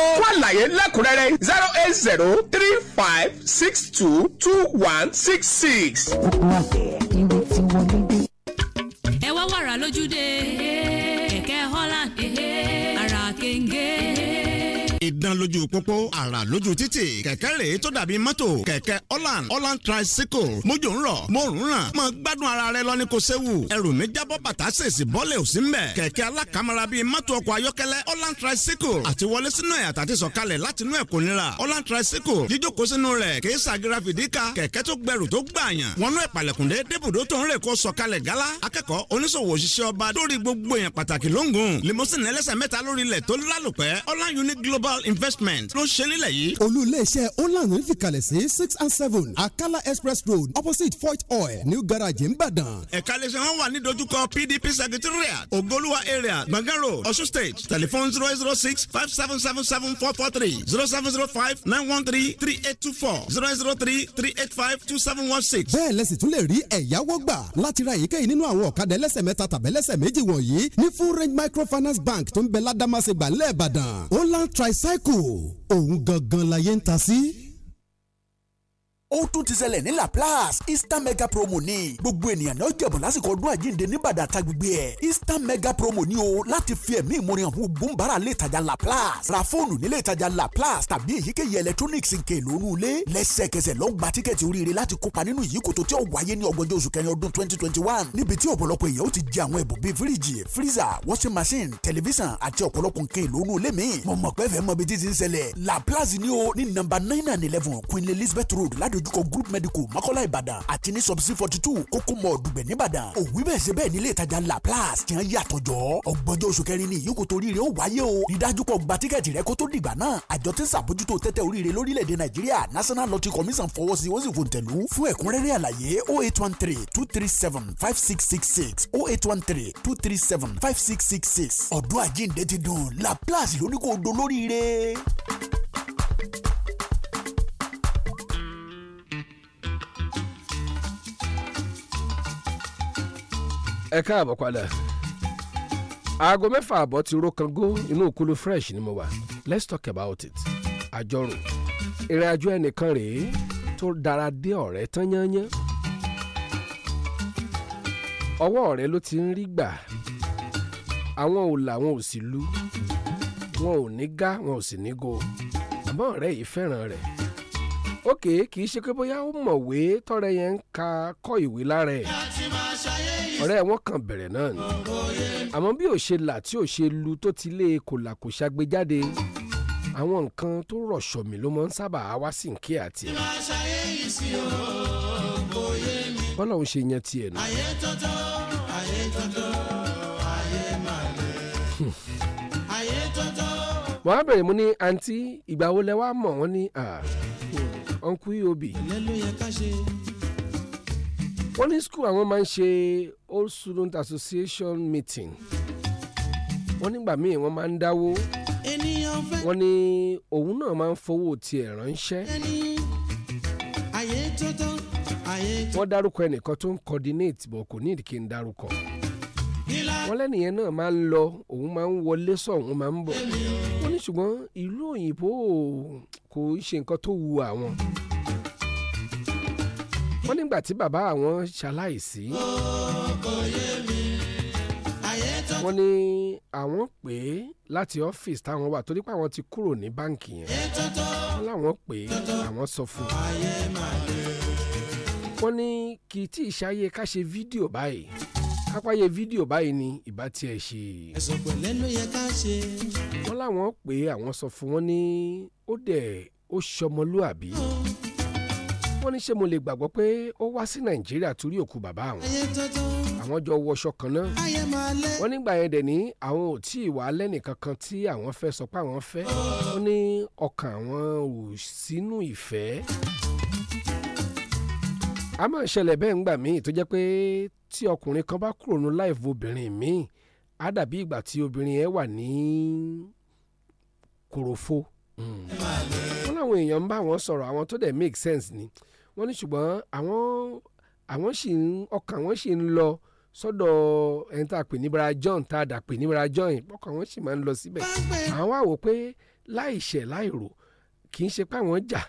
o fún àlàyé lẹ́kùnrẹ́rẹ́ zero eight zero three five six two two one six six. ó àgbẹ̀ irú tí ṣíyan lójú pópó àrà lójú títì kẹ̀kẹ́ rèé tó dàbí mọ́tò kẹ̀kẹ́ holland holland tricycle mójò ń rọ̀ mo ń ràn mọ gbádùn ara rẹ lọ ní kò séwu ẹrù mi jábọ́ bàtà ṣèṣì bọ́lẹ̀ ò sí mbẹ̀ kẹ̀kẹ́ alákàmọ́ra bíi mọ́tò ọkọ̀ ayọ́kẹ́lẹ́ holland tricycle àti wọlé sínú ẹ̀ àtàtì sọ̀kalẹ̀ láti inú ẹ̀ kò nira holland tricycle jíjókòó sínú rẹ̀ kì í ṣàgìrà fìdíkà kẹ̀kẹ́ tó gbẹrù tó gbààyàn wọnú investment ló ṣe nílẹ̀ yìí. olú iléeṣẹ́ holland ń fìkàlẹ̀ sí six and seven akala express road opposite fort oil new garage nìbàdàn. ẹ̀ka iléeṣẹ́ wọn wà ní dojúkọ pdp secretariat ogoluwa area gbọ̀ngàn road osun state telephone zero zero six five seven seven seven four four three zero seven zero five nine one three three eight two four zero zero three three eight five two seven one six. bẹ́ẹ̀ lẹ́sìn tún lè rí ẹ̀yáwó gbà láti ra èyíkéyìí nínú àwọn ọ̀kadà ẹlẹ́sẹ̀ mẹ́ta tàbẹ́lẹ́sẹ̀ méjì wọ̀nyí ní full range microfinance bank tó ń bẹ ládàmásẹ̀gbà ńlẹ̀ ìbàdàn holland tricycle kù òun gangan la yẹn ń ta sí ó tún ti ṣẹlẹ̀ ní laplace easter mega promo ni gbogbo ènìyàn náà jẹ̀bọ̀ lásìkò ọdún àjíǹde ní àtàgbègbè ẹ̀ easter mega promo ni o láti fi ẹ̀mí ìmúrin àwọn ògbóǹbàrà lè tajà laplace ra fóònù nílé ìtajà laplace tàbí èyíkéyìí electronics nke ìlónú ilé lẹ́sẹ̀kẹsẹ̀ ló ń gba tíkẹ́ẹ̀tì oríire láti kópa nínú ìyíkòtò tí ó wáyé ní ọgbọ̀njọ́ oṣù kẹrin ọdún twenty twenty one níbi tí ọ̀pọ̀lọpọ̀ freezer washing machine tẹlifíṣàn àti ọ̀pọ̀lọpọ̀ nǹkan ìlónú ilé mi mo mọ̀ pé fẹ́ mọ ibi ni o ní nọ́mbà nine and eleven queen elizabeth road ládùn àdójúkọ group medical mọ́kọ́lá ìbàdàn àti ní subsidy forty two kókó mọ́ ọ̀dùgbẹ̀ nìbàdàn òwú bẹ́ẹ̀ ṣe bẹ́ẹ̀ nílé ìtajà laplace tí wọ́n yàtọ̀ jọ ọgbọ́njọ́ oṣù kẹrin ni ìyókù torí rẹ̀ ó wáyé o ìdájúkọ gba tíkẹ́ẹ̀tì rẹ kó tó dìgbà náà àjọ tí ń ṣàbójútó tẹ́tẹ́ oríire lórílẹ̀‐èdè nàìjíríà national lottery commission fọwọ́ sí wọ́n sì fòǹtẹ̀lú fún ẹ̀kúnrẹ́rẹ́ àlàyé oh eight one three two three seven five six six six oh eight one three two three seven five six six six ọ̀dọ́ àjíǹde ti dùn laplace lóníkó odò lóríire. ẹ káàbọ̀ padà aago mẹ́fà àbọ̀ ti ró kangó inú ìkúlù fresh ni mo wà let's talk about it àjọrò ìrìn àjò ẹnìkan rèé tó dára dé ọ̀rẹ́ tán yányán ọwọ́ ọ̀rẹ́ ló ti ń rí gbà àwọn ò là wọn ò sì lu wọn ò ní gá wọn ò sì ní go àmọ́ ọ̀rẹ́ yìí fẹ́ràn rẹ̀ ókè kì í ṣe pé bóyá ó mọ̀wé tọ́rẹ́ yẹn ń ka kọ́ ìwé lára ẹ̀ ọ̀rẹ́ wọn kàn bẹ̀rẹ̀ náà ni àmọ́ bí ò ṣe là tí ò ṣe lu tó ti lé kòlà kò ṣàgbéjáde àwọn nǹkan tó rọ̀ ṣọ̀mí ló máa ń sábà wá sí nkí àti ẹ̀. bọ́lá òun ṣe yan tiẹ̀ nù. mo á bẹ̀rẹ̀ mo ní àǹtí ìgbà wo lẹ wá mọ̀ wọ́n ní ọ̀nkú yóò wọ́n ní school àwọn máa ń ṣe old student association meeting wọ́n nígbà míì wọ́n máa ń dáwó wọ́n ní òun náà máa ń fowó tiẹ̀ ránṣẹ́ wọ́n dárúkọ ẹnìkan tó ń coordinate bọ̀ kò ní ìdíkì ń dárúkọ wọ́n lẹ́nìyẹn náà máa ń lọ òun máa ń wọlé sọ̀hún máa ń bọ̀ wọ́n ní ṣùgbọ́n ìlú òyìnbó kò ń ṣe nǹkan tó wu àwọn wọ́n nígbà tí bàbá àwọn ṣaláìsí wọ́n ní àwọn pè é láti ọ́fíìsì táwọn wà torí pé àwọn ti kúrò ní báǹkì yẹn wọ́n láwọn pè é àwọn sọ fún un wọ́n ní kì í tí ì ṣayé ká ṣe fídíò báyìí kápáyé fídíò báyìí ni ìbá tiẹ̀ ṣe. ẹ̀sùn pẹ̀lẹ́ ló yẹ ká ṣe. wọ́n láwọn pè é àwọn sọ fún wọn ní ó dẹ̀ ó ṣọmọlúàbí wọ́n ní ṣé mo lè gbàgbọ́ pé ó wá sí nàìjíríà torí òkú bàbá àwọn àwọn jọ wọṣọ kan náà wọ́n nígbà yẹn dẹ̀ ní àwọn ò tí ì wá lẹ́nìkankan tí àwọn fẹ́ sọ pé àwọn fẹ́ ó ní ọkàn àwọn ò sínú ìfẹ́ a máa ṣẹlẹ̀ bẹ́ẹ̀ ńgbà míì tó jẹ́ pé tí ọkùnrin kan bá kúrò ní láìfo obìnrin míì á dàbí ìgbà tí obìnrin yẹn wà ní kòròfo hmm. wọ́n láwọn èèyàn ń bá wọn sọ̀rọ̀ àwọn tó dẹ̀ make sense ni wọ́n ní ṣùgbọ́n àwọn àwọn sì ń ọkàn wọn sì ń lọ sọ́dọ̀ ẹni tá a pè ní Bra John tá a dà pè ní Bra John ọkàn wọn sì máa ń lọ síbẹ̀ àwọn àwò pé láì ṣẹ̀ láì rò kì í ṣe pé àwọn jà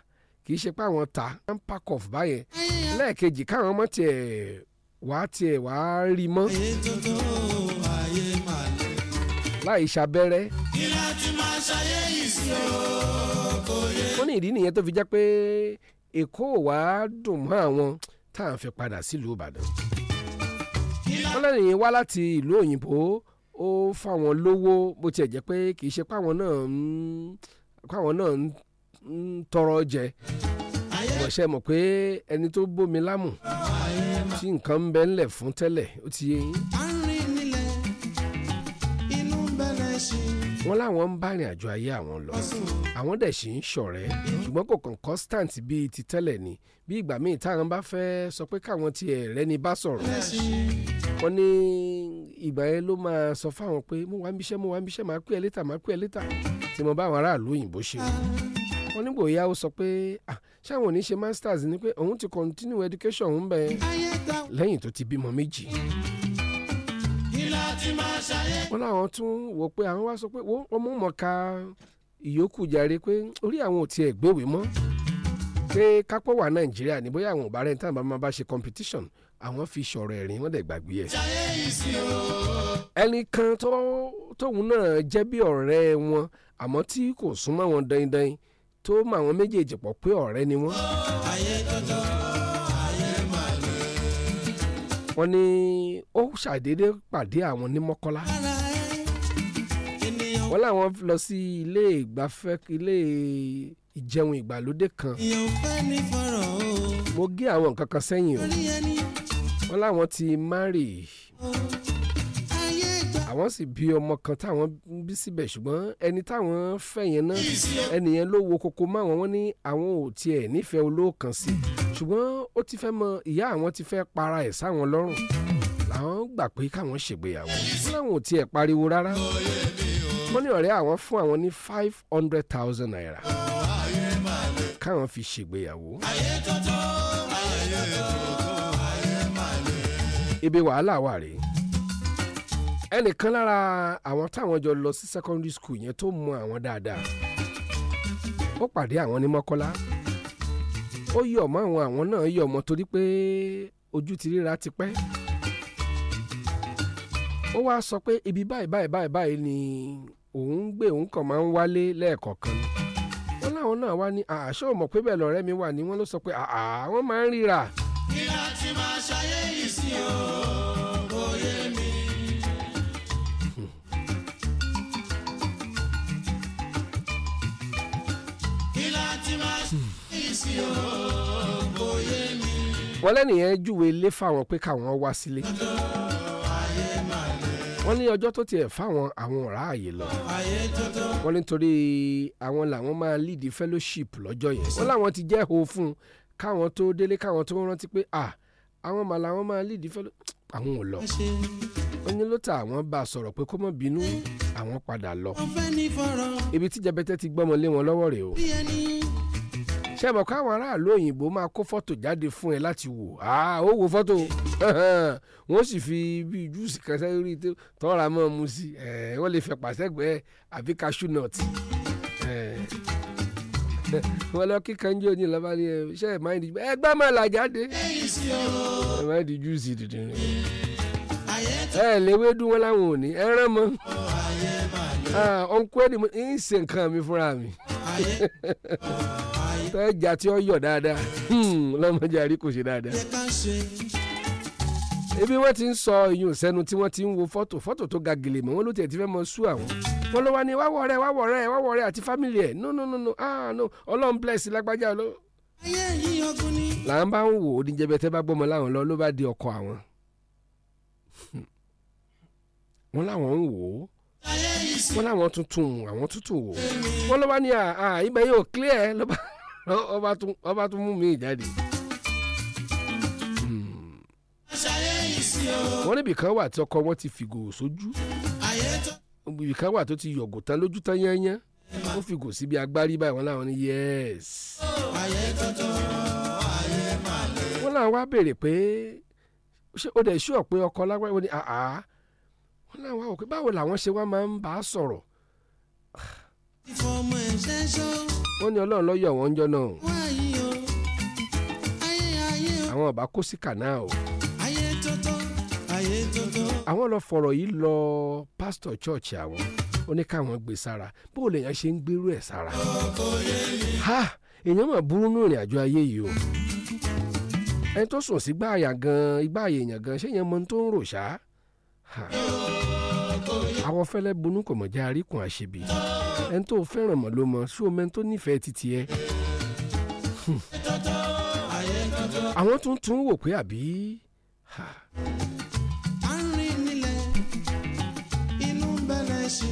kì í ṣe pé àwọn ta wọ́n pack off báyẹn lẹ́ẹ̀kejì káwọn ọmọ tiẹ̀ wá tiẹ̀ wá rí mọ́ láì ṣàbẹ́rẹ́ ó ní ìdí nìyẹn tó fi jẹ́ pé èkó wa á dùn mọ́ àwọn tá à ń fẹ́ padà sílùú ìbàdàn. wọ́n lẹ́yìn yẹn wá láti ìlú òyìnbó ó fáwọn lówó bó tiẹ̀ jẹ́ pé kì í ṣe páwọn náà páwọn náà ń tọrọ jẹ ìwọ̀sẹ̀ mọ̀ pé ẹni tó bómi lámù tí nǹkan ń bẹ ńlẹ̀ fún tẹ́lẹ̀ ó ti yé yín. wọ́n láwọn ń bá ìrìn àjò ayé àwọn lọ àwọn dẹ̀ sì ń ṣọ̀rẹ́ ṣùgbọ́n kò kàn constant bíi ti tẹ́lẹ̀ ni bí ìgbà míì táwọn bá fẹ́ sọ pé káwọn tiẹ̀ rẹ́ni bá sọ̀rọ̀ wọ́n ní ìgbà yẹn ló máa sọ fáwọn pé mo wá ń bíṣẹ́ mo wá ń bíṣẹ́ máa pè é létà máa pè é létà tí mo bá àwọn aráàlú òyìnbó ṣe wọ́n nígbò ya ó sọ pé ah ṣáwọn ò ní ṣe masters ni pé òun ti continue education òun bẹ́ẹ̀ lẹ́yìn tó ti bímọ méjì wọ́n láwọn tún wò pé àwọn wá sọ pé wọ́n mú mọ̀ ká ìyókù jàre pé orí àwọn ò tiẹ̀ gbéwèé mọ́ pé kápọ̀ wà nàìjíríà ní bóyá àwọn ò bá rẹ̀ máa bá ṣe competition àwọn fi sọ̀rọ̀ ẹ̀rín wọ́n dẹ̀ gbàgbé ẹ̀. ẹnì kan tóun náà jẹ́ bí ọ̀rẹ́ wọn àmọ́ tí kò súnmọ́ wọn dandan tó mọ àwọn méjèèjì pọ̀ pé ọ̀rẹ́ ni wọ́n. ayé tọ́jọ́ wọ́n ní ó ṣàdédé pàdé àwọn ní mọ́kọ́lá wọ́n láwọn lọ sí ilé ìgbafẹ́ ilé ìjẹun ìgbàlódé kan mo gé àwọn nǹkan kan sẹ́yìn o wọ́n láwọn ti márì àwọn sì bí ọmọ kan táwọn bí síbẹ̀ ṣùgbọ́n ẹni táwọn fẹ́ yẹn náà ẹnìyẹn ló wo koko mọ́ wọn ní àwọn ò tiẹ̀ nífẹ̀ẹ́ olóòkan sí i ṣùgbọ́n ó ti fẹ́ mọ ìyá àwọn ti fẹ́ para ẹ̀ sáwọn lọ́rùn làwọn gbà pé káwọn ṣègbéyàwó wọn ò tiẹ̀ pariwo rárá wọ́n ní ọ̀rẹ́ àwọn fún àwọn ní five hundred thousand naira káwọn fi ṣègbéyàwó. ibi wàhálà wà rèé ẹnìkan lára àwọn táwọn jọ lọ sí secondary school yẹn tó mọ àwọn dáadáa ó pàdé àwọn ní mọ́kọ́lá. ó yọ̀ mọ́ àwọn àwọn náà yọ̀ mọ́ torí pé ojú ti ríra ó sọ pé ibi báyìí báyìí báyìí ni òun gbé òun kàn máa ń wálé lẹ́ẹ̀kọ̀ọ̀kan ni láwọn náà wá ní àṣọ ò pé bẹ́ẹ̀ lọ́rẹ́ mi wà ní ló sọ pé àwọn máa ń ríra. kí sí o kò yé mi. wọ́n lẹ́nìyẹn júwe ilé fáwọn pé káwọn wá sílé. ayé máa lè. wọ́n ní ọjọ́ tó tiẹ̀ fáwọn àwọn ọ̀rá àyè lọ. wọ́n nítorí àwọn làwọn máa lead fellowship lọ́jọ́ yẹn. wọ́n láwọn ti jẹ́ ho fún un káwọn tó délé káwọn tó rántí pé ah àwọn màlà wọn máa lead fellowship àwọn ò lọ. wọ́n ní ló ta àwọn bá a sọ̀rọ̀ pé kó mọ̀ bínú àwọn padà lọ. ibi tí jẹbẹtẹ ti gbọ́mọ lé wọn lọ́wọ́ rèé o ṣe mọ̀ kó àwọn aráàlú òyìnbó máa kó fọ́tò jáde fún ẹ láti wò ó wo fọ́tò <laughs> wọ́n sì fi bíi júùsì kan sẹ́rí tọ́ra mọ́ mu sí wọ́n lè fẹ́ pàṣẹ́gbẹ́ àbí cashew nut <laughs> wọ́n lọ kí kanjú òní lọ́ba ní ṣe ẹ̀ máa ń di ẹ gbá máa là jáde ẹ máa ń di júùsì dìde ẹ léwédú wọn láwọn òní ẹ rán mọ́ ọ̀nkú ẹ̀ ní ṣe nǹkan mi fúnra mi. <laughs> tẹ́ ja tí ó yọ̀ dáadáa hmm, lọ́mọdé àrí kò ṣe dáadáa. ebi wọ́n ti ń sọ ìyún sẹ́nu tí wọ́n ti ń wo fọ́tò fọ́tò tó ga gèlè mọ́ wọn ló tẹ̀ ti fẹ́ mọ sú àwọn wọn ló wá ní wáwọ̀ rẹ̀ wáwọ̀ rẹ̀ wáwọ̀ rẹ̀ àti fámìlì ẹ̀ no no no no ah no ọlọ́run bless lágbájá ló. là ń bá ń wò ó níjẹ̀bẹ̀ tẹ́ bá gbọ́mọ láwọn lọ ló bá di ọkọ àwọn hmm. wọn láwọn ń wò ó wọn láwọn tuntun àwọn tuntun wò ó wọn ló bá ní à ibẹ̀ yóò clear ló bá ọba tún mú mi jáde. Hmm. wọ́n níbi kan wà tí ọkọ wọn ti fìgò sójú ibì kan wà tó ti yọ̀gò tán lójú tán yányán ó fìgò síbi agbárí báyìí wọn láwọn ní yẹ́ẹ̀sì. wọ́n láwọn wá béèrè pé ṣé ó dẹ̀ ṣú ọ̀pẹ ọkọ lágbára wọn ni àá wọ́n láwọn wá wò pé báwo làwọn ṣe wá máa ń bá a sọ̀rọ̀ wọ́n ní ọlọ́run ló yọ wọ́n jọ náà àwọn ọba kó sí kànáà o àwọn lọ fọ̀rọ̀ yìí lọ pásítọ̀ chọ́ọ̀chì àwọn ó ní káwọn gbé sára bó lèèyàn ṣe ń gbérú ẹ̀ sára ha èèyàn mà burú nínú ìrìn àjò ayé yìí o ẹni tó sùn sí gbáàyà gan igbáàyè èèyàn gan ṣé èèyàn mọ ohun tó ń rò ṣáá àwọn fẹ́lẹ́ bunú kò mọ̀ já àríkùn àṣebí ẹni tó fẹ́ràn mọ̀ ló mọ̀ ṣó mẹ́ni tó nífẹ̀ẹ́ títí ẹ. Hmm. àwọn tún tún wò pé àbí. àárín nílẹ̀ inú bẹ̀rẹ̀ ṣe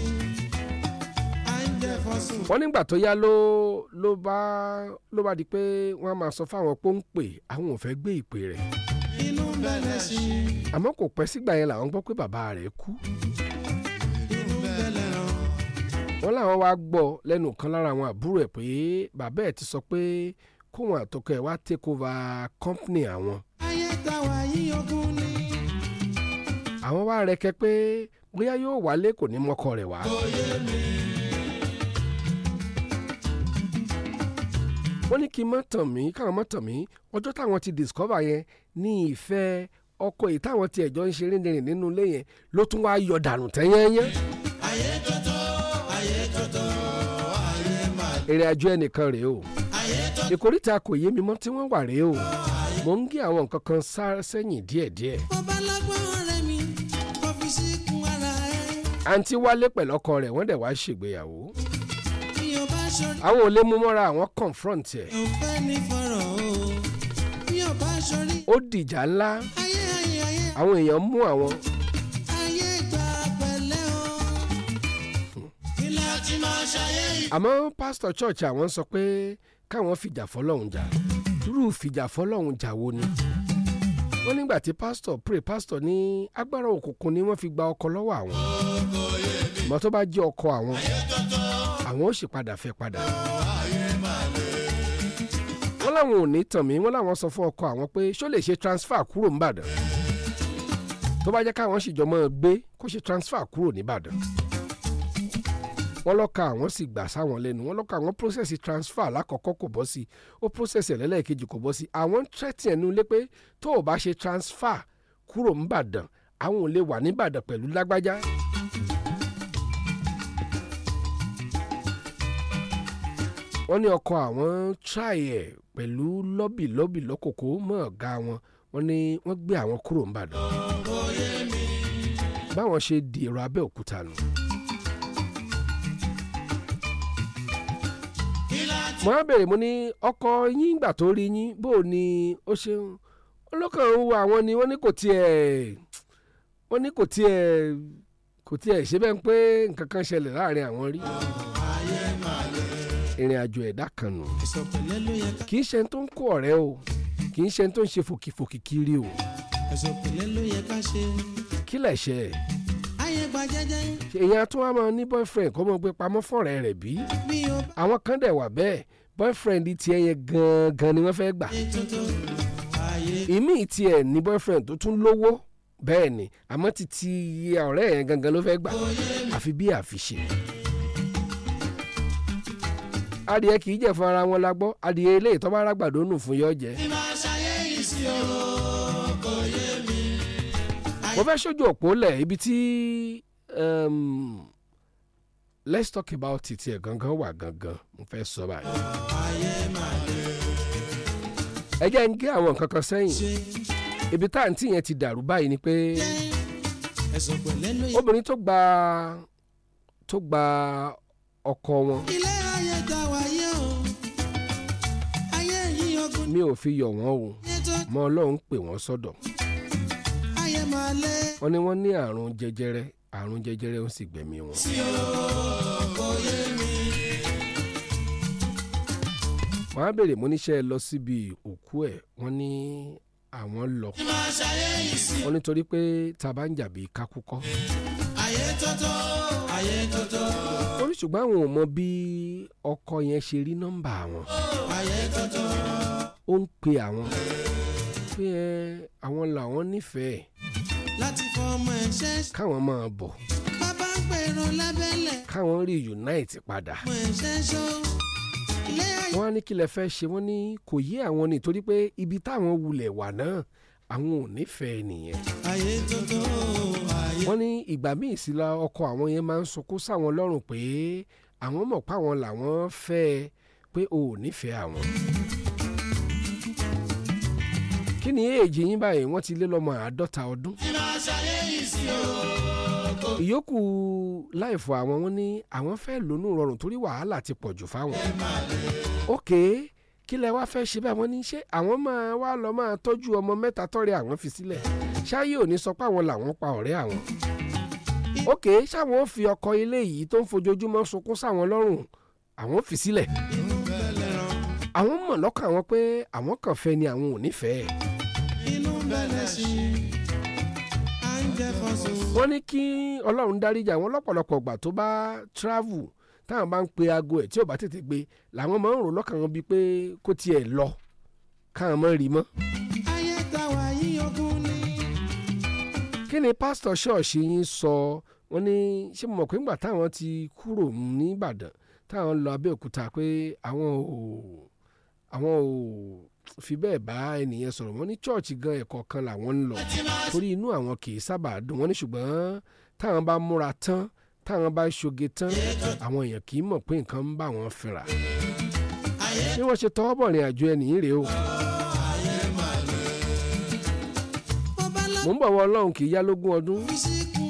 wọ́n nígbà tó yá ló bá ló bá di pé wọ́n á máa sọ fáwọn pọ́ńpè àwọn ò fẹ́ gbé ìpè rẹ̀ àmọ́ kò pẹ́ sígbà yẹn làwọn gbọ́ pé bàbá rẹ̀ kú wọ́n láwọn wá gbọ́ lẹ́nu kan lára àwọn àbúrò ẹ̀ pé bàbá ẹ̀ ti sọ pé kóun àtọkọ ẹ̀ wá take over company àwọn. ayé ta wà yí ogun ni. àwọn wá rẹkẹ pé bóyá yóò wálé kò ní mọ́kọ rẹ̀ wá. wọ́n ní kí n má tàn mí káwọn má tàn mí ọjọ́ táwọn ti discover yẹn ní ìfẹ́ ọkọ èyí táwọn ti ẹ̀jọ́ ń ṣe rìnrìn nínú ilé yẹn ló tún wá yọ dànù tẹ́yẹ́yẹ́. ayé t èrè àjò ẹnìkan rèé o ìkóríta kò yé mi mọ́ tí wọ́n wà rèé o mò ń gé àwọn nǹkan kan sá sẹ́yìn díẹ̀díẹ̀. àǹtí wálé pẹ̀lú ọkọ rẹ̀ wọ́n dẹ̀ wá ṣègbéyàwó. àwọn ò lè mú mọ́ra àwọn confront ẹ̀. ó dìjà ńlá àwọn èèyàn mú àwọn. àmọ́ pásítọ̀ church àwọn sọ pé káwọn fìjà fọlọ́hún jà dúró fìjà fọlọ́hún jà wo ni wọ́n nígbà tí pásítọ̀ pray pásítọ̀ ní agbára òkùnkùn ni wọ́n fi gba ọkọ lọ́wọ́ àwọn mọ́ tó bá jẹ́ ọkọ àwọn àwọn ò sì padà fẹ́ padà wọ́n láwọn ò ní tàn mí wọ́n láwọn sọ fún ọkọ àwọn pé ṣó lè ṣe transfer kúrò nìbàdàn tó bá jẹ́ káwọn sì jọ mọ́ ẹ gbé kó ṣe transfer kúrò nìbàdàn wọ́n lọ́ka àwọn sì gbà sáwọn lẹ́nu wọ́n lọ́ka àwọn process transfer lákọ̀ọ́kọ́ kò bọ́ sí ó process ẹ̀lẹ́lẹ́kejì kò bọ́ sí àwọn tẹ́tì ẹ̀nu lé pé tó o bá ṣe transfer kúrò ńbàdàn àwọn ò lè wà níbàdàn pẹ̀lú lágbájá. wọ́n ní ọkọ̀ àwọn try ẹ̀ pẹ̀lú lọ́bì lọ́bì lọ́kòkó mọ́ ọ̀gá wọn wọ́n ní wọ́n gbé àwọn kúrò ńbàdàn. báwọn ṣe di èrò Abẹ́òkúta nù. mo á bèrè mo ní ọkọ yín gbà tó rí yín bó o ní ó ṣeun olókàn wo àwọn ni wọ́n ní kò tiẹ̀ wọ́n ní kò tiẹ̀ kò tiẹ̀ ṣe bẹ́ẹ̀ pé nǹkan kan ṣẹlẹ̀ láàrin àwọn rí ìrìn àjò ẹ̀dá kan nù kì í ṣe tó ń kó ọ̀rẹ́ o kì í ṣe tó ń ṣe fòkìfòkì kiri o kí lẹ̀ ṣe ẹ̀ gba jẹ́jẹ́. èèyàn tún wá máa ní boyfriend kó mọ gbé pamọ́ fọ̀rẹ́ rẹ̀ bí. àwọn kan dẹ̀ wà bẹ́ẹ̀ boyfriend tiẹ̀ yẹn gan-an ni wọ́n fẹ́ gbà. ìmí tiẹ̀ ní boyfriend tó tún lówó bẹ́ẹ̀ ni àmọ́ ti ti ọ̀rẹ́ yẹn gangan ló fẹ́ gbà àfi bí àfiṣe. adìẹ kì í jẹ̀fọ́ ara wọn la gbọ́ adìẹ ilé ìtọ́ bá rágbàdo nù fún yọ jẹ́. ìmọ̀ àṣàyẹ̀ sí o mo fẹ́ ṣojú òpó lẹ̀ ibi tí um, let's talk about it ẹ̀ gangan wà gangan mo fẹ́ sọ báyìí. ẹ jẹ́ ń gé àwọn nǹkan kan sẹ́yìn ibi tá àǹtí yẹn ti dàrú báyìí ni pé obìnrin tó gba tó gba ọkọ wọn. mi ò fi yọ̀ wọ́n o mọ ọlọ́run pè wọ́n sọ́dọ̀. So káyé máa lé. wọ́n ní wọ́n ní àrùn jẹjẹrẹ àrùn jẹjẹrẹ ó sì gbẹ̀mí wọn. tí o kò yé mi. wọ́n á béèrè mo níṣẹ́ lọ síbi òkú ẹ̀ wọ́n ní àwọn lọ. wọ́n nítorí pé ta bá ń jàbí kákúkọ́. ayé tọ́tọ́ ayé tọ́tọ́. orí ṣùgbọ́n àwọn ò mọ bí ọkọ yẹn ṣe rí nọ́mbà wọn. ayé tọ́tọ́. ó ń pe àwọn pé ẹ àwọn làwọn nífẹ̀ẹ́ láti fọmọ ẹ̀ ṣe. káwọn máa bọ̀. bàbá ń pèrò lábẹ́lẹ̀. káwọn rí unite padà. ọmọ ẹ̀ ṣe ṣó wọ́n á ní kí fẹ́ ṣe wọ́n ní kò yé àwọn ni torí pé ibi táwọn wulẹ̀ wà náà àwọn ò nífẹ̀ẹ́ nìyẹn. ayé tuntun ayé. wọ́n ní ìgbà míì sí la ọkọ àwọn yẹn máa ń sunkún sáwọn lọ́rùn pé àwọn mọ̀ páwọn làwọn fẹ́ pé o ò nífẹ̀ẹ́ àwọn kí ni èjì yín báyìí wọ́n ti lé lọ́mọ àádọ́ta ọdún. ìyókù láìfọ àwọn wọn ní àwọn fẹ́ lónú rọrùn torí wàhálà ti pọ̀ jù fáwọn. ok kí lẹ wá fẹ́ ṣe báyìí wọ́n ní ṣé àwọn máa wá lọ máa tọ́jú ọmọ mẹ́ta tọ́rẹ àwọn fi sílẹ̀ ṣáyé ò ní sọ pé àwọn làwọn pa ọ̀rẹ́ àwọn. ok ṣáwọn ò fi ọkọ ilé yìí tó ń fojoojúmọ́ sunkún sáwọn lọ́rùn àwọn fi sílẹ̀ àwọn mọ̀ lọ́kàn àwọn pé àwọn kàn fẹ́ ni àwọn ò nífẹ̀ẹ́. inú bẹ̀rẹ̀ sí à ń jẹ́ fọ́sùn. wọ́n ní kí ọlọ́run dáríjà wọn lọ́pọ̀lọpọ̀ ìgbà tó bá travel táwọn bá ń pe aago ẹ̀ tí ò bá tètè gbé làwọn máa ń rò lọ́kàn wọn bíi pé kó tiẹ̀ lọ káwọn máa rí mọ́. ayé táwa yíyangun ni. kí ni pásítọ̀ ṣọ́ọ̀ṣì yín sọ wọ́n ní ṣé mo mọ̀ pé ńgbà táwọn ti kúrò ní Ìbàdàn táwọn lọ Abẹ́òkúta pé àwọn ò àwọn ò fi bẹ́ẹ̀ bá ẹnìyẹn sọ̀rọ̀ wọ́n ní chọ́ọ̀chì gan ẹ̀kọ́ kan làwọn ń lọ torí inú àwọn kì í sábà dùn wọ́n ní ṣùgbọ́n táwọn bá múra tán táwọn bá ṣoge tán àwọn èèyàn kì í mọ̀ pé nǹkan ń bá wọn fínra bí wọ́n ṣe tọwọ́ bọ̀ rìn àjò ẹnì rèé o. mò ń bọ̀ wọ ọlọ́run kì í yá lógún ọdún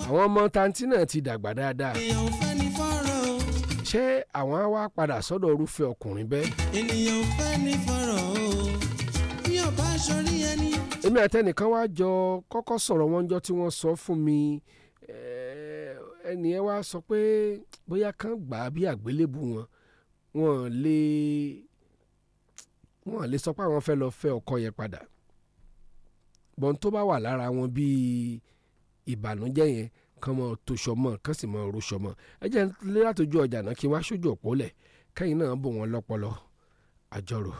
àwọn ọmọ tanti náà ti dàgbà dáadáa ṣé àwọn á wá padà sọ́dọ̀ irúfẹ́ ọkùnrin bẹ́ẹ̀. ènìyàn ò fẹ́ ní fọ̀rọ̀ o bí ọba sọrí ẹni. èmi àtẹnìkan wá jọ kọ́kọ́ sọ̀rọ̀ wọn jọ tí wọ́n sọ fún mi ẹnì yẹn wá sọ pé bóyá kán gbà á bí àgbélébù wọn wọn lè wọn lè sọ pé àwọn fẹ́ lọ fẹ́ ọkọ yẹn padà bọ́n tó bá wà lára wọn bíi ìbànújẹ́ yẹn kán mọ tó sọmọ kán sì mọ ro sọmọ ẹ jẹ́ nílé ọjà náà kí wá sójú òpó lẹ̀ kẹ́yìn náà bò wọ́n lọ́pọlọ àjọrò.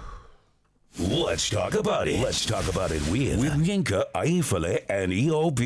Let's talk about it. Let's talk about it with, with Yinka, Ayefele, and EOB.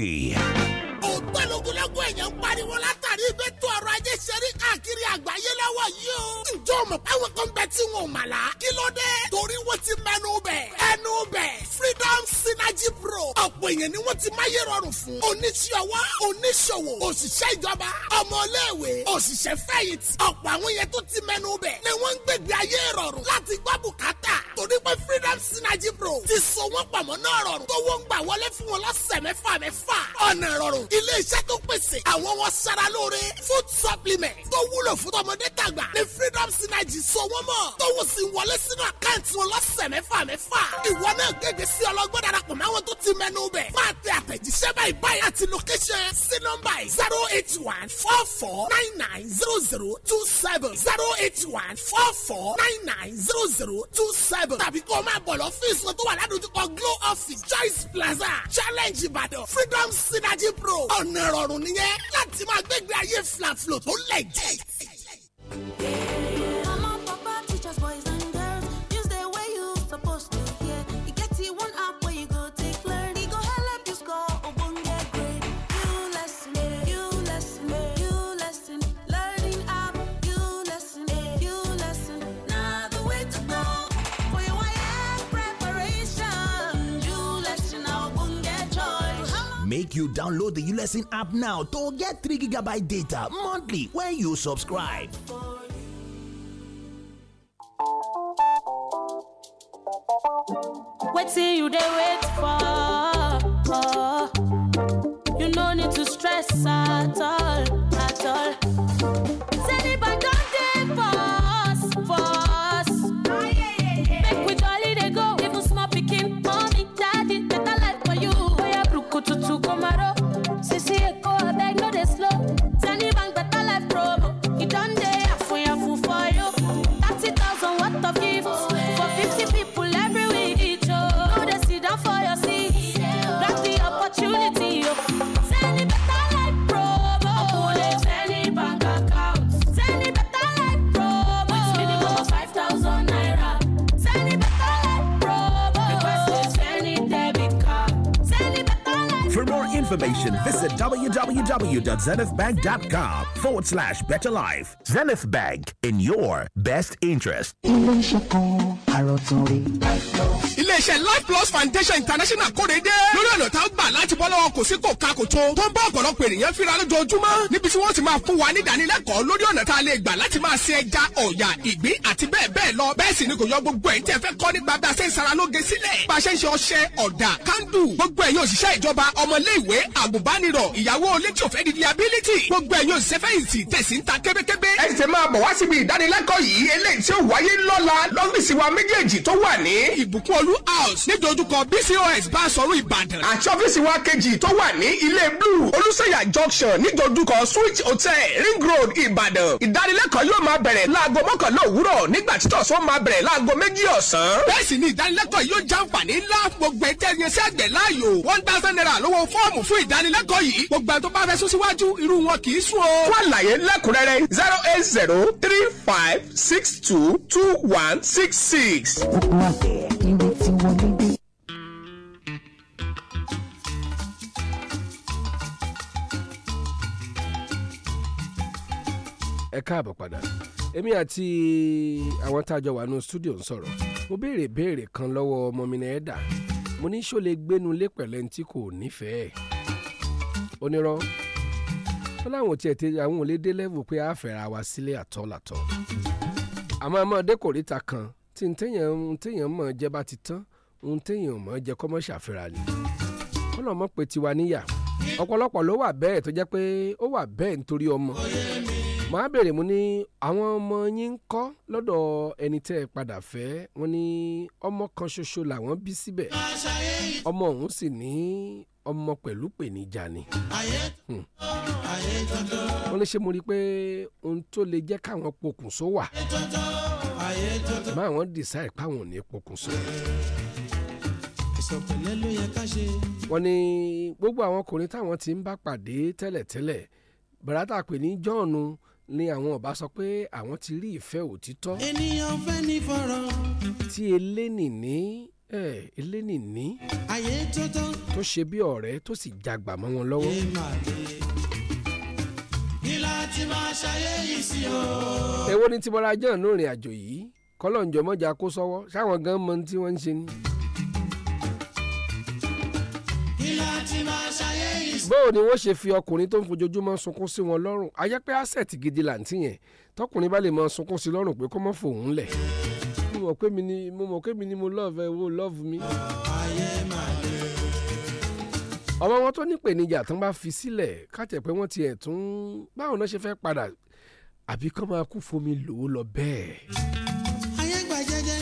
Ògbólógúnlógún èèyàn pariwo látàrí ibi tó ọrọ̀ ajé ṣe káàkiri àgbáyé lọ́wọ́ yìí o. Ǹjọ́ mọ̀ báwọn kan bẹ tí wọn ò mà lá. Kí ló dé? Torí wọ́n ti mẹ́nu bẹ̀. Ẹnu bẹ̀ freedom synergy pro ọ̀pọ̀ èèyàn ni wọ́n ti máyé rọrùn fún oníṣòwò oníṣòwò òṣìṣẹ́ ìjọba ọmọléèwé òṣìṣẹ́ fẹ̀yìntì ọ̀pọ̀ àwọn yẹn tó ti mẹ́nu bẹ̀ ni wọ́n ń gbègbè ayé rọrùn láti gbọ́ bùkátà torí pé freedom synergy pro ti so wọ́n pamọ́ náà rọrùn tó wọ́n ń gbà wọlé fún wọn lọ́sẹ̀ mẹ́fà mẹ́fà ọ̀nà rọrùn ilé iṣẹ́ tó pèsè àwọn wọn sara lóore food supplement tó wúlò fún tọmọdé tàgbà ni freedom synergy so wọ́n mọ̀ tó wọ́n sì wọlé sínú àkáǹtì wọn lọ́sẹ̀ mẹ́fà mẹ́fà ìwọ náà gbẹ̀gbẹ̀ sí ọlọ́gbọ́n darapọ̀ máwọn tó ti mẹ́nu bẹ̀. máa tẹ àtẹ̀jíṣẹ́ báyìí báyìí àti location sí nọ́mbà yìí zero eight one four four nine nine zero zero two seven zero eight one four four nine nine zero zero two seven tàbí kó o máa bọ̀ lọ́fíìsì tó wà ládùúgbò Glow Office Choice Plaza Challenge Ìbàdàn Freedom Synergy Pro ọ̀nà ìrọ̀rùn nìyẹn láti máa gbégbé ayé flaflo tó lẹ̀ jẹ́. make you download the Ulesson app now to get 3GB data monthly when you subscribe. Wetin you dey wait for? Oh, you no need to stress at all, at all. information. Visit www.zenithbank.com forward slash better life. Zenith Bank in your best interest. iléeṣẹ́ life plus foundation international kóde dé lórí ọ̀nà tá a gbà láti bọ́ lọ́wọ́ kò sí kò ká kò tó tó ń bọ́ ọ̀pọ̀lọpọ̀ ènìyàn fira lójoojúmọ́ níbi tí wọ́n ti máa fún wa ní ìdánilẹ́kọ̀ọ́ lórí ọ̀nà tá a lè gbà láti máa ṣe ẹja ọ̀yà ìgbín àti bẹ́ẹ̀ bẹ́ẹ̀ lọ bẹ́ẹ̀ sì ni kò yọ gbogbo ẹ̀ ń tẹ́ fẹ́ kọ́ nípa bí a ṣe ń sara lóge sílẹ̀ bá a ṣe ń ṣe ọṣẹ ọ̀dà kándù gbogbo ẹ̀yin òṣìṣẹ́ ìjọba ọmọléèwé eyin osise ijoba omoleewe àgùnbánirọ̀ ìyàwó olè tí ò fẹ́ di liability gbogbo ẹ̀yin òṣìṣẹ́ fẹ̀yìntì tẹ̀sí ń ta kébékébé. ẹ sì máa bọ̀ wá síbi ìdánilẹ́kọ̀ọ́ yìí eléyìí tí ó wáyé lọ́la lọ́fíìsì wa méjèèjì tó wà ní. ìbùkún olú house nídojúkọ bcos bá sọ̀rọ̀ ìbàdàn. àti ọ́fíìsì wa kejì tó wà ní ilé blue olùsẹ̀yà junction nídojúkọ switch hotel ring road ìbàdàn. ìdánilẹ́kọ̀ọ́ yóò máa bẹ̀rẹ̀ láago mọ́kànlá òwúrọ̀ nígbà títọ̀ sọ máa bẹ̀rẹ̀ láago méjì ọ̀sán. bẹ́ẹ̀ sì ni ìdánilẹ́kọ̀ọ́ yóò jàǹfààní ńlá gbogbo one thousand naira lówó fọ́ọ̀mù fún ìdánilẹ́kọ̀ọ́ lẹ́kọ̀ọ́ yìí gbogbo àwọn tó bá fẹ́ sún síwájú irú wọn kì í sún o. fún àlàyé lẹ́kùnrẹ́rẹ́ zero eight zero three five six two two one six six. gbogbo àgbẹ̀ ìwé tí ẹ káàbọ̀ padà èmi àti àwọn tá a jọ wà nù studio ń sọ̀rọ̀ mo béèrè béèrè kan lọ́wọ́ ọmọ mi ní ẹ̀dà mo ní ṣó lè gbénu lé pẹ̀lẹ́ ní tí kò nífẹ̀ẹ́ onírọ́ wọn láwọn tiẹ̀ tẹ àwọn ò lè dé level pé a fẹ́ra wa sílé àtọ́ làtọ́ àmọ́ àmọ́ dẹ́kòríta kan tí n téèyàn ń téèyàn mọ̀ jẹ́ bá ti tán ń téèyàn mọ̀ jẹ́ kọ́mọ́ ṣàfihàn ni wọn lọ́mọ pé tiwa níyà ọ̀pọ̀lọpọ̀ ló wà bẹ́ẹ̀ tó jẹ́ pé ó wà bẹ́ẹ̀ nítorí ọmọ màá béèrè mu ní àwọn ọmọ yín ń kọ́ lọ́dọ̀ ẹni tẹ́ ẹ padà fẹ́ wọn ní ọmọ kan ṣoṣo làwọn bí síbẹ̀ ọmọ ọ̀hún sì ní ọmọ pẹ̀lú pèníjà ni. Hmm. wọ́n ní ṣe mo rí i pé ohun tó lè jẹ́ káwọn pokùnso wà máa wọ́n decide páwọn ò ní pokùnso. wọ́n ní gbogbo àwọn ọkùnrin táwọn ti ń bá pàdé tẹ́lẹ̀tẹ́lẹ̀ bàrátà pè ní John ni àwọn ọba sọ pé àwọn ti rí ìfẹ́ òtítọ́. ènìyàn fẹ́ ní fọ̀rọ̀. tí eléni ní ẹ eléni ní. ayé tó tán. tó ṣe bí ọ̀rẹ́ tó sì jagbà mọ́ wọn lọ́wọ́. nílá ni Tìbọ̀lá John lórin àjò yìí kọ́lọ́njọ́ mọ́jà kó sọ́wọ́ sáwọn gan mọ tí wọ́n ń ṣe ni. nílá ti máa ṣayé yìí sí. bóò ni wọ́n ṣe fi ọkùnrin tó ń fojoojúmọ́ sunkún sí wọn lọ́rùn ayẹ́pẹ́ asset gidi làǹtí yẹn tọkùnrin bá lè mọ sunkún sí lọ́rùn pé kó mọ́ fòun lẹ̀ mọ̀ pé mi ni mo mọ̀ pé mi ni mo love ẹ wo love mi. ọmọ wọn tó nípèníjà tán bá fi sílẹ̀ káàtẹ̀ pé wọ́n tiẹ̀ tún báwọn náà ṣe fẹ́ padà àbí kán máa kú fomi lò ó lọ bẹ́ẹ̀. ayé gbà jẹjẹ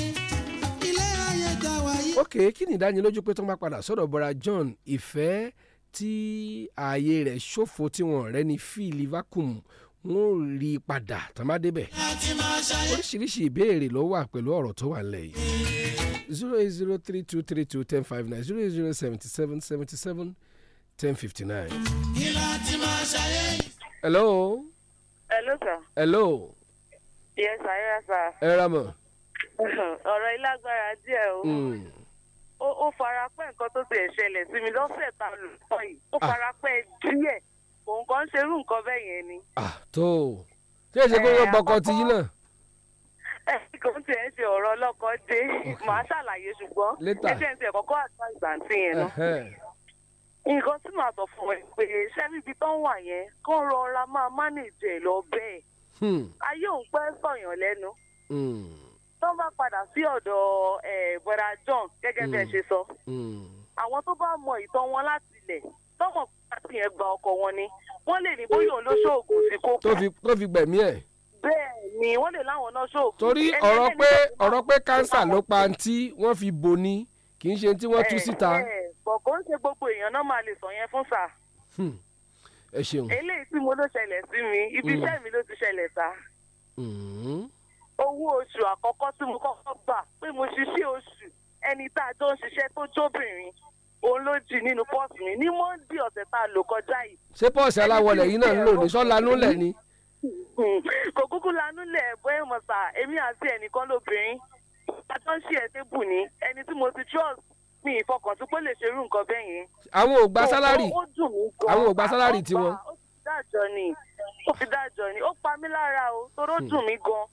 ilé ayé gbà wáyé. ok kí ni ìdánilójú pé tó ń bá padà sọ́dọ̀ bọ́ra John ìfẹ́ tí ààyè rẹ̀ ṣòfò tí wọ́n rẹ́ ní fíìlì vacuum n ó rí i padà tá oríṣiríṣi ìbéèrè ló wà pẹ̀lú ọ̀rọ̀ tó wà nílẹ̀ yìí zero eight zero three two three two ten five nine zero eight zero seventy seven seventy seven ten fifty nine. hello. hello sir. hello. yes sir yes sir. ẹ ra mọ̀. ọ̀rọ̀ ilé agbára díẹ̀ o hmm. ó fara pẹ́ nǹkan tó ti ẹ̀ ṣẹlẹ̀ sí mi lọ́sẹ̀ ta lò ó ah. fara pẹ́ díẹ̀ òun kàn ń ṣerú nǹkan bẹ́ẹ̀ yẹn ni. tó o ṣé èsì kó yọ gbọkọ ti yín náà. ẹ kò ń tiẹ̀ ṣe ọ̀rọ̀ ọlọ́kọ dé màá ṣàlàyé ṣùgbọ́n ẹ jẹ́ ń tiẹ̀ kọ́kọ́ àtúwá ìgbà tí yẹn náà. nǹkan tí màá sọ fún ẹ pé sẹ́ni ibi tó ń wà yẹn kó rọra máa mánèjì ẹ̀ lọ bẹ́ẹ̀. Hmm. ayé òun pẹ́ sọ̀yàn lẹ́nu. Hmm. tó bá padà sí ọ̀dọ̀ bọ̀dà John gẹ́gẹ́ bí ẹ hmm. ṣe sọ àwọn tó bá mọ ìtàn wọn láti ilẹ̀ tọ́mọ̀ arábìnrin yẹn gba ọkọ wọn ni wọ́n lè ní bóyá òun ló ṣoògùn sí kókó. tó fi gbẹ̀mí ẹ̀. bẹ́ẹ̀ ni wọ́n lè láwọn náà ṣoògùn. torí ọ̀rọ̀ pé ọ̀rọ̀ pé kánsà ló pa ntí wọ́n fi bo ni kì í ṣe ntí wọ́n tú síta. bọ̀gọ́ ń ṣe gbogbo èèyàn náà máa lè sọ yẹn fún sà. Hmm, ẹ ṣeun. eléyìí tí mo ló ṣẹlẹ̀ sí mi ibi hmm. iṣẹ́ mi ló ti ṣẹlẹ̀ sá hmm. owó oṣù àkọ́kọ́ tí mo kọ́kọ́ gbà pé mo ṣiṣẹ́ oṣù ẹni tá a jọ ń ṣiṣẹ́ tó jóbìnrin òun ló jì nínú pọ́ọ̀sì mi ní mọ́ndì ọ̀sẹ̀ tá a lò kọjá yìí. ṣé pọ́ọ̀sì aláwọlẹ̀ yìí náà ń lò ní sọ́la núlẹ̀ ni. Hmm, kò kúkú lanúlẹ̀ ẹ̀bọ́ ẹ̀mọ̀ sà èmi àti ẹnìkan lóbìnrin àjọ ń ṣe bù ní ẹni tí mo ti trust mi ìfọkàntún pé lè ṣerú nǹkan bẹ́ẹ̀ yẹn. àwọn ò gba sálárì àwọn ò gba sálárì tiwọn. ó fi dájọ́ ni ó fi dájọ́ ni ó pa mí lára o toró hmm. dùn mí gan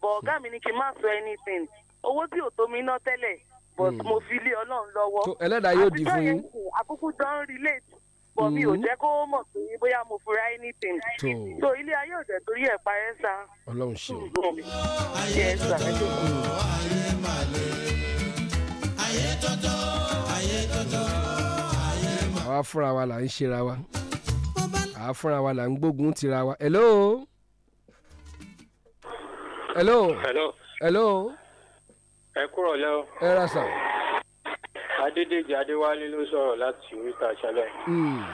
bọ̀ hmm. ọ̀gá mi ni kí n má sọ anything owó tí ò tó mi ná tẹ́lẹ̀ but hmm. mo fi lé ọlọ́run lọ́wọ́ ẹlẹ́dàá yóò di fún yín àkókò jọ ń relate but mi ò hmm. jẹ́ kó mọ̀ pé bóyá mo fura anything so ilé ayé òjẹ̀ torí ẹ̀ parẹ́ sá. ọlọ́run ṣe hmm, ayé tọ́tọ́ ayé màlẹ́ ayé tọ́tọ́ ayé tọ́tọ́ ayé màlẹ́. àwa fúnra wa là ń ṣera wa àwa fúnra wa là ń gbógun tira wa hello. hello. hello. hello ẹ kúrò lẹ́ o. ẹ ra sà. adédèjì adéwálé ló sọ̀rọ̀ láti oríta àṣálẹ̀. Hmm.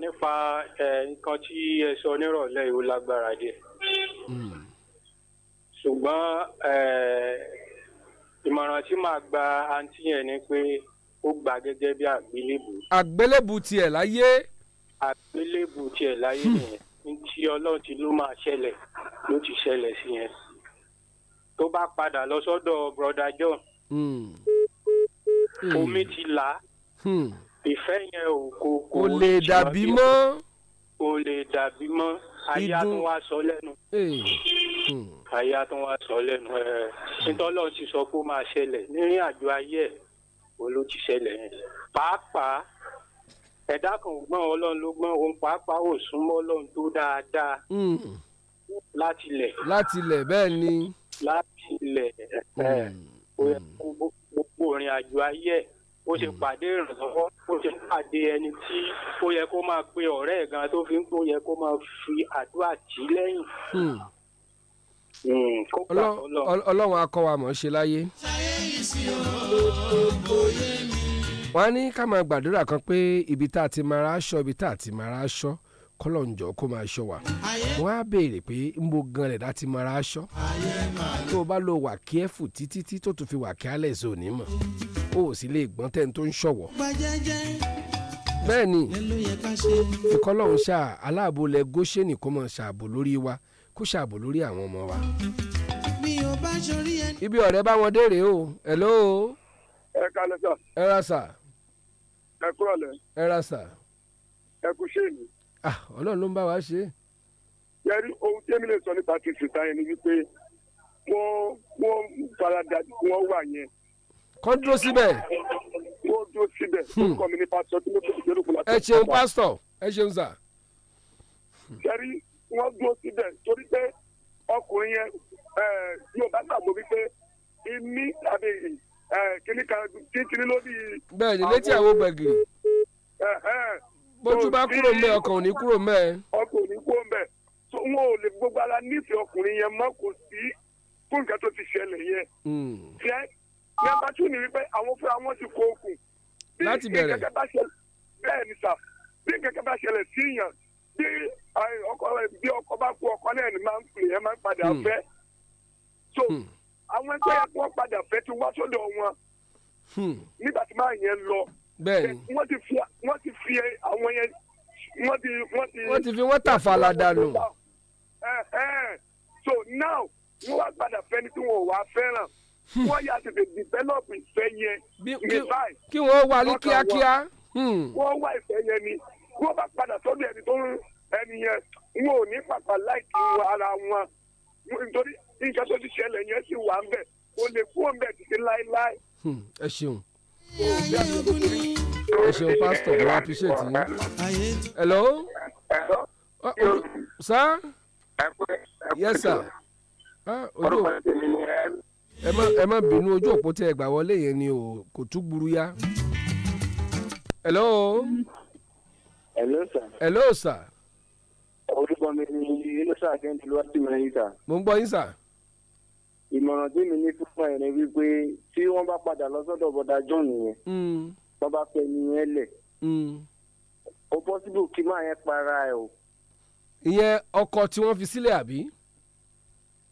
nípa nǹkan tí ẹ sọ nírọ̀lẹ́ yìí ó lágbára díẹ̀. Hmm. ṣùgbọ́n ìmọ̀ràn tí màá gba àǹtí yẹn ni pé ó gbà gẹ́gẹ́ bí àgbélébù. àgbélébù tiẹ̀ láyé. àgbélébù tiẹ̀ láyé nìyẹn tí ọlọ́run ti ló máa ṣẹlẹ̀ ló ti ṣẹlẹ̀ sí yẹn tó bá padà lọ sọ́dọ̀ broda John hmm. Hmm. omi ti là hmm. ìfẹ́ yẹn ò kò kò lè dàbí mọ́ kò lè dàbí mọ́ aya tó wá sọ lẹ́nu eh. aya tó wá sọ lẹ́nu ẹ̀ eh, ṣètọ́lọ́ ti sọ pé ó máa ṣẹlẹ̀ nírìn àjò ayé ẹ̀ olú ti ṣẹlẹ̀ yẹn pàápàá ẹ̀dá kan ò gbọ́n ọlọ́run ló gbọ́n òun pàápàá ò súnmọ́ ọlọ́run tó dáadáa látilẹ̀. látilẹ̀ bẹ́ẹ̀ ni láti ilẹ̀ hmm. hmm. gbogbo ìrìn àjò ayé ó ṣe hmm. pàdé ìrànlọ́wọ́ ó ṣe pàdé ẹni tí ó yẹ kó máa pe ọ̀rẹ́ ẹ̀ gan tó fi ń kó yẹ kó máa fi àdúrà tì lẹ́yìn. ọlọ́run akọ́ wa mọ̀ ń ṣe láyé. wọ́n á ní ká máa gbàdúrà kan pé ibi tá a ti máa ra aṣọ ibi tá a ti máa ra aṣọ kọ́lọ̀njọ́ kó máa ṣọ́ wa wọ́n á béèrè pé ń bo gan rẹ̀ láti mara aṣọ tó o bá lo wà kíẹ́fù títí tí tó tún fi wà kíálẹ̀ sí òní mọ̀ o ò sì lè gbọ́n tẹ́ni tó ń ṣọ̀wọ́ bẹ́ẹ̀ ni ìkọlọ́hún ṣá kó máa ṣààbò lórí wa kó ṣààbò lórí àwọn ọmọ wa. ibi ọ̀rẹ́ bá wọn déèrè o hello. ẹ kalẹ sá. ẹ ra sá. ẹ kúrọ̀lẹ́. ẹ ra sá. ẹ kú ṣéènì. Ah, ọlọ́run ló ń bá wa ṣe. yẹri ohun tí èmi lè sọ nípa ti sùn táyẹn ni wípé wọ́n wọ́n farada wọ́n wà yẹn. kó dúró síbẹ̀. kó dúró síbẹ̀ hmm. orúkọ mi ni pásítọ̀ tí mo tó ìgbéró fún láti. ẹ ṣeun pásítọ̀ ẹ ṣeun sà. yẹri wọ́n dúró síbẹ̀ torí pé ọkùnrin yẹn yóò bá gbàgbọ́ wípé imí àbí kíníkà kíkiri lórí. bẹ́ẹ̀ni létí àwọn gbẹ̀gìrì bójú bá kúrò mbẹ ọkàn ò ní kúrò mbẹ. ọkàn ò ní kúrò mbẹ so wọn ò lè gbogbo ara nífẹ̀ẹ́ ọkùnrin yẹn mọ́ kò sí fún nǹkan tó ti ṣẹlẹ̀ yẹn. Hmm. ṣé nígbà tí ò ní rí pé àwọn fúnra wọn ti kó okùn. láti bẹ̀rẹ̀ bẹ́ẹ̀ ni sà bí nǹkan bá ṣẹlẹ̀ sí yàn bí ọkọ bí ọkọ bá kú ọkọ náà ni máa ń pè é máa ń padà hmm. fẹ́. so hmm. àwọn ẹgbẹ́ yẹn kí padà fẹ́ ti wá sọ́dọ̀ wọn nígbà tí máa yẹn lọ bẹ́ẹ̀ni wọ́n ti fi wọ́n ti fi àwọn yẹn wọ́n ti wọ́n ti. wọ́n ti fi wọ́n tàfàlà dànù. so now wọ́n wá padà fẹ́ni tí wọ́n ò wá fẹ́ràn hmm. wọ́n yà tètè develop ìfẹ́ yẹn ní báyìí. kí wọ́n wà ní kíákíá. wọ́n hmm. wá ìfẹ́ yẹn ni wọ́n bá padà sọ́dọ̀ ẹni tó ń ẹni yẹn wọn ò ní pàpà láìkí ara wọn nítorí nǹkan tó ti ṣẹlẹ̀ yẹn sì wà ń bẹ̀ o lè kú òun bẹ̀ títí láéláé. Hmm. ẹ ṣeun ẹ ṣeun pásítọ̀ mo appreciate yín. hello. sá. yes sir. ojú ẹ má bínú ojú òpó tẹ gbà wọlé yẹn ni o kò tú gburu ya. hello. hello sir. hello sir. orúkọ mi ni iléeṣẹ́ àjẹndínlọ́wọ́ tí mo ń yí mo ń gbọ́ yín sà ìmọ̀ràn tí mi ní fún ẹ̀ ni wípé tí wọ́n bá padà lọ sọ́dọ̀ bọ̀dà John yẹn mm. wọ́n bá fẹ́ ni yẹn lẹ̀ mm. ó pọ́sibú kí máa yẹn para ẹ̀ o. ìyẹn ọkọ tí wọ́n fi sílẹ̀ àbí.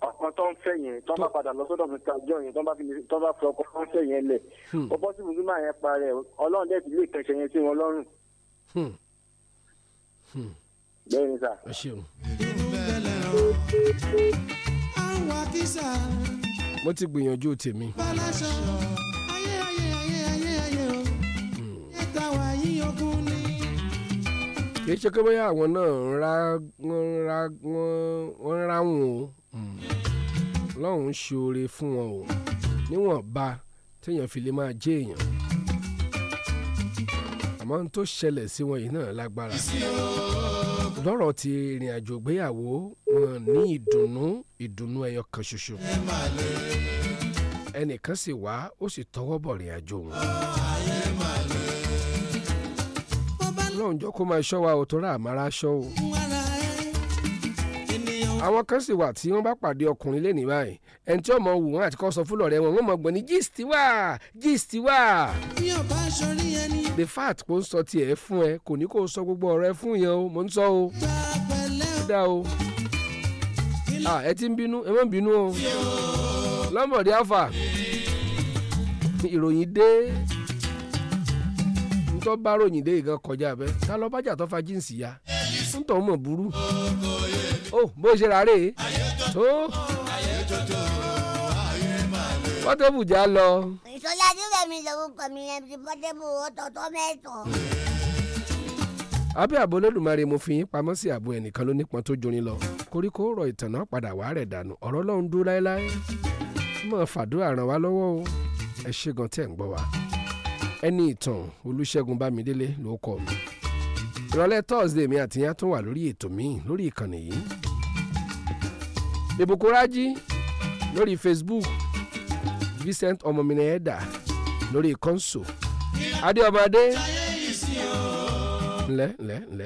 ọkàn tó ń fẹ́ yẹn tó bá padà lọ sọ́dọ̀ Mr John yẹn tó bá fi ọkọ tó ń fẹ́ yẹn lẹ̀ hmm. ó pọ́sibú kí máa yẹn para ẹ̀ ọlọ́run dẹ̀ ti lè kẹsẹ̀ yẹn sí wọn lọ́rùn. Hmm. Hmm. bẹ́ẹ̀ ni sà. ẹ ṣeun mo ti gbìyànjú tèmi. Hmm. kì í ṣe pé bóyá àwọn náà ń ra wọ́n ra wọ́n ra wọn o hmm. lọ́hùn-ún ṣoore fún wọn o níwọ̀nba téèyàn fi lè máa jẹ́ èèyàn àmọ́ n tó ṣẹlẹ̀ sí wọn yìí náà lágbára lọ́rọ̀ ti ìrìn àjò ìgbéyàwó wọn ní ìdùnnú ìdùnnú ẹyọ kan ṣoṣo ẹnìkan sì wá ó sì tọwọ́ bọ̀ ìrìn àjò wọn. lọ́njọ́ kó máa ṣọ́ wa ò tó rà àmàrà ṣọ́ o àwọn kan sì wà tí wọ́n bá pàdé ọkùnrin lẹ́nìí báyìí ẹni tí ọmọ wù wọ́n àti kọ́ sọ fún lọ́rẹ́ wọn wọ́n mọ̀ gbọ́n ní gist wà gist wà. bí o bá sọrí ẹni. the fat kò ń sọ tiẹ̀ fún ẹ kò ní kó sọ gbogbo ọ̀rẹ́ fún yẹn o mò ń sọ o. dá o ẹ ti ń bínú ẹ má bínú o lọ́mọdé alfa ìròyìn dé tó bá ròyìn dé ìgan kọjá abẹ ta lọ bájà tó fa jíǹsì ya ń tọ́ mọ̀ burú ó bó ṣe rà rèé tó pọ́tẹ́bù já lọ. ìṣọlá dúró mi lórúkọ mi yẹn ti pọ́tẹ́bù ọ̀tọ̀ọ̀tọ̀ mẹ́tọ̀. abẹ́ àbò olódùmarè mo fi yín pamọ́ sí àbò ẹnìkan ló nípọn tó jorin lọ koríko rọ̀ ìtànà padà wàá rẹ̀ dànù ọ̀rọ̀ Ọlọ́run dúró láéláé mọ̀ fàdúrà ràn wá lọ́wọ́ o ẹ ṣe gan tẹ̀ ń gbọ́ wa ẹni ìtàn Olúṣẹ́gun Bámidélé ló kọ mi ìrọ̀lẹ́ Thursday mi àtìyàn tún wà lórí ètò míì lórí ìkànnì yìí ìbùkún rájí lórí Facebook Vincent ọmọmìnira ẹ̀dà lórí kọ́ńsò adéọmọdé ńlẹ́ ńlẹ́ ńlẹ́.